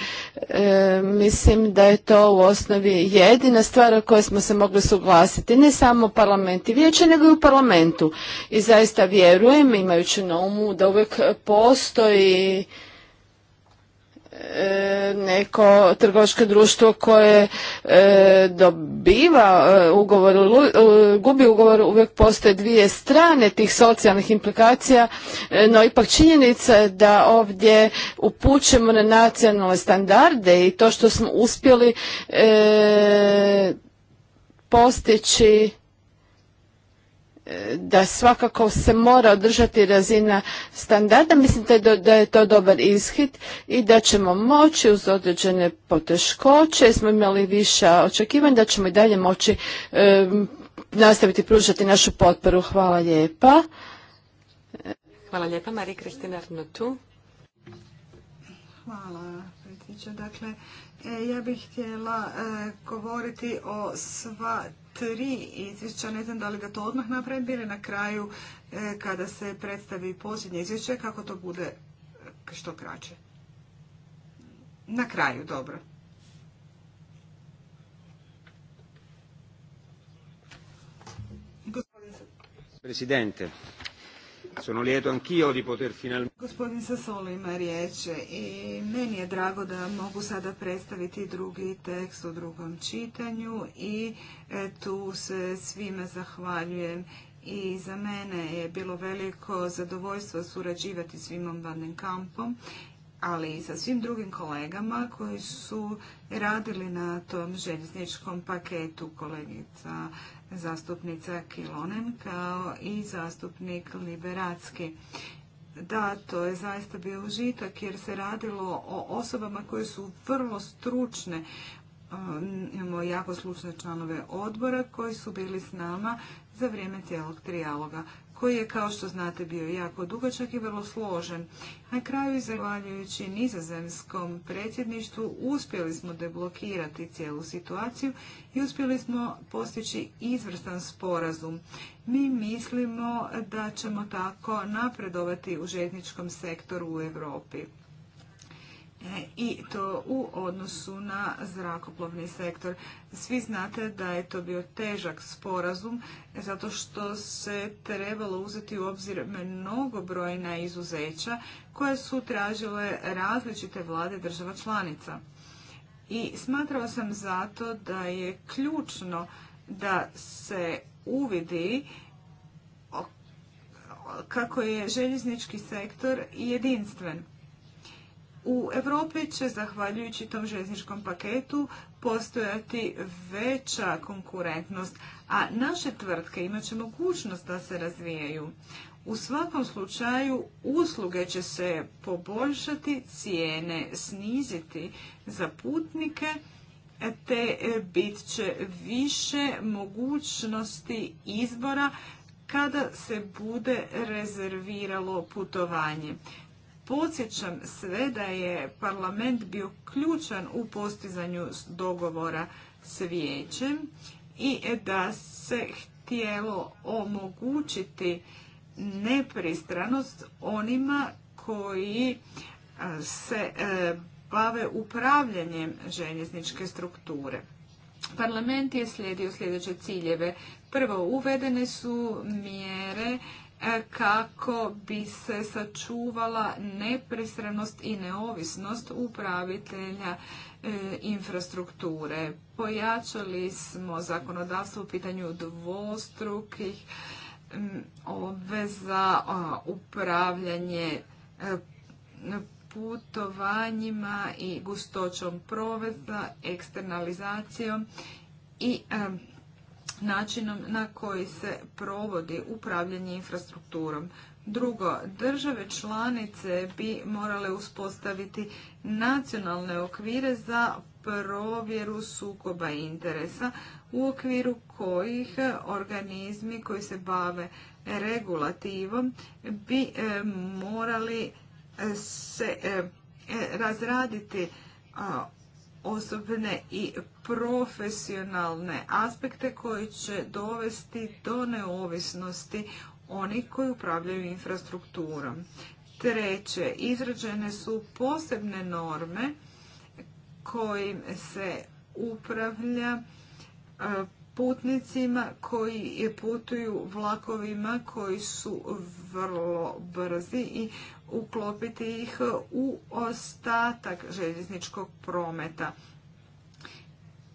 E, mislim da je to u osnovi jedina stvar o kojoj smo se mogli suglasiti. Ne samo parlament i vijeće, nego i u parlamentu. I zaista vjerujem, imajući na umu, da uvijek postoji E, neko trgovačko društvo koje e, dobiva e, ugovor, gubi ugovor, uvijek postoje dvije strane tih socijalnih implikacija, no ipak činjenica je da ovdje upućemo na nacionalne standarde i to što smo uspjeli postići da svakako se mora održati razina standarda. Mislim da je to dobar ishit i da ćemo moći uz određene poteškoće, smo imali više očekivanja, da ćemo i dalje moći nastaviti pružati našu potporu. Hvala lijepa. Hvala lijepa, Marija Kristina Arnotu. Hvala, Dakle, e, ja bih htjela e, govoriti o sva tri izvješća, ne znam da li ga to odmah napravim ili na kraju e, kada se predstavi posljednje izvješće, kako to bude e, što kraće. Na kraju, dobro. Presidente, Sono lieto anch'io di finalmente... Gospodin Sassoli ima riječe i meni je drago da mogu sada predstaviti drugi tekst u drugom čitanju i e, tu se svima zahvaljujem i za mene je bilo veliko zadovoljstvo surađivati s Vimom Kampom, ali i sa svim drugim kolegama koji su radili na tom željezničkom paketu kolegica zastupnica Kilonen kao i zastupnik Liberacki. Da, to je zaista bio užitak jer se radilo o osobama koje su vrlo stručne. E, imamo jako slučne članove odbora koji su bili s nama za vrijeme cijelog trijaloga koji je, kao što znate, bio jako dugačak i vrlo složen. Na kraju, zahvaljujući nizozemskom predsjedništvu, uspjeli smo deblokirati cijelu situaciju i uspjeli smo postići izvrstan sporazum. Mi mislimo da ćemo tako napredovati u željezničkom sektoru u Europi. E, i to u odnosu na zrakoplovni sektor. Svi znate da je to bio težak sporazum zato što se trebalo uzeti u obzir brojna izuzeća koje su tražile različite vlade država članica. I smatrao sam zato da je ključno da se uvidi kako je željeznički sektor jedinstven u Europi će, zahvaljujući tom željezničkom paketu, postojati veća konkurentnost, a naše tvrtke imat će mogućnost da se razvijaju. U svakom slučaju usluge će se poboljšati, cijene sniziti za putnike, te bit će više mogućnosti izbora kada se bude rezerviralo putovanje. Podsjećam sve da je parlament bio ključan u postizanju dogovora s vijećem i da se htjelo omogućiti nepristranost onima koji e, se e, bave upravljanjem željezničke strukture. Parlament je slijedio sljedeće ciljeve. Prvo, uvedene su mjere kako bi se sačuvala nepristranost i neovisnost upravitelja e, infrastrukture. Pojačali smo zakonodavstvo u pitanju dvostrukih obveza upravljanje e, putovanjima i gustoćom proveza, eksternalizacijom i e, načinom na koji se provodi upravljanje infrastrukturom. Drugo, države članice bi morale uspostaviti nacionalne okvire za provjeru sukoba interesa u okviru kojih organizmi koji se bave regulativom bi e, morali se e, e, razraditi osobne i profesionalne aspekte koji će dovesti do neovisnosti onih koji upravljaju infrastrukturom. Treće, izrađene su posebne norme kojim se upravlja e, putnicima koji putuju vlakovima koji su vrlo brzi i uklopiti ih u ostatak željezničkog prometa.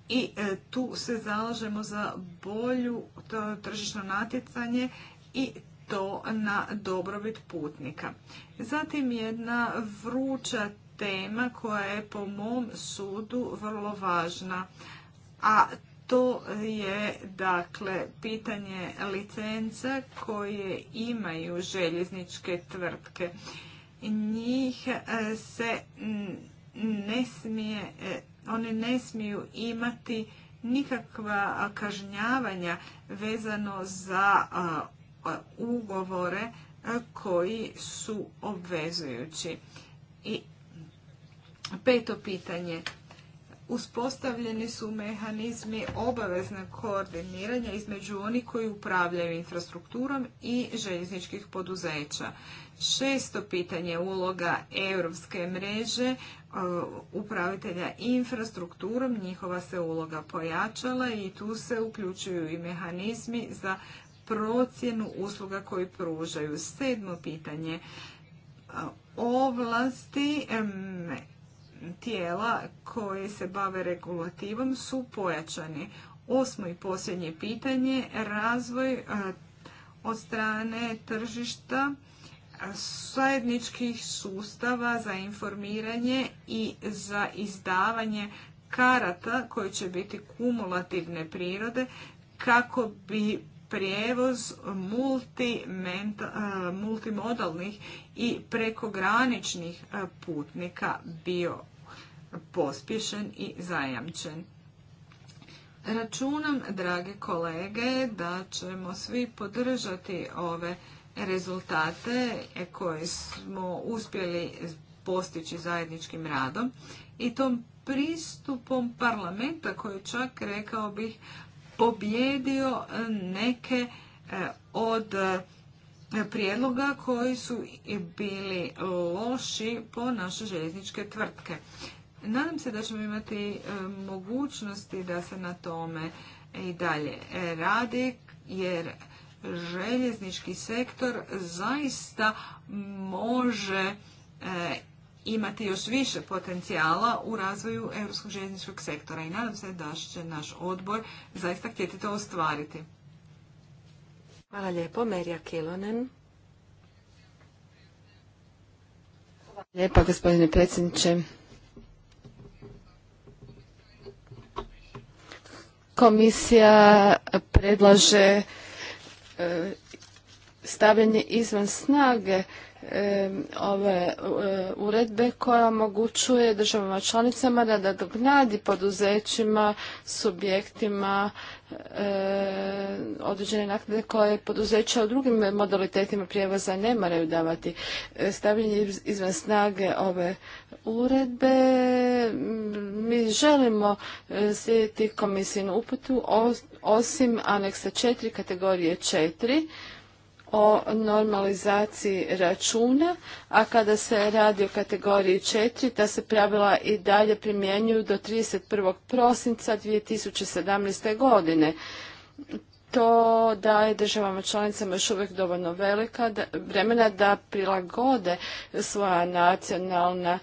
I e, tu se zalažemo za bolju tržišno natjecanje i to na dobrobit putnika. Zatim jedna vruća tema koja je po mom sudu vrlo važna, a to je dakle pitanje licenca koje imaju željezničke tvrtke. Njih e, se ne smije, e, one ne smiju imati nikakva kažnjavanja vezano za ugovore koji su obvezujući. I peto pitanje, uspostavljeni su mehanizmi obaveznog koordiniranja između onih koji upravljaju infrastrukturom i željezničkih poduzeća. Šesto pitanje uloga europske mreže e, upravitelja infrastrukturom, njihova se uloga pojačala i tu se uključuju i mehanizmi za procjenu usluga koji pružaju. Sedmo pitanje, e, ovlasti tijela koje se bave regulativom su pojačani. Osmo i posljednje pitanje, razvoj e, od strane tržišta e, zajedničkih sustava za informiranje i za izdavanje karata koje će biti kumulativne prirode kako bi prijevoz multimodalnih i prekograničnih putnika bio pospješen i zajamčen. Računam, drage kolege, da ćemo svi podržati ove rezultate koje smo uspjeli postići zajedničkim radom i tom pristupom parlamenta koji čak rekao bih pobjedio e, neke e, od e, prijedloga koji su bili loši po naše željezničke tvrtke. Nadam se da ćemo imati mogućnosti da se na tome i dalje radi, jer željeznički sektor zaista može imati još više potencijala u razvoju europskog željezničkog sektora i nadam se da će naš odbor zaista htjeti to ostvariti. Hvala lijepo, Merija Kilonen. Hvala gospodine predsjedniče. Komisija predlaže e, stavljanje izvan snage ove e, uredbe koja omogućuje državama članicama da nadoknadi poduzećima, subjektima e, određene naknade koje poduzeća u drugim modalitetima prijevoza ne moraju davati. E, stavljanje izvan snage ove uredbe mm, mi želimo slijediti komisijnu uputu osim aneksa 4 kategorije 4 o normalizaciji računa, a kada se radi o kategoriji 4, ta se pravila i dalje primjenjuju do 31. prosinca 2017. godine. To daje državama članicama još uvijek dovoljno velika vremena da prilagode svoja nacionalna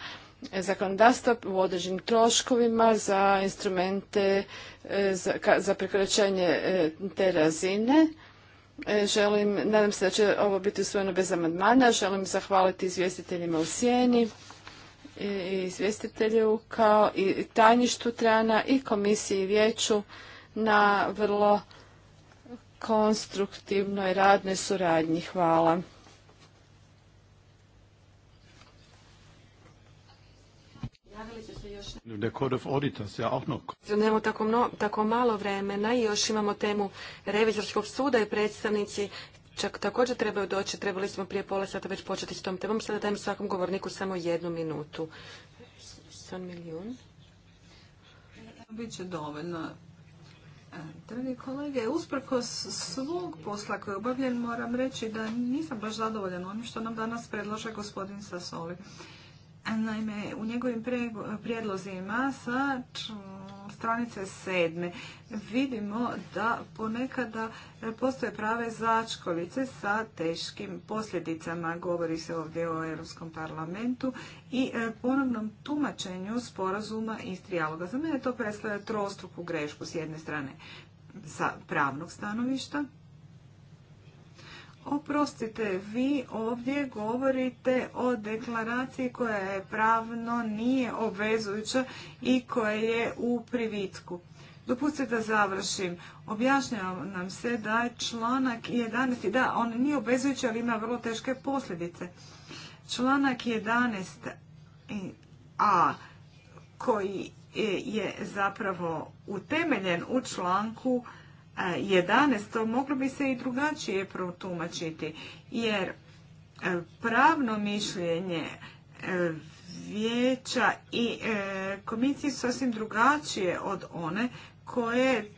zakonodavstva u određenim troškovima za instrumente e, za, prekoračenje e, te razine E, želim, nadam se da će ovo biti usvojeno bez amandmana. Želim zahvaliti izvjestiteljima u Sijeni, i izvjestitelju kao i tajništu Trana i komisiji i vijeću na vrlo konstruktivnoj radnoj suradnji. Hvala. The Code of Auditors ja auch noch. tako, mno, tako malo vremena i još imamo temu revizorskog suda i predstavnici čak također trebaju doći, trebali smo prije pola sata već početi s tom temom, sada dajem svakom govorniku samo jednu minutu. Son milijun. Biće dovoljno. E, dragi kolege, usprko svog posla koji je obavljen, moram reći da nisam baš zadovoljan onim što nam danas predlaže gospodin Sasoli. Naime, u njegovim prijedlozima sa stranice sedme vidimo da ponekada postoje prave začkolice sa teškim posljedicama. Govori se ovdje o Europskom parlamentu i e, ponovnom tumačenju sporazuma iz trijaloga. Za mene to predstavlja trostruku grešku s jedne strane sa pravnog stanovišta, Oprostite, vi ovdje govorite o deklaraciji koja je pravno nije obvezujuća i koja je u privitku. Dopustite da završim. Objašnjava nam se da je članak 11. Da, on nije obvezujući, ali ima vrlo teške posljedice. Članak 11a koji je zapravo utemeljen u članku 11. moglo bi se i drugačije protumačiti, jer e, pravno mišljenje e, vijeća i e, komisije su sasvim drugačije od one koje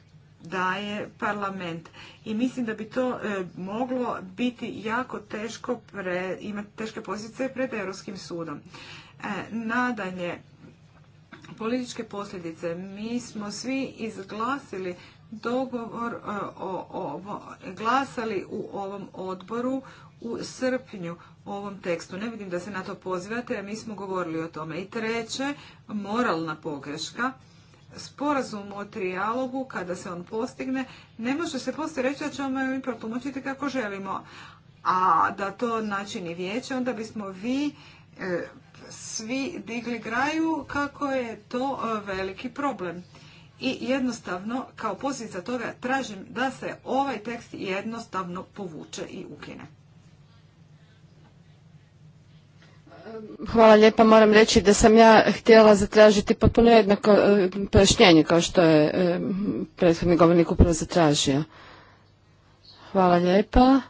daje parlament. I mislim da bi to moglo biti jako teško, imati teške pozicije pred Europskim sudom. Nadalje, političke posljedice. Mi smo svi izglasili dogovor e, o, ovo glasali u ovom odboru u srpnju o ovom tekstu. Ne vidim da se na to pozivate, mi smo govorili o tome. I treće, moralna pogreška. Sporazum o trijalogu, kada se on postigne, ne može se poslije reći da ćemo mi protumačiti kako želimo. A da to načini vijeće, onda bismo vi e, svi digli graju kako je to e, veliki problem i jednostavno kao posljedica toga tražim da se ovaj tekst jednostavno povuče i ukine. Hvala lijepa. Moram reći da sam ja htjela zatražiti potpuno jednako e, pojašnjenje kao što je e, prethodni govornik upravo zatražio. Hvala lijepa.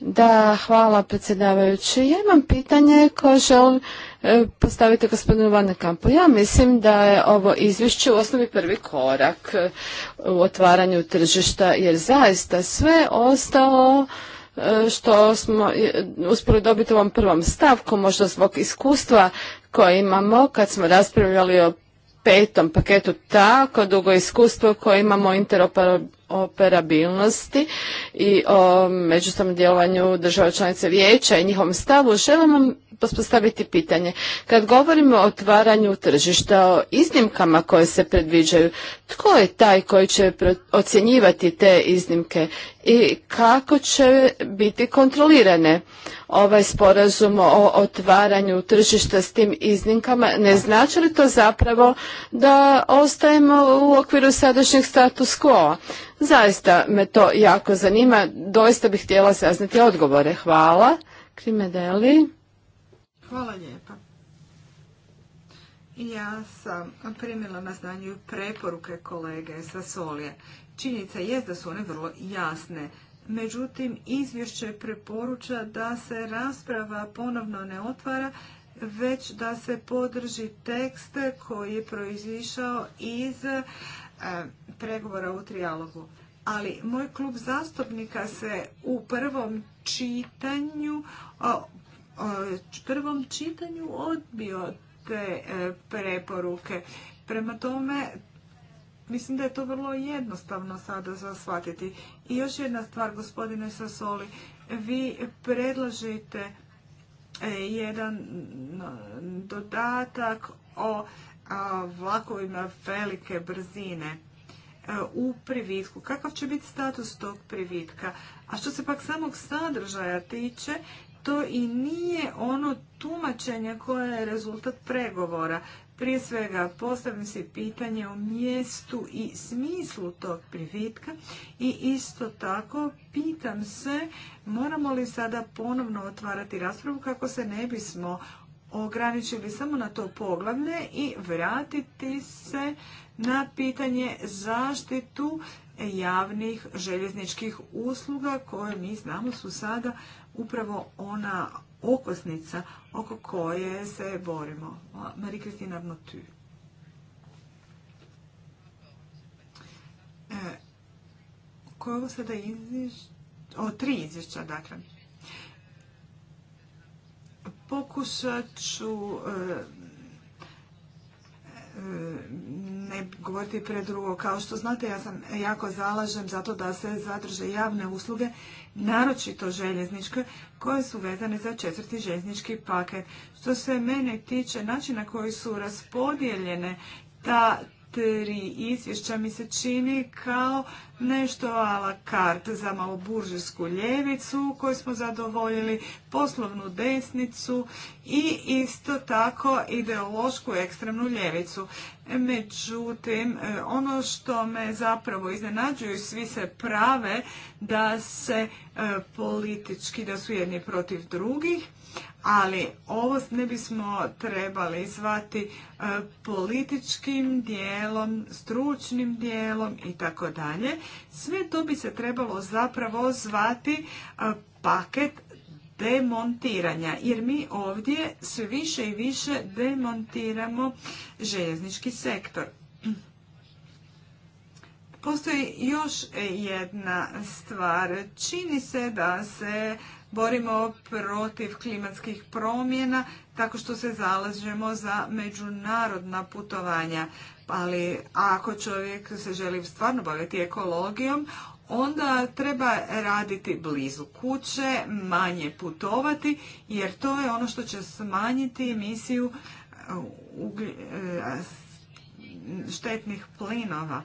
Da, hvala predsjedavajući. Ja imam pitanje koje želim E, postavite gospodinu Van Kampu. Ja mislim da je ovo izvješće u osnovi prvi korak e, u otvaranju tržišta, jer zaista sve ostalo e, što smo uspjeli dobiti u ovom prvom stavku, možda zbog iskustva koje imamo kad smo raspravljali o petom paketu tako dugo iskustvo koje imamo interoperabilnosti operabilnosti i o međusobnom djelovanju država članice vijeća i njihovom stavu, želim vam postaviti pitanje. Kad govorimo o otvaranju tržišta, o iznimkama koje se predviđaju, tko je taj koji će ocjenjivati te iznimke i kako će biti kontrolirane? Ovaj sporazum o otvaranju tržišta s tim iznimkama ne znači li to zapravo da ostajemo u okviru sadašnjeg status quo? Zaista me to jako zanima. Doista bih htjela saznati odgovore. Hvala. Krimedeli. Hvala lijepa. Ja sam primila na znanju preporuke kolege sa Solije. Činjenica je da su one vrlo jasne. Međutim, izvješće preporuča da se rasprava ponovno ne otvara, već da se podrži tekst koji je proizišao iz e, pregovora u trijalogu. Ali moj klub zastupnika se u prvom čitanju prvom čitanju odbio te e, preporuke. Prema tome, mislim da je to vrlo jednostavno sada za shvatiti. I još jedna stvar, gospodine Sasoli, vi predlažite e, jedan dodatak o vlakovima velike brzine e, u privitku. Kakav će biti status tog privitka? A što se pak samog sadržaja tiče, to i nije ono tumačenje koje je rezultat pregovora. Prije svega postavim se pitanje o mjestu i smislu tog privitka i isto tako pitam se moramo li sada ponovno otvarati raspravu kako se ne bismo ograničili samo na to poglavlje i vratiti se na pitanje zaštitu javnih željezničkih usluga koje mi znamo su sada upravo ona okosnica oko koje se borimo. Marie-Christine Arnotu. E, koje ovo sada O, tri izvješća, dakle. Pokušat ću e, Mm, ne govoriti drugo. Kao što znate, ja sam jako zalažem to da se zadrže javne usluge, naročito željezničke, koje su vezane za četvrti željeznički paket. Što se mene tiče načina koji su raspodijeljene ta tri izvješća mi se čini kao nešto a la carte za maloburžesku ljevicu koju smo zadovoljili, poslovnu desnicu i isto tako ideološku ekstremnu ljevicu. Međutim, e, ono što me zapravo iznenađuju, svi se prave da se e, politički, da su jedni protiv drugih, ali ovo ne bismo trebali zvati e, političkim dijelom, stručnim dijelom i tako dalje. Sve to bi se trebalo zapravo zvati e, paket demontiranja, jer mi ovdje sve više i više demontiramo željeznički sektor. Postoji još jedna stvar. Čini se da se borimo protiv klimatskih promjena tako što se zalažemo za međunarodna putovanja. Ali ako čovjek se želi stvarno baviti ekologijom, onda treba raditi blizu kuće, manje putovati, jer to je ono što će smanjiti emisiju e, e, štetnih plinova.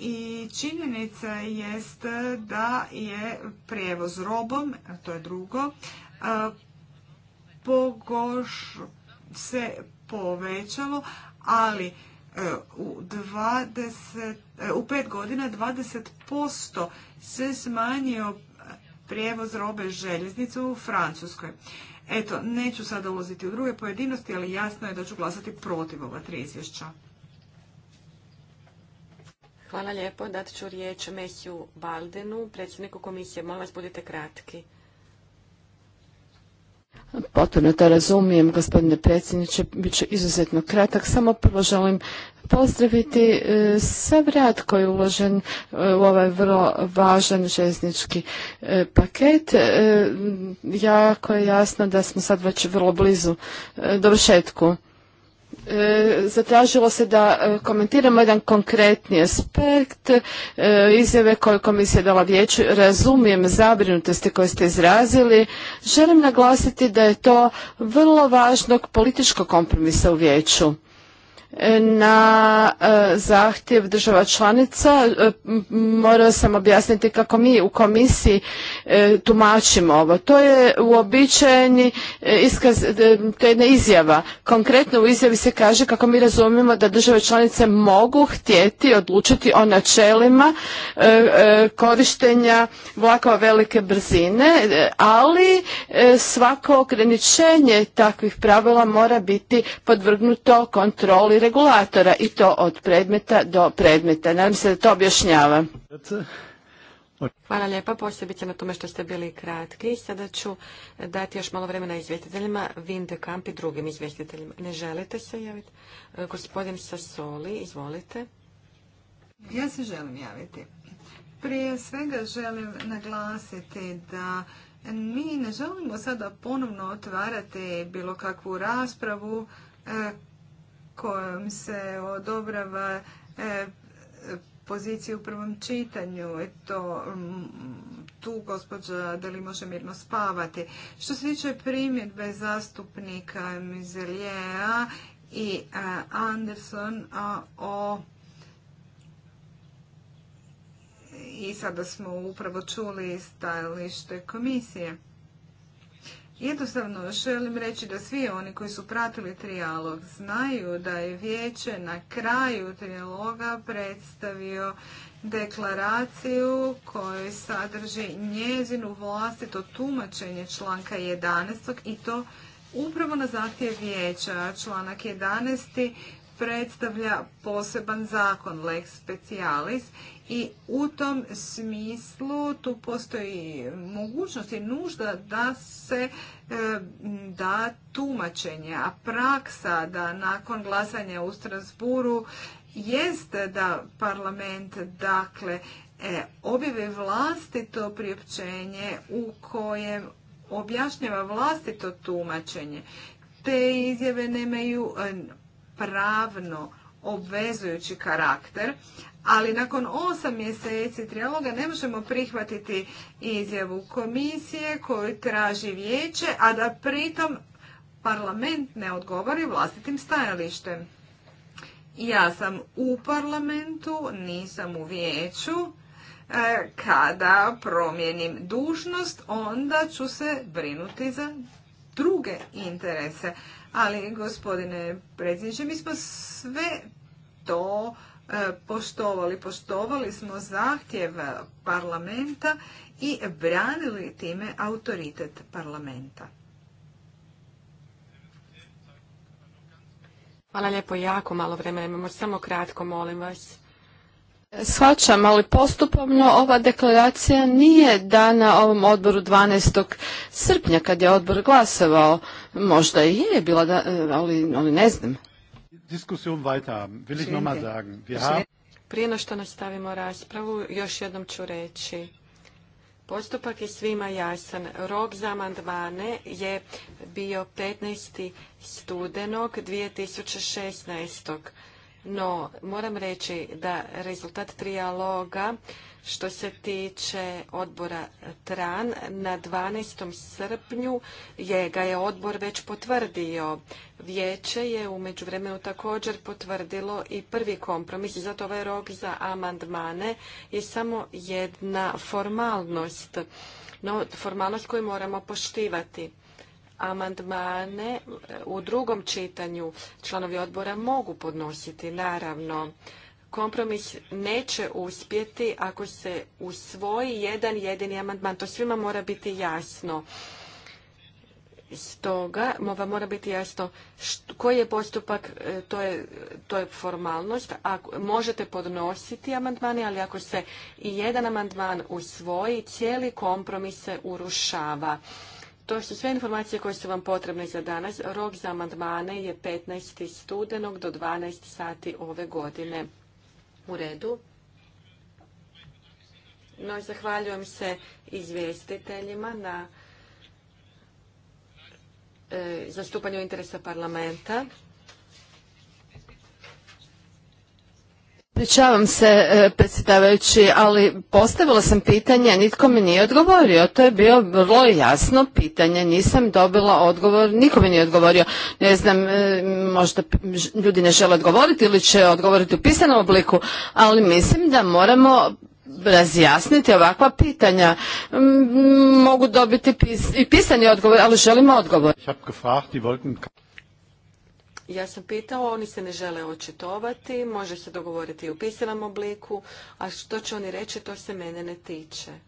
I činjenica jest da je prijevoz robom, to je drugo, pogoš se povećalo, ali e, u, 20, e, u pet godina 20% se smanjio prijevoz robe željeznice u Francuskoj. Eto, neću sada ulaziti u druge pojedinosti, ali jasno je da ću glasati protiv ova tri izvješća. Hvala lijepo. Dat ću riječ Mehju Baldenu, predsjedniku komisije. Molim vas, budite kratki. Potpuno to razumijem, gospodine predsjedniče, bit će izuzetno kratak. Samo prvo želim pozdraviti e, sav rad koji je uložen e, u ovaj vrlo važan željeznički e, paket. Jako je jasno da smo sad već vrlo blizu dovršetku E, zatražilo se da e, komentiramo jedan konkretni aspekt e, izjave koje komisija dala vijeću. Razumijem zabrinutosti koje ste izrazili. Želim naglasiti da je to vrlo važnog političkog kompromisa u vijeću na e, zahtjev država članica. E, Morao sam objasniti kako mi u komisiji e, tumačimo ovo. To je uobičajeni iskaz, to je jedna izjava. Konkretno u izjavi se kaže kako mi razumijemo da države članice mogu htjeti odlučiti o načelima korištenja vlakova velike brzine, ali svako ograničenje takvih pravila mora biti podvrgnuto kontroli regulatora i to od predmeta do predmeta. Nadam se da to objašnjava. Hvala lijepa, posebice na tome što ste bili kratki. Sada ću dati još malo vremena izvjestiteljima, Vinde Kamp i drugim izvjestiteljima. Ne želite se javiti? E, gospodin Sasoli, izvolite. Ja se želim javiti. Prije svega želim naglasiti da mi ne želimo sada ponovno otvarati bilo kakvu raspravu e, kojom se odobrava e, pozicija u prvom čitanju. Eto, tu gospođa da li može mirno spavati. Što se tiče primjedbe zastupnika Mizelijeja i e, Anderson o i sada smo upravo čuli stajalište komisije. Jednostavno želim reći da svi oni koji su pratili trijalog znaju da je vijeće na kraju trijaloga predstavio deklaraciju koju sadrži njezinu vlastito tumačenje članka 11. i to upravo na zahtjev vijeća. Članak 11 predstavlja poseban zakon, lex specialis, i u tom smislu tu postoji mogućnost i nužda da se e, da tumačenje, a praksa da nakon glasanja u Strasburu jest da parlament dakle e, objave vlastito priopćenje u kojem objašnjava vlastito tumačenje. Te izjave nemaju e, pravno obvezujući karakter, ali nakon osam mjeseci trijaloga ne možemo prihvatiti izjavu komisije koju traži vijeće, a da pritom parlament ne odgovori vlastitim stajalištem. Ja sam u parlamentu, nisam u vijeću. E, kada promijenim dužnost, onda ću se brinuti za druge interese. Ali, gospodine predsjedniče, mi smo sve to e, poštovali. Poštovali smo zahtjev parlamenta i branili time autoritet parlamenta. Hvala lijepo, jako malo vremena imamo, samo kratko, molim vas. Shvaćam, ali postupovno ova deklaracija nije dana ovom odboru 12. srpnja kad je odbor glasovao. Možda i je bila, ali, ne znam. Prije no što nastavimo raspravu, još jednom ću reći. Postupak je svima jasan. Rok za amandmane je bio 15. studenog 2016. No, moram reći da rezultat trijaloga što se tiče odbora TRAN na 12. srpnju je, ga je odbor već potvrdio. Vijeće je u međuvremenu također potvrdilo i prvi kompromis i zato ovaj rok za amandmane je samo jedna formalnost, no, formalnost koju moramo poštivati. Amandmane e, u drugom čitanju članovi odbora mogu podnositi, naravno. Kompromis neće uspjeti ako se usvoji jedan jedini amandman. To svima mora biti jasno. Stoga mora biti jasno koji je postupak, e, to je, to je formalnost. Ako, možete podnositi amandmane, ali ako se i jedan amandman usvoji, cijeli kompromis se urušava. To su sve informacije koje su vam potrebne za danas. Rok za amandmane je 15. studenog do 12 sati ove godine. U redu. No, zahvaljujem se izvjestiteljima na e, zastupanju interesa parlamenta. Pričavam se e, predsjedavajući, ali postavila sam pitanje, nitko mi nije odgovorio. To je bio vrlo jasno pitanje, nisam dobila odgovor, niko mi nije odgovorio. Ne znam, e, možda ljudi ne žele odgovoriti ili će odgovoriti u pisanom obliku, ali mislim da moramo razjasniti ovakva pitanja. Mogu dobiti i pisani odgovor, ali želimo odgovor. Ja sam pitao, oni se ne žele očitovati, može se dogovoriti i u pisanom obliku, a što će oni reći, to se mene ne tiče.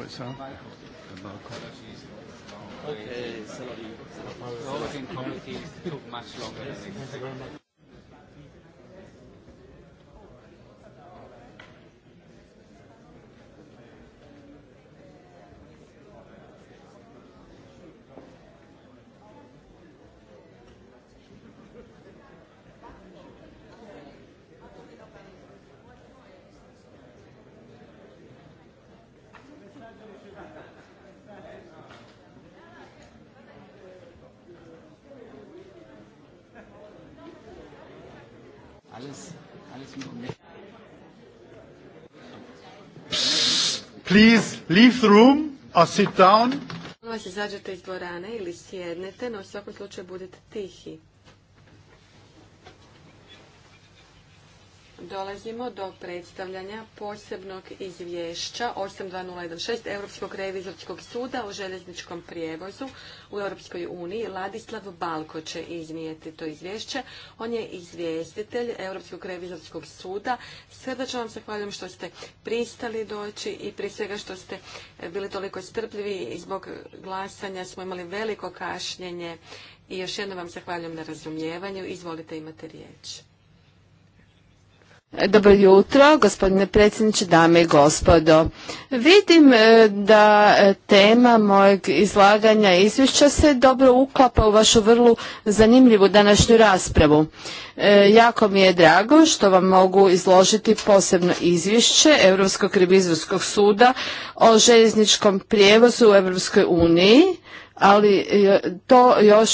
Okay, so committee took much longer Please leave the room or sit down. Možete vas izađete iz dvorane ili sjednete, no u svakom slučaju budete tihi. Dolazimo do predstavljanja posebnog izvješća 82016 Europskog revizorskog suda o željezničkom prijevozu u Europskoj uniji. Ladislav Balko će iznijeti to izvješće. On je izvjestitelj Europskog revizorskog suda. Srdačno vam zahvaljujem što ste pristali doći i prije svega što ste bili toliko strpljivi i zbog glasanja smo imali veliko kašnjenje. I još jednom vam zahvaljujem na razumijevanju. Izvolite, imate riječ. Dobro jutro, gospodine predsjedniče, dame i gospodo. Vidim e, da e, tema mojeg izlaganja izvješća se dobro uklapa u vašu vrlu zanimljivu današnju raspravu. E, jako mi je drago što vam mogu izložiti posebno izvješće Europskog revizorskog suda o željezničkom prijevozu u Europskoj uniji ali to još,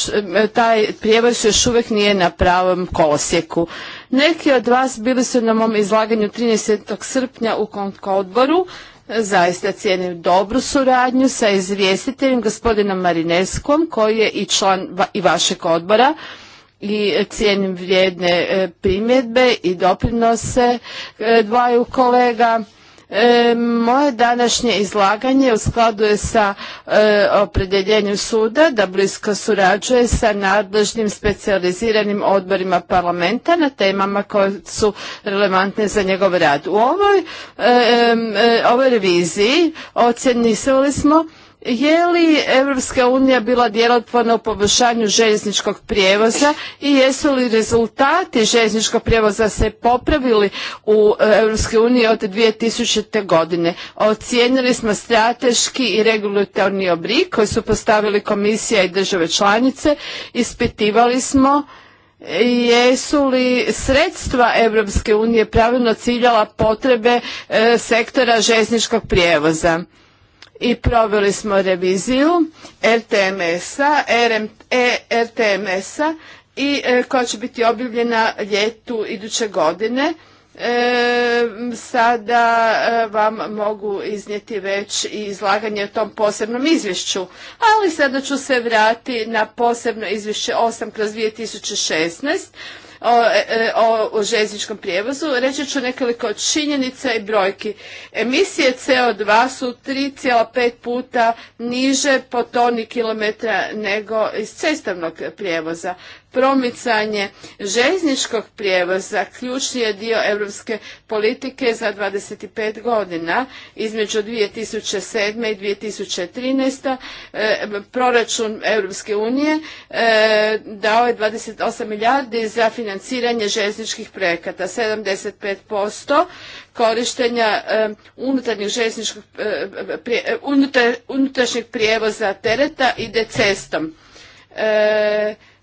taj prijevoz još uvijek nije na pravom kolosjeku. Neki od vas bili su na mom izlaganju 13. srpnja u Konko odboru. Zaista cijenim dobru suradnju sa izvjestiteljem gospodinom Marineskom koji je i član i vašeg odbora i cijenim vrijedne e, primjedbe i doprinose e, dvaju kolega. E, moje današnje izlaganje u skladu je sa e, opredjeljenju suda da blisko surađuje sa nadležnim specijaliziranim odborima parlamenta na temama koje su relevantne za njegov rad. U ovoj, e, reviziji ocjenisali smo je li Europska unija bila djelotvorna u poboljšanju željezničkog prijevoza i jesu li rezultati željezničkog prijevoza se popravili u Europskoj uniji od 2000. godine? Ocijenili smo strateški i regulatorni oblik koji su postavili komisija i države članice. Ispitivali smo jesu li sredstva Europske unije pravilno ciljala potrebe e, sektora željezničkog prijevoza? i proveli smo reviziju RTMS-a, RTMS-a e, i e, koja će biti objavljena ljetu iduće godine. E, sada vam mogu iznijeti već i izlaganje o tom posebnom izvješću, ali sada ću se vrati na posebno izvješće 8 kroz 2016 o, e, e, o, o željezničkom prijevozu, reći ću nekoliko činjenica i brojki. Emisije CO2 su 3,5 puta niže po toni kilometra nego iz cestovnog prijevoza promicanje željezničkog prijevoza ključni je dio europske politike za 25 godina između 2007. i 2013. Eh, proračun Europske unije eh, dao je 28 milijardi za financiranje željezničkih projekata 75% korištenja eh, unutarnjeg željezničkog unutrašnjeg prijevoza tereta ide cestom. E,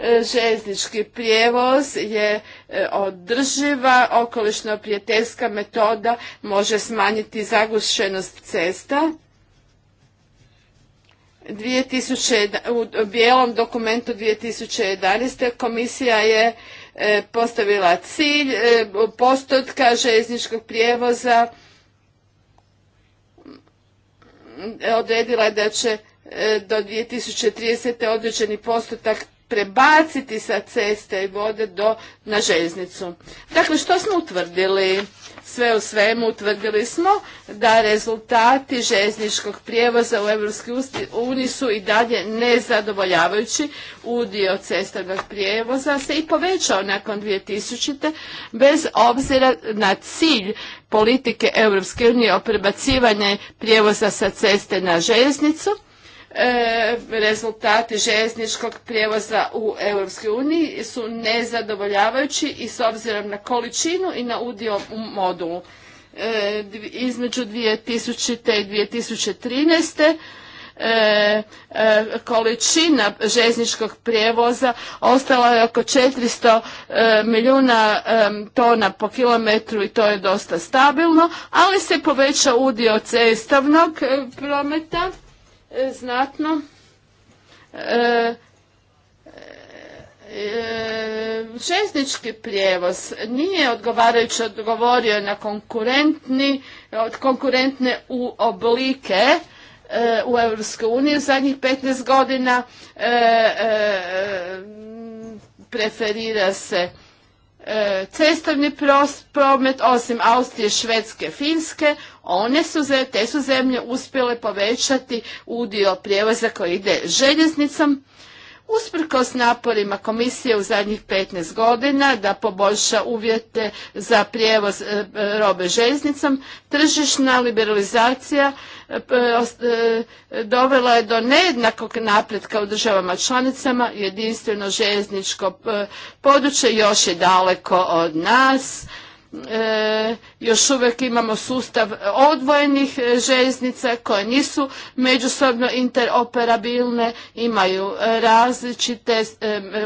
E, željeznički prijevoz je e, održiva, okolišno prijateljska metoda može smanjiti zagušenost cesta. u bijelom dokumentu 2011. komisija je e, postavila cilj postotka željezničkog prijevoza odredila je da će do 2030. određeni postotak prebaciti sa ceste i vode do, na željeznicu. Dakle, što smo utvrdili? Sve u svemu utvrdili smo da rezultati željezničkog prijevoza u EU su i dalje nezadovoljavajući. Udio cestovnog prijevoza se i povećao nakon 2000. bez obzira na cilj politike EU o prebacivanje prijevoza sa ceste na željeznicu E, rezultati željezničkog prijevoza u Europskoj uniji su nezadovoljavajući i s obzirom na količinu i na udio u modulu. E, između 2000. i 2013. E, e, količina željezničkog prijevoza ostala je oko 400 e, milijuna tona po kilometru i to je dosta stabilno, ali se poveća udio cestovnog prometa znatno. E, e, željeznički prijevoz nije odgovarajuće odgovorio na konkurentni, od konkurentne u oblike e, u EU zadnjih 15 godina preferira se cestovni promet osim Austrije, Švedske, Finske one su, te su zemlje uspjele povećati udio prijevoza koji ide željeznicom, usprkos naporima komisije u zadnjih 15 godina da poboljša uvjete za prijevoz e, robe željeznicom, tržišna liberalizacija e, e, dovela je do nejednakog napretka u državama članicama, jedinstveno željezničko područje još je daleko od nas, E, još uvijek imamo sustav odvojenih e, željeznica koje nisu međusobno interoperabilne, imaju e, različite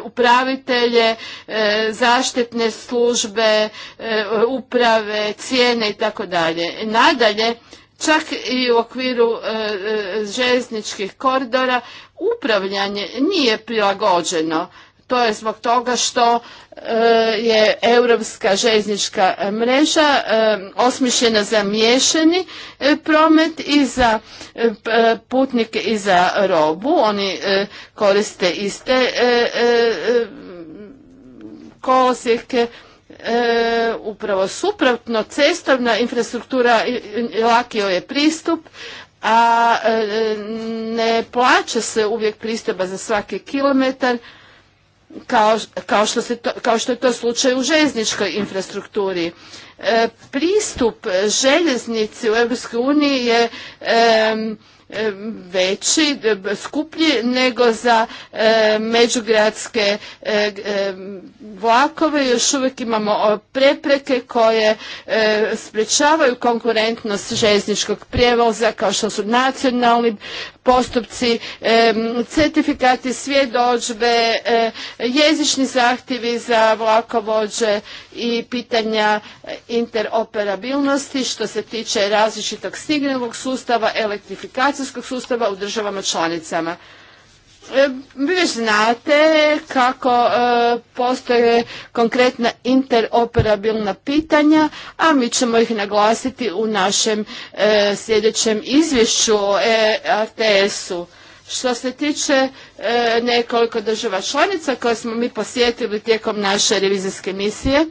upravitelje, zaštitne službe, uprave, cijene i tako dalje. Nadalje, čak i u okviru željezničkih koridora upravljanje nije prilagođeno to je zbog toga što eh, je europska željeznička mreža eh, osmišljena za miješani eh, promet i za putnike i za robu. Oni koriste iste kolosijeke upravo suprotno cestovna infrastruktura lakio je pristup a ne plaća se uvijek pristupa za svaki kilometar kao, što, se je to slučaj u željezničkoj infrastrukturi. E, pristup željeznici u EU je veći, skuplji nego za međugradske vlakove. Još uvijek imamo prepreke koje e, konkurentnost željezničkog prijevoza kao što su nacionalni postupci, certifikati svjedođbe, eh, jezični zahtjevi za vlakovođe i pitanja interoperabilnosti što se tiče različitog signalnog sustava, elektrifikacijskog sustava u državama članicama. E, vi već znate kako e, postoje konkretna interoperabilna pitanja, a mi ćemo ih naglasiti u našem e, sljedećem izvješću o ATS-u. Što se tiče nekoliko država članica koje smo mi posjetili tijekom naše revizijske misije,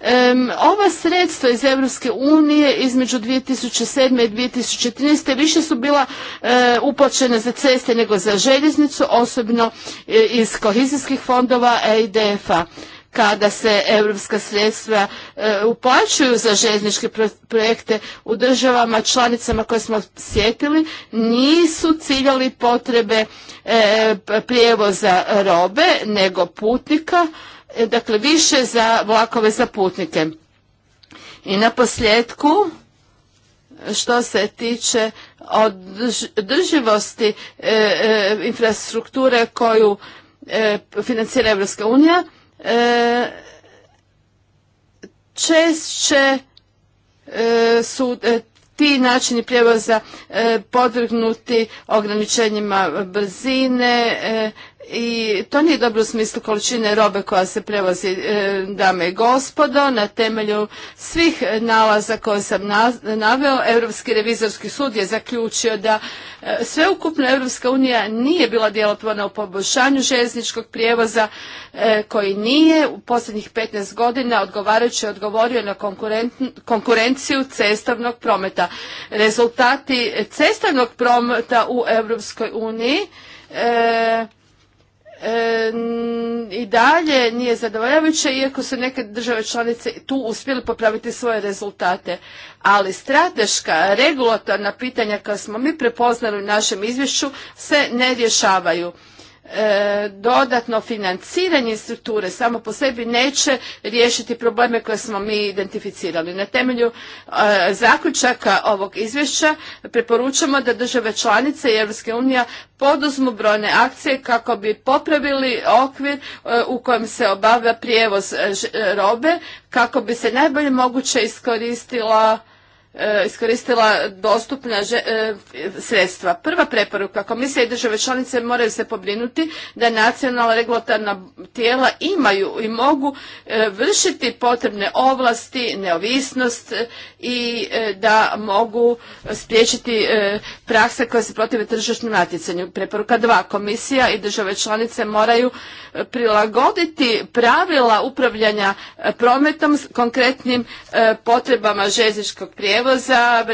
Um, ova sredstva iz Europske unije između 2007. i 2013. više su bila uh, uplaćena za ceste nego za željeznicu, osobno e, iz kohizijskih fondova EIDF-a kada se europska sredstva e, uplaćuju za željezničke projekte u državama članicama koje smo sjetili, nisu ciljali potrebe e, prijevoza robe, nego putnika, dakle više za vlakove za putnike. I na posljedku, što se tiče održivosti e, e, infrastrukture koju e, financira Evropska unija, češće su ti načini prijevoza podvrgnuti ograničenjima brzine, i to nije dobro u smislu količine robe koja se prevozi e, dame i gospodo. Na temelju svih nalaza koje sam naveo, Europski revizorski sud je zaključio da e, sveukupno Europska unija nije bila djelotvorna u poboljšanju željezničkog prijevoza e, koji nije u posljednjih 15 godina odgovarajući odgovorio na konkurenciju cestovnog prometa. Rezultati cestovnog prometa u Europskoj uniji E, i dalje nije zadovoljavajuće, iako su neke države članice tu uspjeli popraviti svoje rezultate. Ali strateška, regulatorna pitanja koja smo mi prepoznali u našem izvješću se ne rješavaju. E, dodatno financiranje strukture samo po sebi neće riješiti probleme koje smo mi identificirali. Na temelju e, zaključaka ovog izvješća preporučamo da države članice i Europske poduzmu brojne akcije kako bi popravili okvir e, u kojem se obavlja prijevoz robe kako bi se najbolje moguće iskoristila E, iskoristila dostupna e, sredstva. Prva preporuka, komisija i države članice moraju se pobrinuti da nacionalna regulatorna tijela imaju i mogu e, vršiti potrebne ovlasti, neovisnost i da mogu spriječiti prakse koje se protive tržišnom natjecanju. Preporuka dva, komisija i države članice moraju prilagoditi pravila upravljanja prometom s konkretnim potrebama željezničkog prijevoza za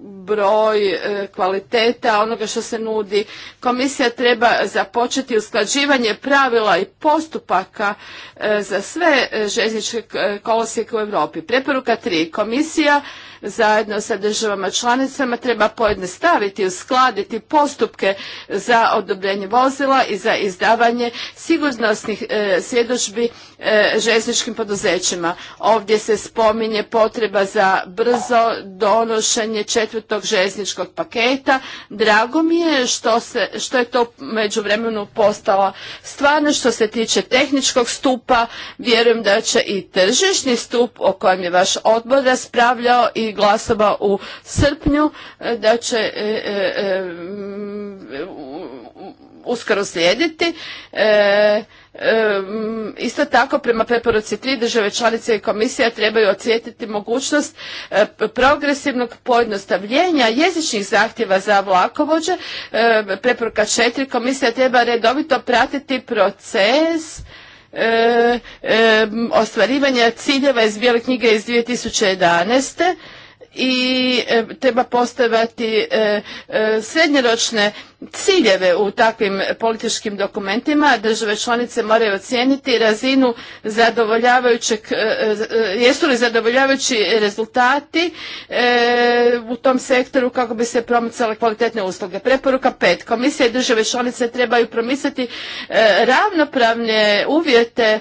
broj, e, kvaliteta onoga što se nudi. Komisija treba započeti usklađivanje pravila i postupaka e, za sve e, željezničke kolosijeke u Europi. Preporuka tri. Komisija zajedno sa državama članicama treba pojednostaviti, i uskladiti postupke za odobrenje vozila i za izdavanje sigurnosnih e, svjedočbi e, željezničkim poduzećima. Ovdje se spominje potreba za brzo donošenje četvrtog željezničkog paketa. Drago mi je što, se, što je to međuvremenu postala stvarno što se tiče tehničkog stupa. Vjerujem da će i tržišni stup o kojem je vaš odbor raspravljao i glasova u srpnju, e, da će e, e, uskoro slijediti. Mm, isto tako prema preporuci tri države članice i komisija trebaju ocijetiti mogućnost progresivnog pojednostavljenja jezičnih zahtjeva za vlakovođe. preporuka četiri komisija treba redovito pratiti proces ostvarivanja ciljeva iz Bijele knjige iz 2011 i e, treba postavati e, e, srednjoročne ciljeve u takvim političkim dokumentima. Države članice moraju ocijeniti razinu zadovoljavajućeg, e, e, jesu li zadovoljavajući rezultati e, u tom sektoru kako bi se promicale kvalitetne usluge. Preporuka pet. Komisija i države članice trebaju promisliti ravnopravne uvjete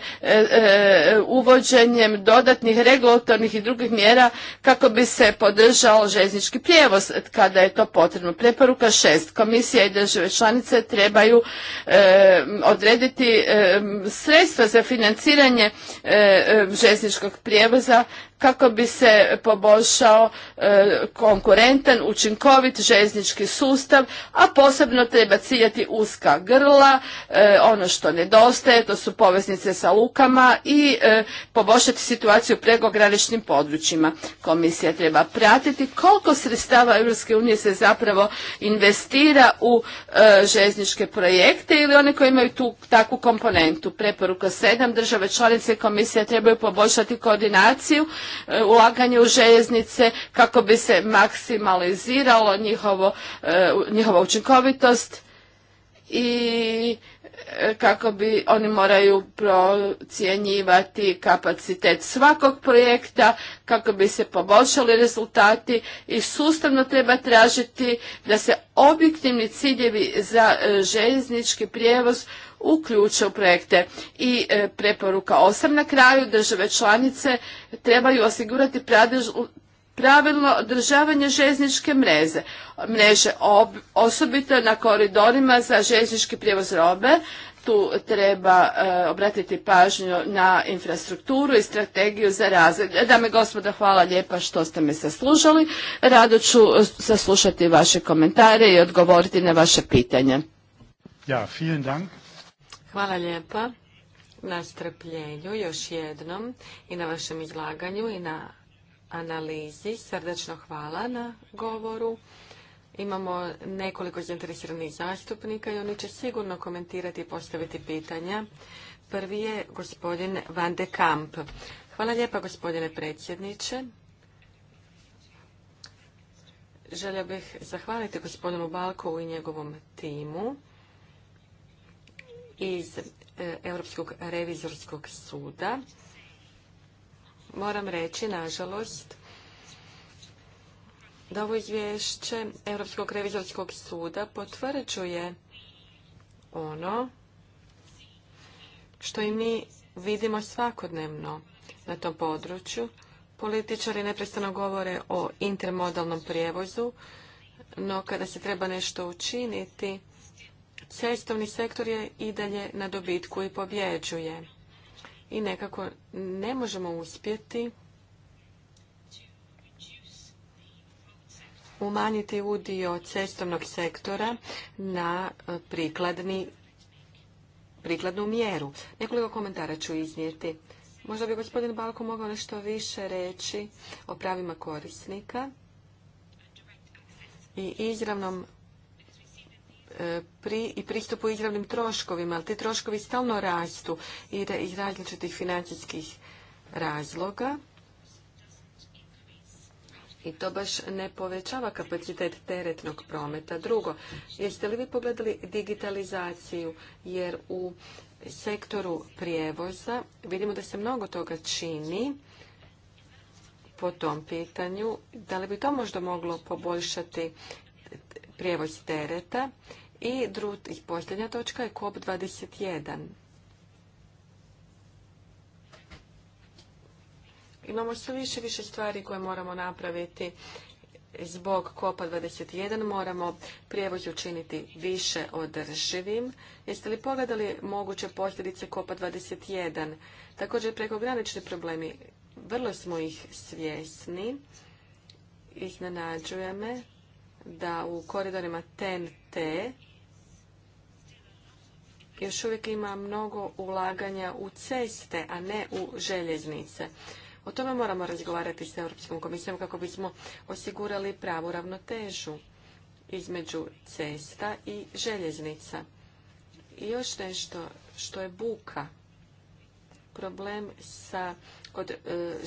uvođenjem dodatnih regulatornih i drugih mjera kako bi se podržao željeznički prijevoz kada je to potrebno. Preporuka šest. Komisija i države članice trebaju e, odrediti e, sredstva za financiranje e, željezničkog prijevoza kako bi se poboljšao e, konkurentan, učinkovit željeznički sustav, a posebno treba ciljati uska grla, e, ono što nedostaje, to su poveznice sa lukama i e, poboljšati situaciju u pregograničnim područjima. Komisija treba pratiti koliko sredstava Europske unije se zapravo investira u željezničke projekte ili one koji imaju tu takvu komponentu. Preporuka 7 države članice komisije trebaju poboljšati koordinaciju E, ulaganje u željeznice kako bi se maksimaliziralo njihovo, e, njihova učinkovitost i e, kako bi oni moraju procjenjivati kapacitet svakog projekta, kako bi se poboljšali rezultati i sustavno treba tražiti da se objektivni ciljevi za željeznički prijevoz uključe u projekte. I e, preporuka osam na kraju, države članice trebaju osigurati pravilno održavanje željezničke mreze. mreže osobito na koridorima za željeznički prijevoz robe, tu treba e, obratiti pažnju na infrastrukturu i strategiju za razvoj. E, dame i gospodo, hvala lijepa što ste me saslušali. Rado ću saslušati vaše komentare i odgovoriti na vaše pitanje. Ja, Dank. Hvala lijepa na strpljenju još jednom i na vašem izlaganju i na analizi. Srdačno hvala na govoru. Imamo nekoliko zainteresiranih zastupnika i oni će sigurno komentirati i postaviti pitanja. Prvi je gospodin Van de Kamp. Hvala lijepa gospodine predsjedniče. Želio bih zahvaliti gospodinu Balkovu i njegovom timu iz e, Europskog revizorskog suda. Moram reći, nažalost, da ovo izvješće Europskog revizorskog suda potvrđuje ono što i mi vidimo svakodnevno na tom području. Političari neprestano govore o intermodalnom prijevozu, no kada se treba nešto učiniti, cestovni sektor je i dalje na dobitku i pobjeđuje. I nekako ne možemo uspjeti umanjiti udio cestovnog sektora na e, prikladni, prikladnu mjeru. Nekoliko komentara ću iznijeti. Možda bi gospodin Balko mogao nešto više reći o pravima korisnika i izravnom E, i pristupu izravnim troškovima, ali ti troškovi stalno rastu i da iz različitih financijskih razloga. I to baš ne povećava kapacitet teretnog prometa. Drugo, jeste li vi pogledali digitalizaciju? Jer u sektoru prijevoza vidimo da se mnogo toga čini po tom pitanju. Da li bi to možda moglo poboljšati prijevoz tereta? I, posljednja točka je COP21. Imamo sve više više stvari koje moramo napraviti zbog kopa 21 moramo prijevoz učiniti više održivim. Jeste li pogledali moguće posljedice kopa 21? Također prekogranični problemi, vrlo smo ih svjesni. Iznenađuje me da u koridorima TNT još uvijek ima mnogo ulaganja u ceste, a ne u željeznice. O tome moramo razgovarati s Europskom komisijom kako bismo osigurali pravu ravnotežu između cesta i željeznica. I još nešto što je buka. Problem sa kod e,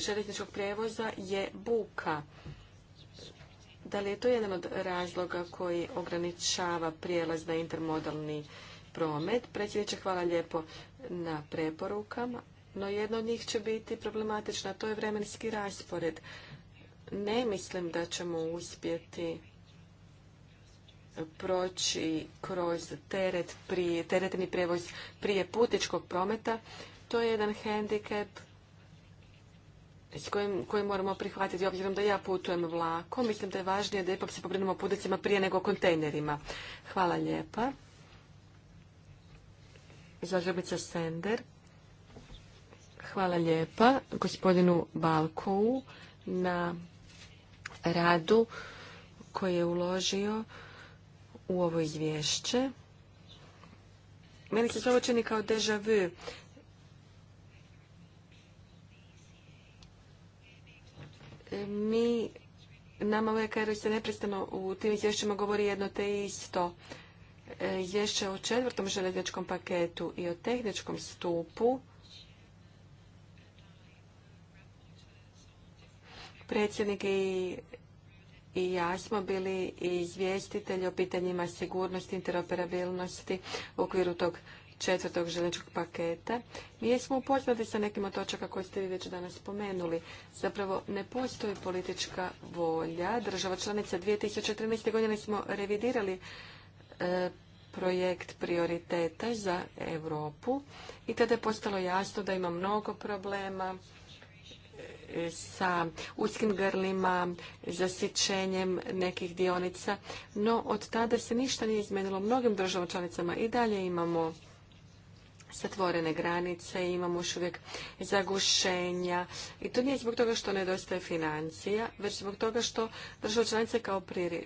željezničkog prijevoza je buka. Da li je to jedan od razloga koji ograničava prijelaz na intermodalni promet. Predsjedniče, hvala lijepo na preporukama, no jedno od njih će biti problematična, to je vremenski raspored. Ne mislim da ćemo uspjeti proći kroz teret prije, teretni prijevoz prije putičkog prometa. To je jedan hendikep koji moramo prihvatiti, obzirom da ja putujem vlakom. Mislim da je važnije da ipak se pobrinemo putnicima prije nego kontejnerima. Hvala lijepa. Zagrebica Sender. Hvala lijepa gospodinu Balkovu na radu koji je uložio u ovo izvješće. Meni se to čini kao deja vu. Mi, nama uvijek se neprestano u tim izvješćima govori jedno te isto izvješće e, o četvrtom željezničkom paketu i o tehničkom stupu predsjednik i ja smo bili izvjestitelji o pitanjima sigurnosti, interoperabilnosti u okviru tog četvrtog željezničkog paketa. Mi smo upoznati sa nekim od točaka koje ste vi već danas spomenuli. Zapravo ne postoji politička volja. Država članica 2013. godine smo revidirali E, projekt prioriteta za Europu i tada je postalo jasno da ima mnogo problema e, sa uskim grlima, zasićenjem nekih dionica, no od tada se ništa nije izmenilo. Mnogim državama članicama i dalje imamo zatvorene granice, imamo još uvijek zagušenja i to nije zbog toga što nedostaje financija, već zbog toga što države članice kao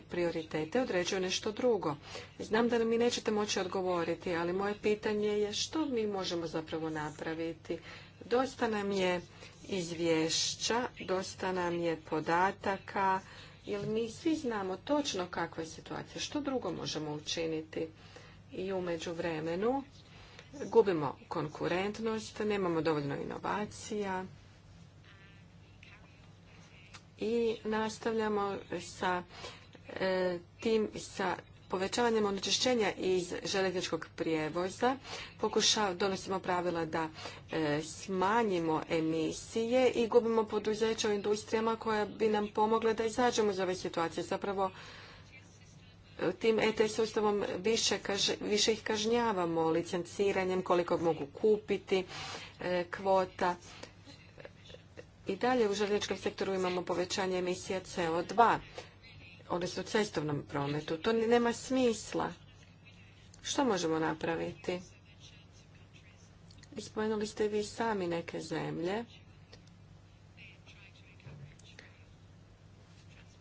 prioritete određuju nešto drugo. Znam da mi nećete moći odgovoriti, ali moje pitanje je što mi možemo zapravo napraviti. Dosta nam je izvješća, dosta nam je podataka, jer mi svi znamo točno kakva je situacija, što drugo možemo učiniti i u međuvremenu vremenu Gubimo konkurentnost, nemamo dovoljno inovacija i nastavljamo sa e, tim sa povećavanjem onečišćenja iz željezničkog prijevoza pokušav, donosimo pravila da e, smanjimo emisije i gubimo poduzeća u industrijama koja bi nam pomogla da izađemo iz ove situacije. Zapravo tim ETS sustavom više, ih kažnjavamo licenciranjem koliko mogu kupiti e, kvota. I dalje u željezničkom sektoru imamo povećanje emisija CO2, odnosno u cestovnom prometu. To nema smisla. Što možemo napraviti? Ispomenuli ste vi sami neke zemlje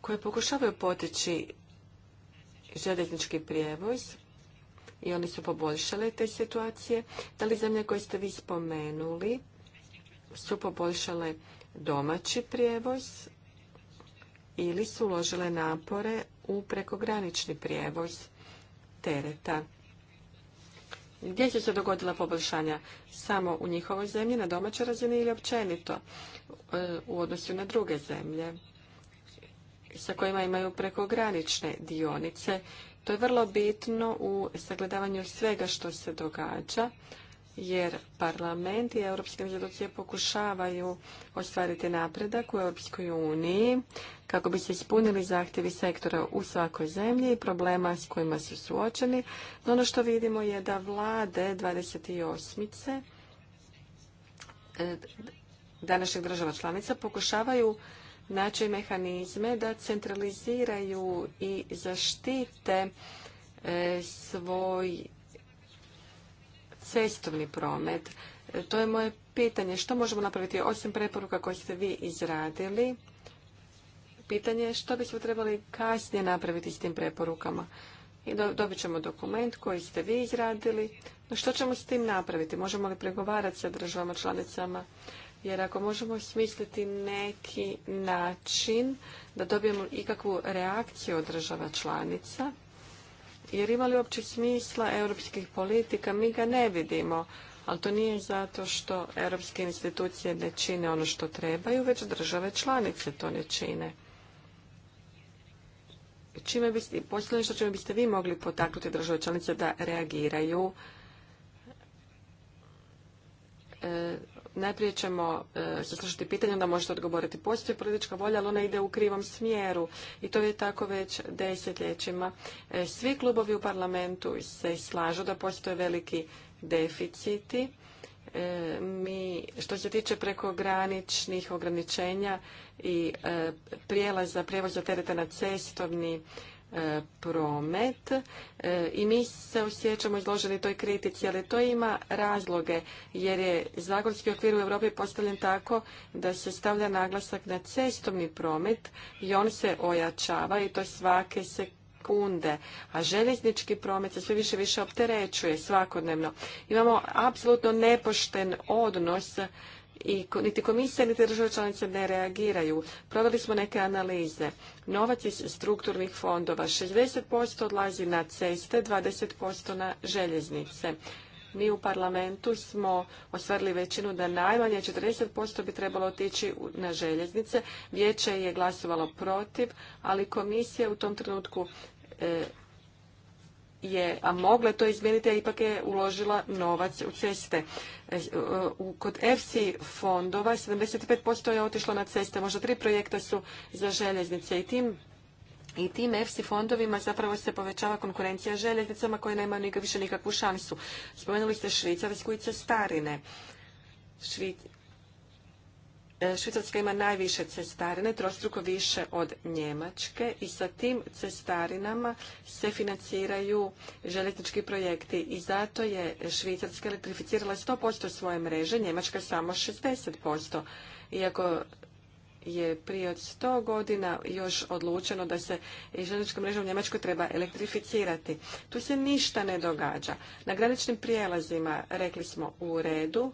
koje pokušavaju potići željeznički prijevoz i oni su poboljšale te situacije. Da li zemlje koje ste vi spomenuli su poboljšale domaći prijevoz ili su uložile napore u prekogranični prijevoz tereta? Gdje su se dogodila poboljšanja? Samo u njihovoj zemlji, na domaćoj razini ili općenito e, u odnosu na druge zemlje? sa kojima imaju prekogranične dionice. To je vrlo bitno u sagledavanju svega što se događa, jer parlament i europske institucije pokušavaju ostvariti napredak u Europskoj uniji kako bi se ispunili zahtjevi sektora u svakoj zemlji i problema s kojima su suočeni. No ono što vidimo je da vlade 28. Eh, današnjeg država članica pokušavaju naći mehanizme da centraliziraju i zaštite e, svoj cestovni promet. E, to je moje pitanje. Što možemo napraviti osim preporuka koje ste vi izradili? Pitanje je što bismo trebali kasnije napraviti s tim preporukama. I dobit ćemo dokument koji ste vi izradili. No što ćemo s tim napraviti? Možemo li pregovarati sa državama članicama? Jer ako možemo smisliti neki način da dobijemo ikakvu reakciju od država članica, jer ima li uopće smisla europskih politika, mi ga ne vidimo. Ali to nije zato što europske institucije ne čine ono što trebaju, već države članice to ne čine. Čime biste, posljedno što čime biste vi mogli potaknuti države članice da reagiraju, e, Najprije ćemo e, se slušati pitanje, onda možete odgovoriti. Postoji politička volja, ali ona ide u krivom smjeru. I to je tako već desetljećima. E, svi klubovi u parlamentu se slažu da postoje veliki deficiti. E, mi, što se tiče prekograničnih ograničenja i prijelaza, prijevoza tereta na cestovni E, promet e, i mi se osjećamo izloženi toj kritici, ali to ima razloge jer je zakonski okvir u Europi postavljen tako da se stavlja naglasak na cestovni promet i on se ojačava i to svake sekunde, a željeznički promet se sve više više opterećuje svakodnevno. Imamo apsolutno nepošten odnos i niti komisija niti države članice ne reagiraju. Proveli smo neke analize. Novac iz strukturnih fondova 60% odlazi na ceste, 20% na željeznice. Mi u parlamentu smo ostvarili većinu da najmanje 40% bi trebalo otići na željeznice. Vijeće je glasovalo protiv, ali komisija u tom trenutku e, je, a mogla to izmijeniti, a ipak je uložila novac u ceste. E, e, kod EFSI fondova 75% je otišlo na ceste, možda tri projekta su za željeznice i tim i tim EFSI fondovima zapravo se povećava konkurencija željeznicama koje nemaju više nikakvu šansu. Spomenuli ste Švicarsku i cestarine. Švi... E, Švicarska ima najviše cestarine, trostruko više od Njemačke i sa tim cestarinama se financiraju željeznički projekti i zato je Švicarska elektrificirala 100% svoje mreže, Njemačka samo 60%. Iako je prije od 100 godina još odlučeno da se željeznička mreža u Njemačkoj treba elektrificirati. Tu se ništa ne događa. Na graničnim prijelazima rekli smo u redu,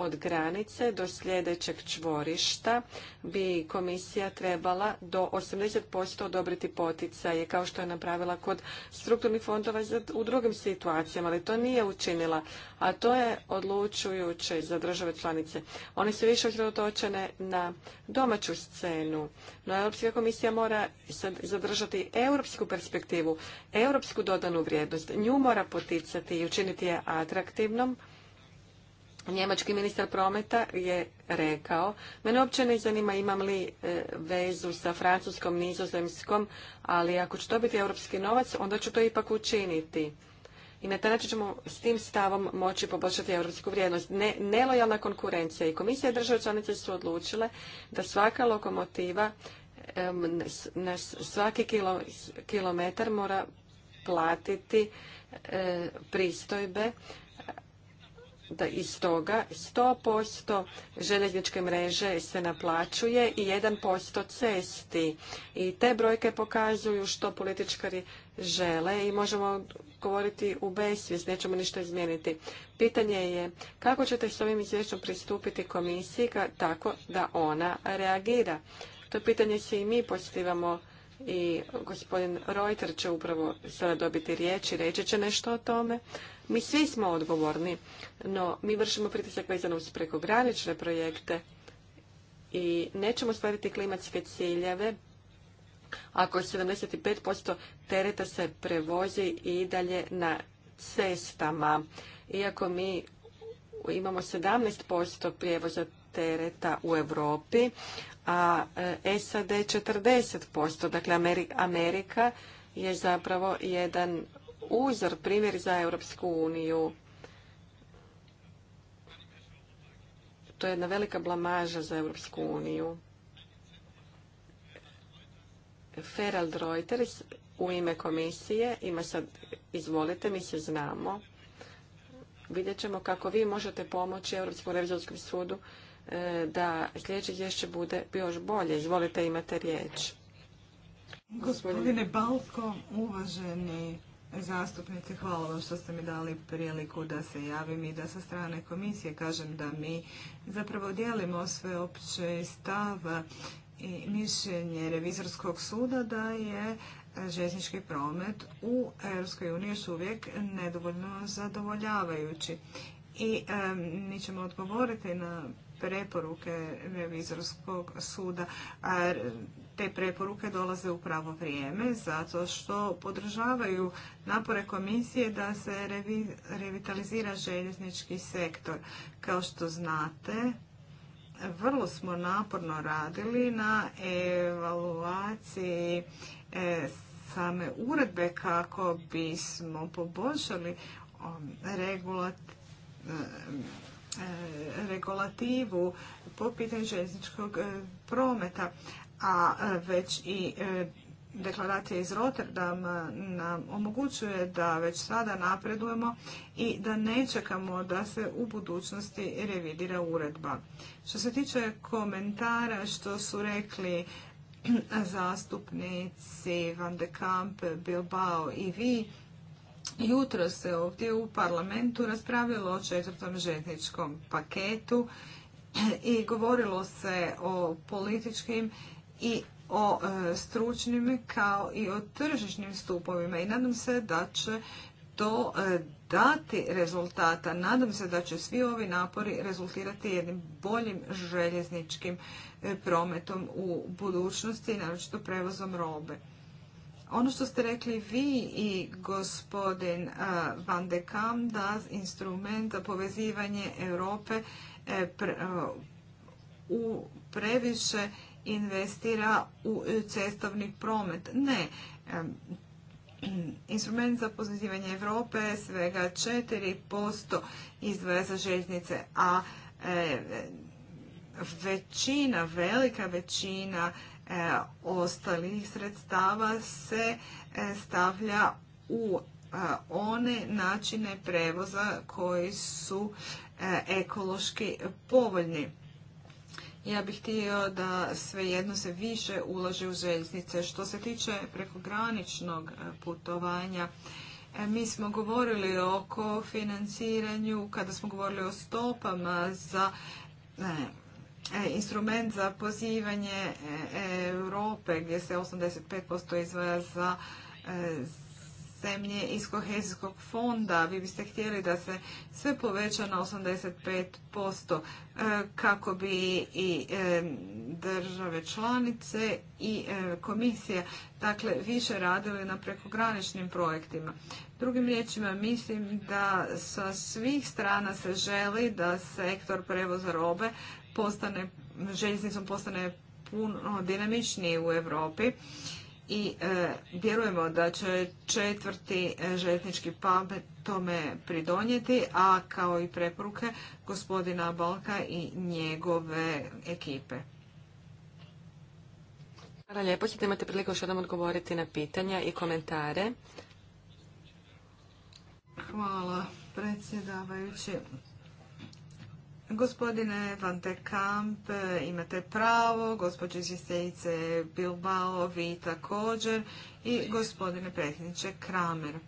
od granice do sljedećeg čvorišta bi komisija trebala do 80% odobriti poticaje, kao što je napravila kod strukturnih fondova u drugim situacijama, ali to nije učinila, a to je odlučujuće za države članice. One su više usredotočene na domaću scenu, no Europska komisija mora zadržati europsku perspektivu, europsku dodanu vrijednost. Nju mora poticati i učiniti je atraktivnom, Njemački ministar prometa je rekao, mene uopće ne zanima imam li e, vezu sa francuskom, nizozemskom, ali ako će to biti europski novac, onda ću to ipak učiniti. I na taj način ćemo s tim stavom moći poboljšati europsku vrijednost. nelojalna konkurencija i komisija i države članice su odlučile da svaka lokomotiva na svaki kilometar mora platiti e, pristojbe da iz toga 100% željezničke mreže se naplaćuje i 1% cesti. I te brojke pokazuju što političkari žele i možemo govoriti u besvijest, nećemo ništa izmijeniti. Pitanje je kako ćete s ovim izvješćom pristupiti komisiji tako da ona reagira. To pitanje se i mi postivamo i gospodin Reuter će upravo sada dobiti riječ i reći će nešto o tome. Mi svi smo odgovorni, no mi vršimo pritisak vezano uz prekogranične projekte i nećemo stvariti klimatske ciljeve ako 75% tereta se prevozi i dalje na cestama. Iako mi imamo 17% prijevoza tereta u Europi, a e, SAD 40%. Dakle, Amerika je zapravo jedan uzor, primjer za Europsku uniju. To je jedna velika blamaža za Europsku uniju. Ferald Reuters u ime komisije ima sad, izvolite, mi se znamo. Vidjet ćemo kako vi možete pomoći Europskom revizorskom sudu E, da sljedeće izvješće bude još bolje. Izvolite, imate riječ. Gospodine Balko, uvaženi zastupnici, hvala vam što ste mi dali priliku da se javim i da sa strane komisije kažem da mi zapravo dijelimo opće stava i mišljenje revizorskog suda da je željeznički promet u EU još uvijek nedovoljno zadovoljavajući. I mi ćemo odgovoriti na preporuke revizorskog suda. te preporuke dolaze u pravo vrijeme zato što podržavaju napore komisije da se revitalizira željeznički sektor. Kao što znate, vrlo smo naporno radili na evaluaciji e, same uredbe kako bismo poboljšali um, regulat. E, E, regulativu po pitanju željezničkog e, prometa, a e, već i deklaracija iz Rotterdama nam omogućuje da već sada napredujemo i da ne čekamo da se u budućnosti revidira uredba. Što se tiče komentara što su rekli zastupnici Van de Kamp, Bilbao i vi, Jutro se ovdje u parlamentu raspravljalo o četvrtom željezničkom paketu i govorilo se o političkim i o e, stručnim kao i o tržišnim stupovima i nadam se da će to e, dati rezultata. Nadam se da će svi ovi napori rezultirati jednim boljim željezničkim e, prometom u budućnosti, naročito prevozom robe. Ono što ste rekli vi i gospodin Van de Kam da instrument za povezivanje Europe e, e, u previše investira u cestovni promet. Ne. E, instrument za povezivanje Europe svega 4% izdvaja za željeznice, a većina, velika većina E, ostalih sredstava se e, stavlja u e, one načine prevoza koji su ekološki povoljni. Ja bih htio da svejedno se više ulaže u željeznice. Što se tiče prekograničnog putovanja, mi smo govorili oko financiranju, kada smo govorili o stopama za E, instrument za pozivanje e, e, Europe gdje se 85% izvaja za zemlje iz kohezijskog fonda. Vi biste htjeli da se sve poveća na 85% kako bi i države članice i komisije dakle više radili na prekograničnim projektima. Drugim riječima mislim da sa svih strana se želi da sektor prevoza robe postane, željeznicom postane puno dinamičniji u Europi i e, vjerujemo da će četvrti e, željeznički pub tome pridonijeti, a kao i preporuke gospodina Balka i njegove ekipe. Hvala lijepo. Ćete imati priliku još nam odgovoriti na pitanja i komentare. Hvala predsjedavajući. Gospodine Van de Kamp, imate pravo, gospođo izvjestiteljice Bilbao, vi također i gospodine predsjedniče Kramer.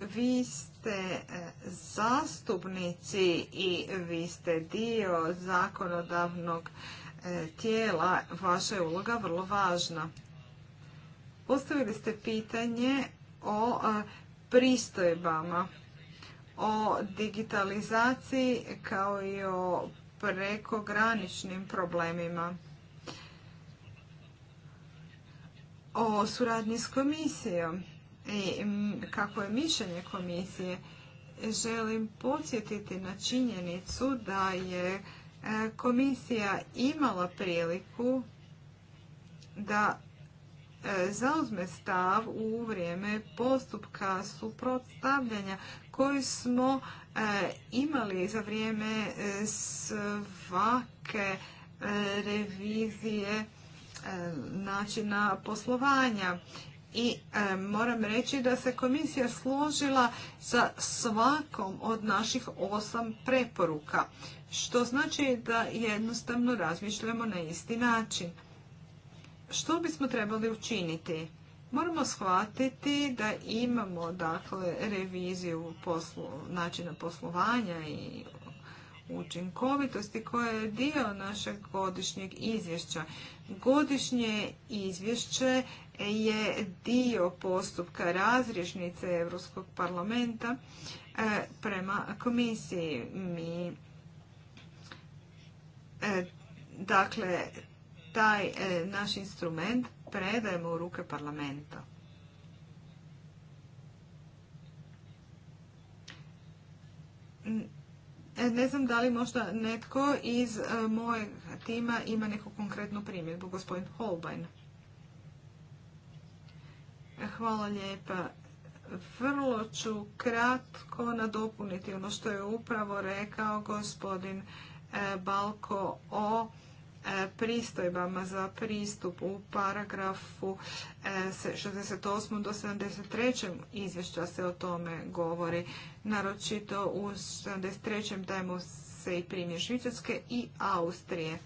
Vi ste e, zastupnici i vi ste dio zakonodavnog e, tijela, vaša je uloga vrlo važna. Postavili ste pitanje o e, pristojbama o digitalizaciji kao i o prekograničnim problemima. O suradnji s komisijom i kako je mišljenje komisije, želim podsjetiti na činjenicu da je e, komisija imala priliku da e, zauzme stav u vrijeme postupka suprotstavljanja koju smo e, imali za vrijeme e, svake e, revizije načina poslovanja. I moram reći da se komisija složila sa svakom od naših osam preporuka, što znači da jednostavno razmišljamo na isti način. Što bismo trebali učiniti? Moramo shvatiti da imamo dakle reviziju poslu, načina poslovanja i učinkovitosti koja je dio našeg godišnjeg izvješća. Godišnje izvješće je dio postupka razrješnice Europskog parlamenta e, prema komisiji. Mi e, dakle taj e, naš instrument predajemo u ruke parlamenta. E, ne znam da li možda netko iz e, mojeg tima ima neku konkretnu primjedbu, gospodin Holbein. Hvala lijepa. Vrlo ću kratko nadopuniti ono što je upravo rekao gospodin e, Balko o E, pristojbama za pristup u paragrafu 68. E, do 73. izvješća se o tome govori. Naročito u 73. dajemo se i primjer Švicarske i Austrije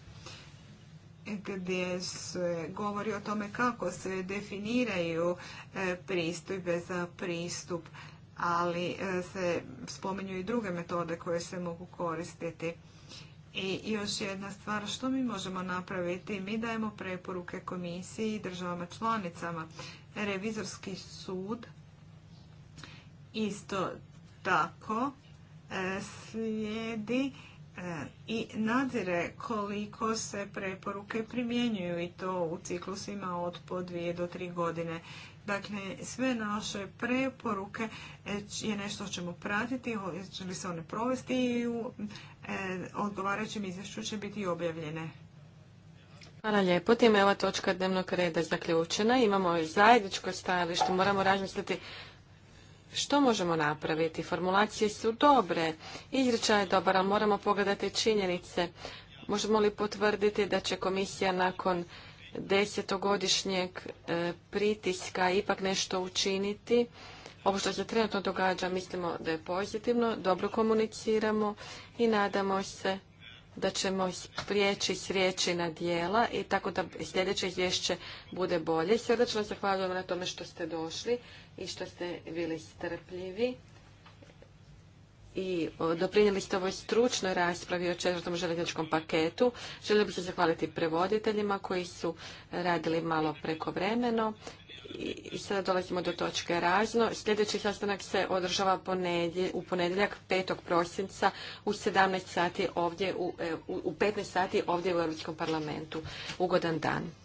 gdje se govori o tome kako se definiraju e, pristojbe za pristup, ali se spominju i druge metode koje se mogu koristiti. I još jedna stvar, što mi možemo napraviti? Mi dajemo preporuke komisiji i državama članicama. Revizorski sud isto tako e, slijedi e, i nadzire koliko se preporuke primjenjuju i to u ciklusima od po dvije do tri godine. Dakle, sve naše preporuke e, je nešto ćemo pratiti, će li se one provesti i u E, odgovarajućem izvješću će biti objavljene. Hvala lijepo. Time je ova točka dnevnog reda zaključena. Imamo zajedničko stajalište. Moramo razmisliti što možemo napraviti. Formulacije su dobre, izričaj je dobar, ali moramo pogledati činjenice. Možemo li potvrditi da će komisija nakon desetogodišnjeg e, pritiska ipak nešto učiniti? Ovo što se trenutno događa mislimo da je pozitivno, dobro komuniciramo i nadamo se da ćemo prijeći s riječi na dijela i tako da sljedeće izvješće bude bolje. Srdačno zahvaljujem na tome što ste došli i što ste bili strpljivi i doprinijeli ste ovoj stručnoj raspravi o četvrtom željezničkom paketu. Želio bih se zahvaliti prevoditeljima koji su radili malo prekovremeno i sada dolazimo do točke razno. Sljedeći sastanak se održava u ponedjeljak 5. prosinca u sati ovdje u, e, u 15 sati ovdje u Europskom parlamentu. Ugodan dan.